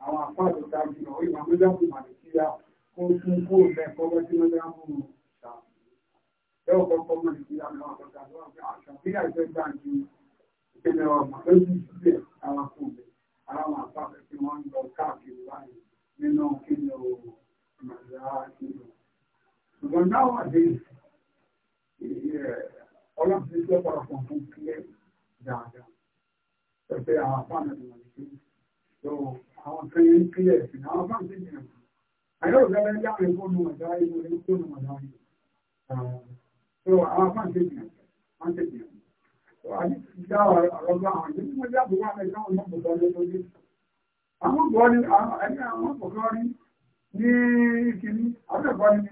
àwọn àpá àtọ́ta jùlọ ìwà mọ́jáàpù màlẹ́kíyà kó tún kó mẹ́kọ́ bọ́ sí mọ́tẹ́ àmúga yóò kọ́kọ́ màlẹ́kíyà lọ́wọ́ àtọ́ta lọ́wọ́ àṣà bí ah, àìsẹ́ gbà ju ìpínlẹ̀ ọmọ lójú sílẹ̀ àwọn kò lè àwọn àpá àtọ́ta tí wọ́n ń lọ káàkiri But nowadays, eh, all of these people are from clear data. So they are family. So our friend clear, our family. I know that I am going to die, going to die. So our family, family. So I dá ọ̀rọ̀ àwọn ìdí tí mo jábọ̀ wà ní ìdáhùn náà bọ̀tọ̀ lórí. Àwọn bọ̀ọ́ ni àwọn ẹgbẹ́ àwọn bọ̀kọ́ rí ní ìkíní, àwọn ẹ̀kọ́ ni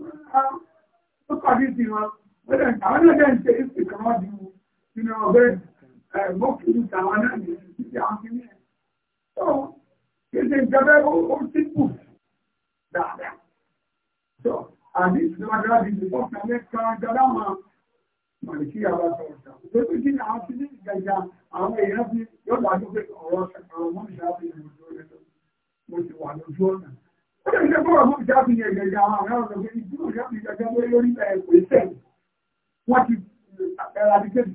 tó pàdé sí wọn wọ́n àwọn náà dẹ̀ ń ṣe ìsìn kan wọ́n ju nínú ọgbẹ́ mọ́kìlì tàwọn náà ní ìdí àwọn kìíní ẹ̀. tó kéde ìjọba ó ti kù dáadáa. tó àní ìjọba dára di ìlú fọ́ọ̀tà lẹ́ka dára wọn mọ̀lẹ́kí àwọn sọ̀rọ̀ sọ̀rọ̀. tó tó kí àwọn ti ní ìgbàgbà àwọn èèyàn fi yọ̀dọ̀ àdúgbò ọ̀rọ̀ ọ̀rọ̀ mọ́ṣáláṣí ìrìn ó lè jẹ́ kọ́rọ̀ mú ìjábí àwọn àwọn wà lọ́pẹ́ lórí iṣẹ́ ni ó tí wà lórí ìgbà tí kí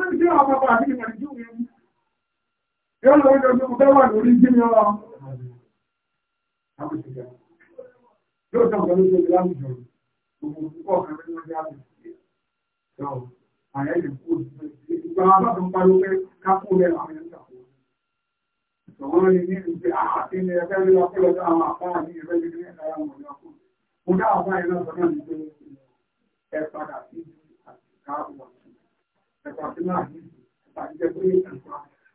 wọ́n ti àwọn ọmọ àti ìmàlì jù yẹn Yọ́ ah, lọ ìjọ ah, àti ní ẹgbẹ́ sí àti ní ìpàdé pé ẹ̀kọ́ àti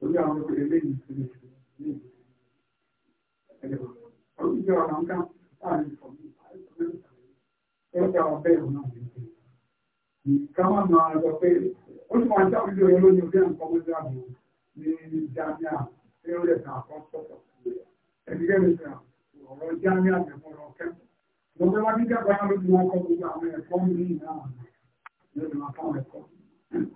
torí àwọn ìpèrè lẹ́yìn ìpínlẹ̀ ní ẹ̀rọ oríṣi ọ̀rọ̀ ń kàn láàrin ìfọ̀mí ẹgbẹ́ àwọn bẹ́ẹ̀ náà ní káwọn máa lọ pé ó sì máa ń sáwọn ìjọ yẹn lónìí ojú ẹ̀kọ́ mọ́jú àbò ní jamia tí ó lè ta àkọ́sọ̀tọ̀ ẹ̀dígẹ́rì sàn ọ̀rọ̀ jamia ẹ̀kọ́ lọ kẹ́kọ̀ọ́ lọ́gbẹ́ wá nígbà báyà ló ti wọn kọ́ gbogbo àwọn ẹ̀kọ́ mi ní ìlànà lẹ́nu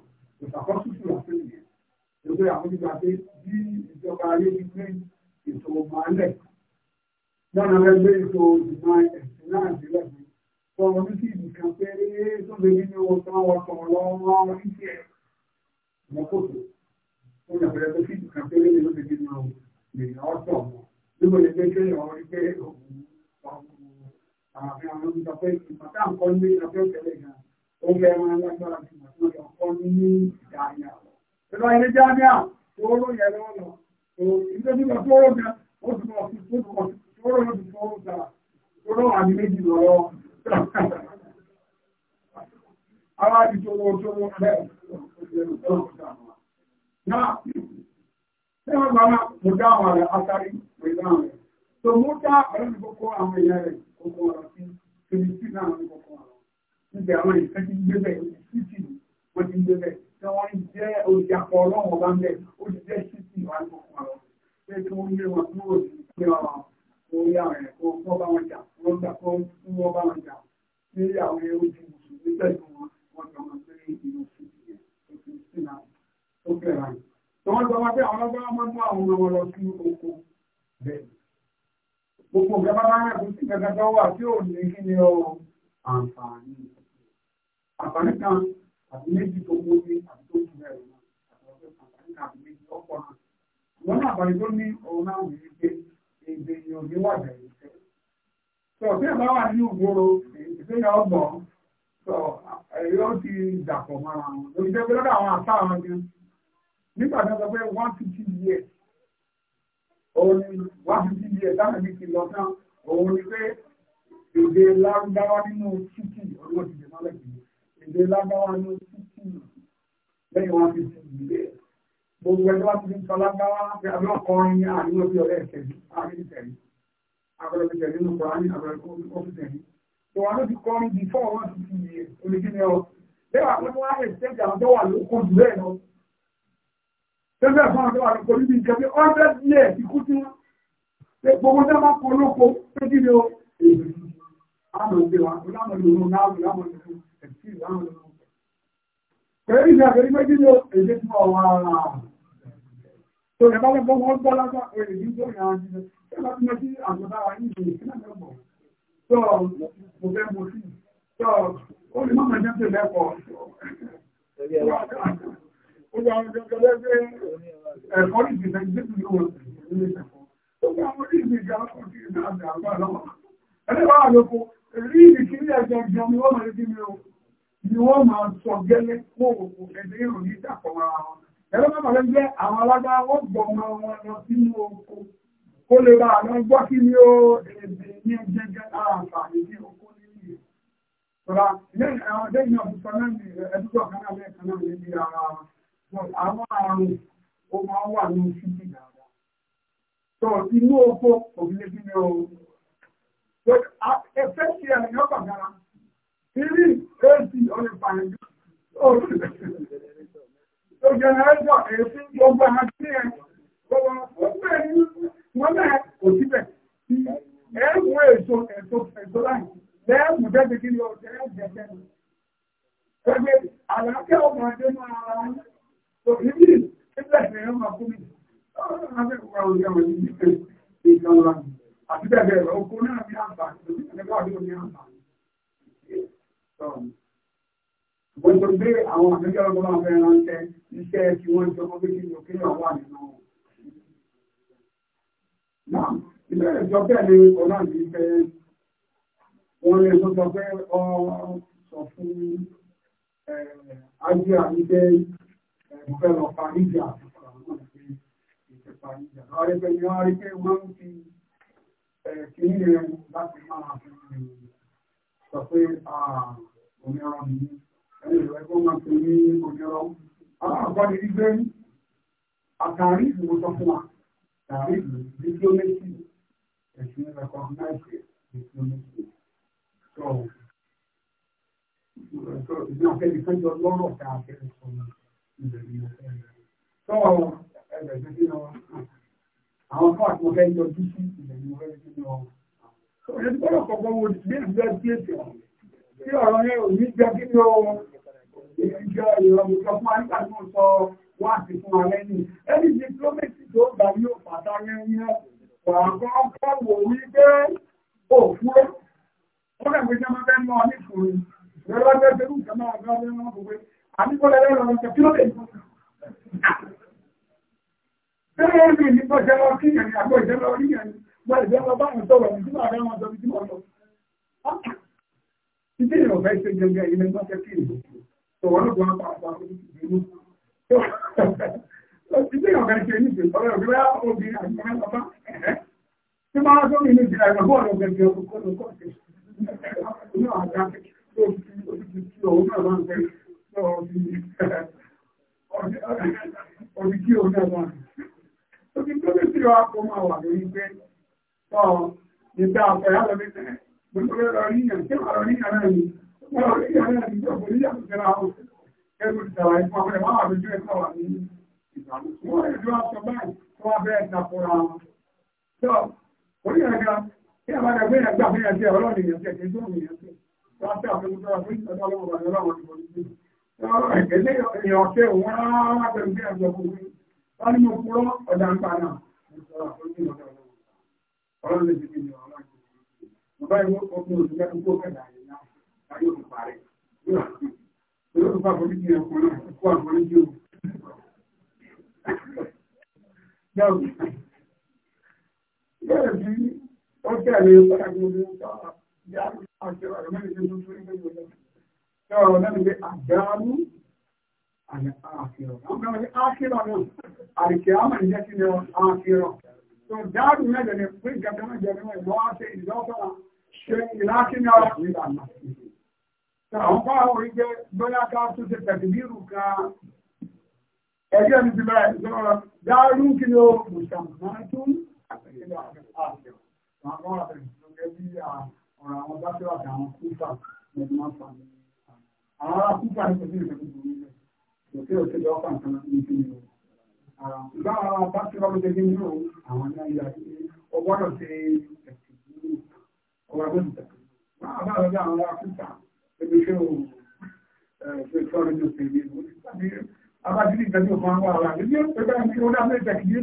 Ìgbé àwọn ìgbà pé bí ìjọba ayé ti pín ètò màálẹ̀. Lọ́nà rẹ̀ gbé ètò ìgbìmọ̀ ẹ̀sìn náà sílẹ̀ fún. Sọ wọn ní kí nìkan pé tó lè nínú owó tán wọn tàn lọ́wọ́ wọn ní tiẹ̀. Wọ́n kò tó. Wọ́n yà bẹ̀rẹ̀ pé kí nìkan pé lè lóde nínú èèyàn ọ̀tọ̀ wọn. Níbo lè gbé kéèyàn rí pé òun àwọn àwọn ìjọ pé ìpàtà nǹkan ní ìjọ pé ó tẹ̀lé gan. Ó fẹ́ máa lágbára ju ìgbà tí wọ́n ní ìdáyà Ìlọ ilé jámíà tóóró yẹn lọ́wọ́ lọ. Ìjọ tí lọ tóóró gan, ó ti mọ̀ sí tóóró tóóró ló ti tóóró sára. Tóóró wà ní méjì lọ́wọ́. Àwọn àti tóóró tóóró rẹ̀ Náà, ṣé wọ́n gbà máa mú dá àwọn àrẹ asárí pẹ̀lú àwọn rẹ̀? Tò mú dá ọ̀rẹ́ mi kókó àwọn èèyàn rẹ̀ kókó ọ̀rọ̀ sí ìfẹ́ ti gbé bẹ́ẹ̀, ìfẹ́ ti wọ́n ti gbé bẹ́ẹ̀ tí wọ́n jẹ́ olùjàpọ̀ ọlọ́run ọba ń ó ti jẹ́ ṣíṣì wà àwọn pé kí wọ́n lé wọn kúrò ní pé ọ̀ràn ah, orí àwọn ẹ̀kọ́ kí bá wọn jà wọ́n gbà kó kí wọ́n bá wọn jà ní àwọn ewu ti mùsùlùmí pẹ̀lú wọn wọ́n jọ wọn pé ìlú sí ìyẹn tó fi sí náà tó fẹ́ ra yìí. tí wọn pé àwọn ọlọ́gbọ́n máa mú àwọn ọmọ lọ sí oko bẹ́ẹ̀. gbogbo ìjọba máa ń rẹ̀ kó sí kankan wà tí ò ní kí ni ọ àǹfààní. àǹfààní kan àbí méjì tó mú ní àbí tó kù mẹ́rin náà àti ọ̀pẹ pàtàkì àbí méjì ọ̀pọ̀ náà. ìwọ́n náà àbáyé tó ní ọ̀run náà wù wípé èdè ni òní wà bẹ̀rẹ̀ iṣẹ́. sọ tí ẹ bá wà ní ògbóró ìgbéyà ọgbọ̀n sọ ẹ̀yọ́ ti dàpọ̀ mọ́ra wọn lórí jẹ́ pé lọ́dọ̀ àwọn àṣà wọn ni nígbà tó sọ pé one fifty years òun ni one fifty years táwọn ẹbí ti lọ tán òun ni pé èdè lárúbáwá nínú títì ọdún òdìdè mọ́lẹ̀ kìíní èdè lágbáwá ní títì lẹ́yìn wọn fi ti ìdílé gbogbo ẹgbẹ́ wa ti fi sọ lágbáwá pé àwọn ọkọrin ní àríwá bí ọ̀rẹ́ ìtẹ̀lé àrí ìtẹ̀lé àbẹ̀rẹ̀ ìtẹ̀lé ní kọ́ra ní àbẹ̀rẹ̀ òfìtẹ̀lé tó wà ló ti kọrin bí fọ́ wọn ti fi yẹ olùkíni ọ lẹ́wà pé wọ́n á lè ṣe ìjà tó wà lóko jù bẹ́ẹ̀ lọ tẹ́lẹ̀ fún àwọn tó wà lóko níbi nǹkan bí ọ̀rẹ́ díẹ̀ ikú tí wọ́n gbogbo náà máa kọ lóko pé kí ni ó èyí á lọ sí wa láwọn ìlú náà láwọn ìlú ẹ̀sì láwọn ìlú. Pẹ̀lú ìjà pẹ̀lú méjì ló èdè tí wọ́n wá ara. Tó ìyá bá lọ bọ́ wọn gbọ́ lágbà pé èdè tó yà á jíjẹ. Ṣé bá ti mọ sí àgbàdá wa ní ìlú ìpínlẹ̀ mẹ́bọ̀? Tó kò fẹ́ mo sí. Tó ó lè má máa jẹ́ pé lẹ́kọ̀ọ́. Ó gba àwọn ìjọba lẹ́gbẹ́ ẹ̀kọ́ ìgbìmọ̀ ìgbésùn ló wọ̀ sí ilé rí ìdíkiri ẹgbẹ̀gbẹ̀ ni wọ́n máa rí mi o ni wọ́n máa sọ gẹ́lẹ́ kó òkú ẹgbẹ́ ìròyìn ìtàkọ̀ ara wọn ẹ̀rọ máa máa jẹ́ àwọn alágbá wọ́n gbọ́ ọmọ wọn lọ sínú oko kó lè bá àwọn gbọ́ kí ni ó èdè ní jẹ́jẹ́ àǹfààní ní oko nílùú tọ́lá lẹ́yìn àwọn lẹ́yìn ọ̀sùn kan náà ní ẹdúgbò kan náà lẹ́ẹ̀kan náà lè di ara wọn àwọn àrùn ó máa wà ní oṣù tí dáadáa tó inú oko òbí lè fi ní ọ̀rùn ẹfẹ́ sí ẹ̀rìn ọgbà gara three eighty ọ̀rẹ́ fàájú ó jẹnẹrétọ̀ èyí tí ó gbà ni ọlọ́run ti fẹ́ wọ́n rí ẹ̀sọ́ sọ pé ọ sọ fún ájíà wípé mo fẹ́ lọ parí ìjà àtúntò àwọn ọmọ ìgbé ìfẹ́ parí ìjà lọ́wọ́ rí pé ni wọ́n rí pé wọ́n ń fi kí ní ẹ̀rù láti máa fi sọ pé òmìnira mi ní ẹ̀rù ẹ̀kọ́ máa fi ní òmìnira aláàbọ̀ ni wípé àtàrí ìlú sọ fún wa tàrí ìlú diplomacy recognize it economically. So, so it's not going to depend on all of that from the real area. So, you know, àwọn fún àti mo fẹ́ yọ bí sí ilẹ̀ ni mo fẹ́ fi yọ. Òṣèlú gbọ́dọ̀ kọ̀ọ̀kan wo ní ìgbà tí èsì ọ̀hún. Tí ọ̀rọ̀ yẹn ò ní jẹ́ kí ìjọ ìrọ̀lù fún wa nígbà tí sọ wá sí fún wa lẹ́yìn. Ẹni diplomacy tó gbà yóò fàtà yẹn yẹn wọ́n kọ́ wò wípé bò fúró ó rẹ̀ pé Ilé ìyọ̀kan ṣe ní ìgbè ọ̀rọ̀ ìgbé bá obìnrin àti ọmọ ẹ̀lọ́pá ẹ̀ẹ́. Tí máa tó mi ní ìjìnlẹ̀ ẹ̀rọ bọ́ọ̀lù ọ̀gbẹ̀gbẹ̀ ọkọ̀ ọkọ̀ ṣe. Ní ọ̀gá tó fi òtítí òun náà máa ń fẹ́ lọ bí ọdí kí òun náà máa. Ó ti tó bí tí ó wá kó máa wà lórí pé ọ̀ nígbà ọ̀pẹ̀ yálọ̀ mi tẹ̀. Mo tó fẹ́ lọ ríyàn, tí màá lọ ríyàn náà ni. Mo lọ ríyàn náà ni ìjọba oníyàtọ̀ Wọ́n lè dúró aṣọ báyìí tó wá bẹ́ẹ̀ takora wọn. Tó orí ẹ̀ka kí àwọn ẹgbẹ́ yẹn gbà fún ẹ̀jẹ̀ ọlọ́run èèyàn tẹ̀ kí n tó èèyàn tẹ̀. Wọ́n tẹ̀ àfẹ́kù tó wà fún ìtọ́jú ọlọ́run bàbá ọlọ́run àti bọ̀lú sí. Ẹ̀lẹ́ èèyàn ṣe òun rárá pẹ̀lú bí ẹ̀jọ̀ fún mi. Wọ́n ní mo kúrọ́ ọ̀dà ń pa náà. Ọlọ́run lè fi kí ni ọlọ́run. Bàbá ìwé ọkùnrin òṣìṣẹ́ tó kó bẹ́ẹ̀ láyé náà. Ayé òkú parí. Yóò Bẹ́ẹ̀ bí ó tẹ̀lé pàtàkì Ọ̀rọ̀ náà ni àjálù àti àfihàn. Àwọn ọmọ ni àfihàn náà, àríkẹ́ àmà ìjẹ́ kí ni àfihàn. So dáàbù mẹ́jọ ni pín gẹ̀gẹ́ mẹ́jọ ni wọ́n ìlọ́wọ́ ṣe ìlọ́fà ṣe ìlàkí ní ọ̀rọ̀ ìlànà. Àwọn bá orí jẹ́ bóyá ká tún ṣe pẹ̀lú ẹgbẹ́ mi ti bẹ̀rẹ̀ ìṣọ́rọ̀ dáadú kí ni ó mùsàmùmá tún àtẹ̀yẹ́dọ̀ àtẹ̀yẹ́ àwọn àtẹ̀yẹ́ bí ọ̀rọ̀ àwọn bá fẹ́ àti àwọn kúfà lẹ́nu wọn fà ní àwọn ará kúfà ní pẹ̀lú ìṣẹ́gun tó ní lòkè òkè lọ́ àwọn bá ní inú àwọn abájílì ìgbàjú ọ̀fún àwọn ará rẹ̀ ní ọ̀pẹ̀gbẹ́ àti ọdá mẹ́ta kìí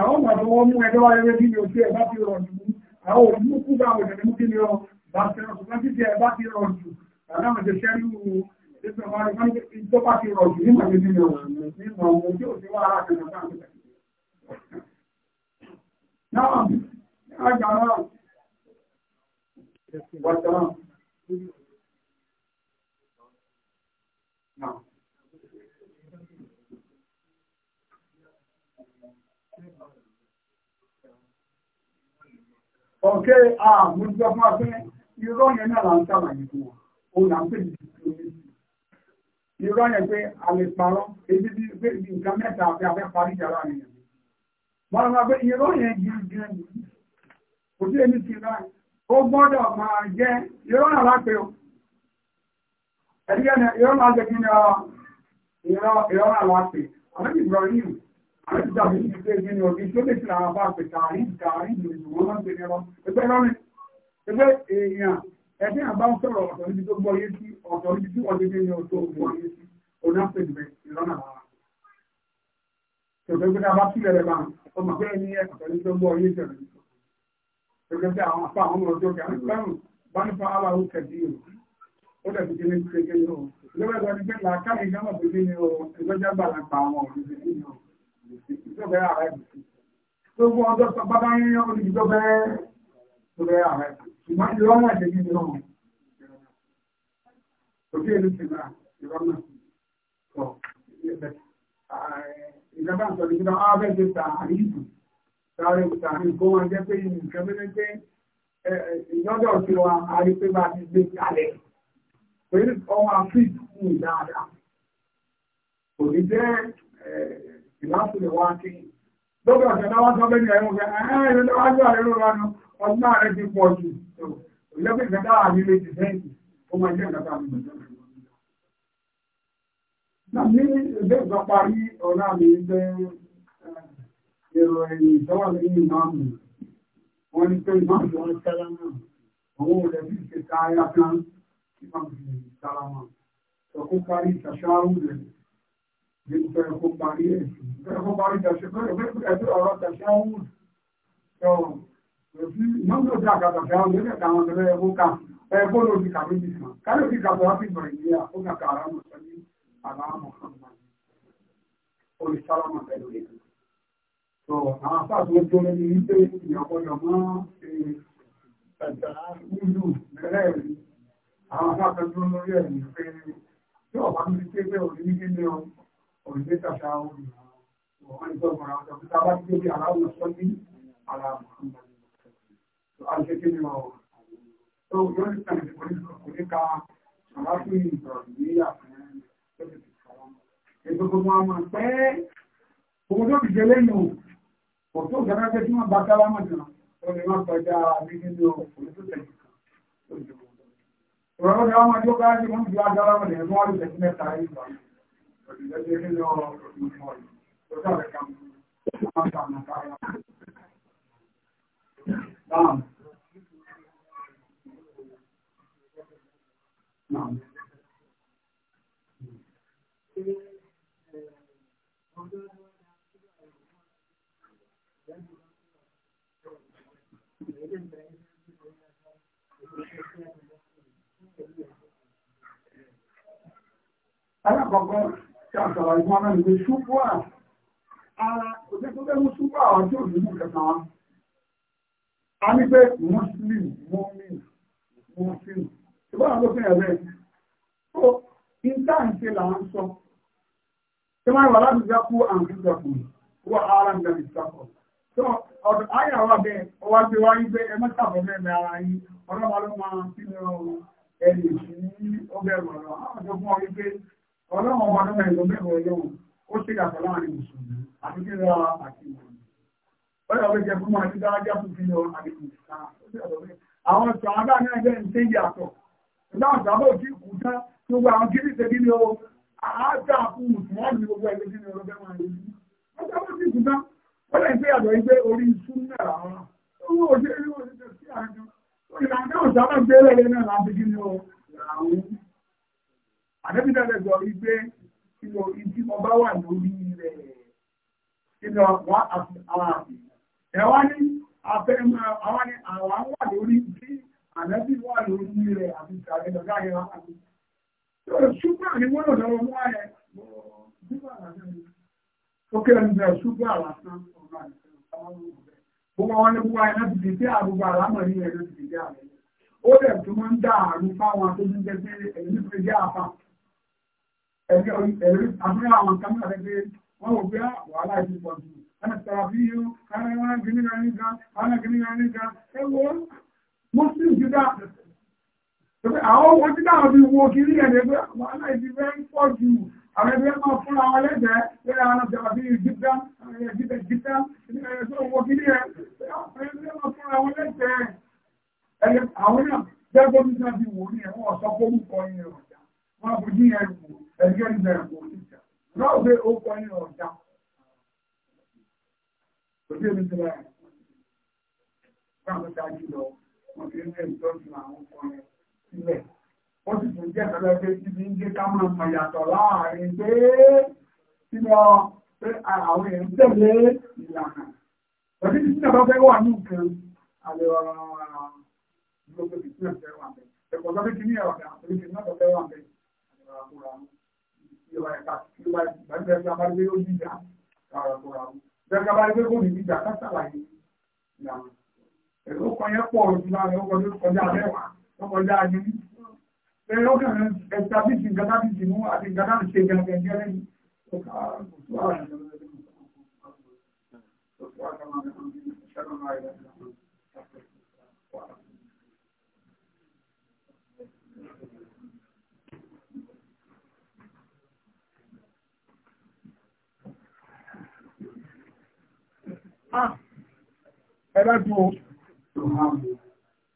àwọn ọmọ àti wọ́n mú ẹjọ́ ayẹyẹ bí i òṣèré bá ti rọ̀ jù àwọn olùmúkú bá àwọn ìdẹ̀lẹ́mú kí ni ọ bá ti rọ̀ ṣùgbọ́n títí ẹ bá ti rọ̀ jù aláwọn ti ṣẹ́ ní ìjọ bá ti Ọ̀kẹ́ àmújọ fún agbẹ́ irọ́ yẹn náà là ń sàlàyé fún wọn, òun là ń pè ní ìdílé. Irọ́ yẹn pé a lè parọ́, ebi bí nǹkan mẹ́ta àti abẹ́ parí ìjàrá rẹ̀ yẹn. Wọ́n máa gbé irọ́ yẹn gidi gan. Kò sí èmi ti rà. Ó gbọ́dọ̀ máa jẹ́ irọ́ náà lápẹ́ o ẹ̀dígẹ́ni yóò máa jẹ́ kí ni ìran àwọn àpè àmẹ́bí Ibrahim àmẹ́bí dàbí ní pé ní òbí tó lè fi àwọn àpè tààrí tààrí ìlú wọn máa ń tẹ̀lé lọ ẹgbẹ́ lọ́rin ẹgbẹ́ èèyàn ẹgbẹ́ àbá ń sọ̀rọ̀ ọ̀tọ̀ níbi tó gbọ́ yé sí ọ̀tọ̀ níbi tí wọ́n ti gbé ní ọ̀tọ̀ gbọ́ yé sí onáfẹ́ ìgbẹ́ ìran àwọn àpè tòtò gbé dábàá sílẹ̀ rẹ̀ báyìí ọmọ pé ní ọ̀tọ̀ ní tó gbọ́ yé jẹ̀rẹ̀ nípa ẹgbẹ́ àwọn àpá àwọn ó dẹ̀ bìí ní kékeré náà lọ́wọ́ ẹ̀dọ́ ni pé làákàyè ìjọba tó ní ìgbẹ́jà gbàlagbà àwọn òṣìṣẹ́ yìí náà ìjọba ààrẹ bìí gbogbo ọjọ́ sọ bàbá yín yọ ní ìjọba ìjọba ààrẹ ṣùgbọ́n ìrọ́ náà ṣe kí ni náà òbí ẹni ti gbà ìrọ́ náà sọ ìjọba ń sọ ní kíkọ́ á bẹ́ẹ̀ ṣe ta àríyù sáré ta nǹkó wọn jẹ́ pé nǹkan mẹ́lẹ́ pé ìjọba òṣèlú wa a rí pé bá a ti gbé pé ọmọ àfíìsì kù dáadáa kò ní jẹ́ ìlàsílẹ̀ wá kí lọ́gbà ọ̀sẹ̀dá wá sọ́bẹ̀ ní ẹ̀rùn rẹ̀ ẹ̀rùn rẹ̀ wájú àrẹ́rù ránu ọdún ààrẹ ti pọ̀ jù lọ́gbà ìgbẹ́dá àmì méjì sẹ́yìn ó máa jẹ́ ìgbẹ́dá àmì méjì sẹ́yìn ní ilé ìgbà parí ọ̀rá mi jẹ́ èrò ẹ̀yìn ìjọwà ní ìmáàmù wọ́n ní pé ìmáàmù wọn sẹ́lá náà àwọn olè ìṣẹ̀ta ayá kan ìmọ̀ràn ìsàlámà ẹ̀kọ́ parí ìtàṣáwù rẹ̀ nípa ẹ̀kọ́ parí ẹ̀sìn ẹ̀kọ́ parí ìtàṣáwù Ìmọ̀lódé àgàtàfẹ́ àwọn ilé ẹ̀ka àwọn ọ̀dọ́lẹ́ ẹ̀kọ́ ká ẹ̀kọ́ lòdì kàmí nìkan. Kárí òdì kàtọ́ láti ìgbà ìgbéyà ó kà kà àrámọ̀ sẹ́ni àrámọ̀ ọ̀nà. Olùsálámà pẹ̀lú ètò. So, àwọn afá tó tó lẹ́ni wípé ìyàgbọ́dọ̀ máa ń ṣe ẹ̀dá wúlù mẹ́rẹ̀ẹ̀rin àwọn afẹ́fẹ́ tó lórí ẹ̀ ní pé tí ọ̀bá mi ké pé òní ní kí ni ọ òní ní tàṣà òní wọ́n ní sọ́kùnrin àwọn ọ̀sán tá a bá ti débi aláwọ̀ sọ́ ní aláàbò tó a ṣe kí ni ọ tó yóò ní sàn ìdìbò ní ká ọ̀rá fún ìgbọ̀rọ̀ ní àfẹ́ tó ti ti sọ wọn. ètò gbogbo àwọn ọmọ pẹ́ òun tó ti jẹ lẹ́yìn o kò tó gbàgbé tí wọ́n bá kálámọ̀ jù lọ ni wọ́n kọjá ní nínú òun tó tẹ̀lé kan tó ti wọ Ìrọ̀lọ́ ni wọ́n máa jó bá ní wọ́n ju agbára wọn lè mọ́ alákọ̀ọ́kọ́ tí a sọ̀rọ̀ ìgbọ́n ara òṣèlú tó fẹ́ mú ṣúgbọ́ àwọn kẹta wa a ní pé muslim mọ́mí muslim ṣùgbọ́n àwọn tó fi tó intanṣe là ń sọ tí wọ́n wà láti jẹ́ kú àǹtíjọpù ara ń dàbí sọ́kọ̀ tó ọ̀dọ̀ ayé àwọn bẹ́ẹ̀ ọwọ́ gbé wáyé pé ẹ mọ́ sàbọ̀ mẹ́rin ara yín ọlọ́mọ ló máa ń fi ẹni tí ó ọ̀rọ̀ àwọn tó fún ọ wípé ọlọ́run ọba náà ẹ̀lọ́ mẹ́rin ọlọ́run ó ṣe yàtọ̀ láàrin mùsùlùmí àti kíra àti ìwọ̀n ọlọ́run ọba jẹ fún máa ti dára jáfù fi lọ àti ìwọ̀n àwọn sàádà náà jẹ́ ń ṣe yàtọ̀ láwọn sàádà òkè kù tá gbogbo àwọn kiri ṣebí ni ó àádá fún mùsùlùmí gbogbo ẹgbẹ́ sí ni ọlọ́gbẹ́ máa lè ní ọjọ́ bó sì kù tá ó lè ṣe yàtọ̀ wípé orí iṣu náà àwọn owó òṣèré òṣèré sí àjọ òṣèré àwọn sàádà gbé lẹ́yìn náà láti kí ni ó làwọn àdébí dẹ́lẹ̀ sọ wípé inú ibi mo bá wà lórí rẹ̀ inú wa àfi ẹ wá ní afẹ́ máa àwọn ni àwọn wà lórí bí àdébí wà lórí rẹ̀ àti ìtàgé lọ́gá yẹn wá àti. ṣùgbọ́n ni wọ́n lò lọ́wọ́ mú ààrẹ ó kéré ní bẹ́ẹ̀ ṣùgbọ́n àlàsán ọ̀rọ̀ àti ìtàgé lọ́wọ́ bẹ́ẹ̀. gbogbo àwọn ẹni gbogbo àyẹ̀ná ti dìde àgbogbo àlámọ̀rí ẹ̀ná ti dìde àlẹ́ ó dẹ̀ tó máa ń dá àrùn fáwọn tó ń jẹ́ pé ẹ̀yìn tó ń ẹgbẹ́ ẹ̀rí àbúrò àwọn kan náà rẹ̀ pé wọ́n wò pé ah, wàhálà ìlú pọ̀ jù ẹnì tẹ̀lá bí yíyó ara wọn gíní ra ní ga ara gíní ra ní ga ẹ wo muslim ti dá àwọn owó tí náà fi wo kiri ẹ̀dẹ̀ pé ah, wàhálà ìlú rẹ̀ ń pọ̀ jù àwọn ẹgbẹ́ máa fúnra wọn lẹ́gbẹ̀ẹ́ pé àwọn tẹ̀lá bí jìbìtà jìbìtà jìbìtà ẹgbẹ́ owó kiri ẹ̀ ẹgbẹ́ máa fúnra wọn lẹ́gbẹ̀ẹ́ wò ẹgbẹ́ ìgbẹ́ ẹ̀kọ́ òṣìṣẹ́ náà gbé ókọ ní ọ̀dá òṣèlú mi ti rẹ̀ káàmù dájú lọ wọn kì í ṣe ìtọ́jú àwọn ọkùnrin sílẹ̀ ó sì tún jẹ́ ẹ̀kọ́ lẹ́gbẹ́ tí bí ń gé kámọ́ mọ̀ yàtọ̀ láàrin pé sínú pé àwọn èèyàn tẹ̀lé ìlànà òṣèlú tí ìjọba fẹ́ wà ní nǹkan àlẹ́ ọ̀rọ̀ ọ̀rọ̀ ìlú òṣèlú tí ìjọba fẹ́ wà bẹ́ẹ̀ ẹ̀kọ́ lọ́dún kìíní ẹ̀rọ̀ àti ìjọba fẹ́ wà bẹ́ẹ̀ àlẹ́ ọ̀rọ̀ àkúrà mú Ẹ̀rọ kan yẹn pọ̀ ọ̀rọ̀ ìlànà ọkọ̀ tó kọjá mẹ́wàá, tó kọjá ayé ní. Ẹ̀rọ kan ẹ̀ta bí ti gàdá bí ti mú àti gàdá bí ṣe gàdá ẹ̀jẹ́ lẹ́yìn. Ọkà ààrùn tó wà ní ọjọ́ ìgbẹ̀rẹ̀ ẹ̀rọ dùn ó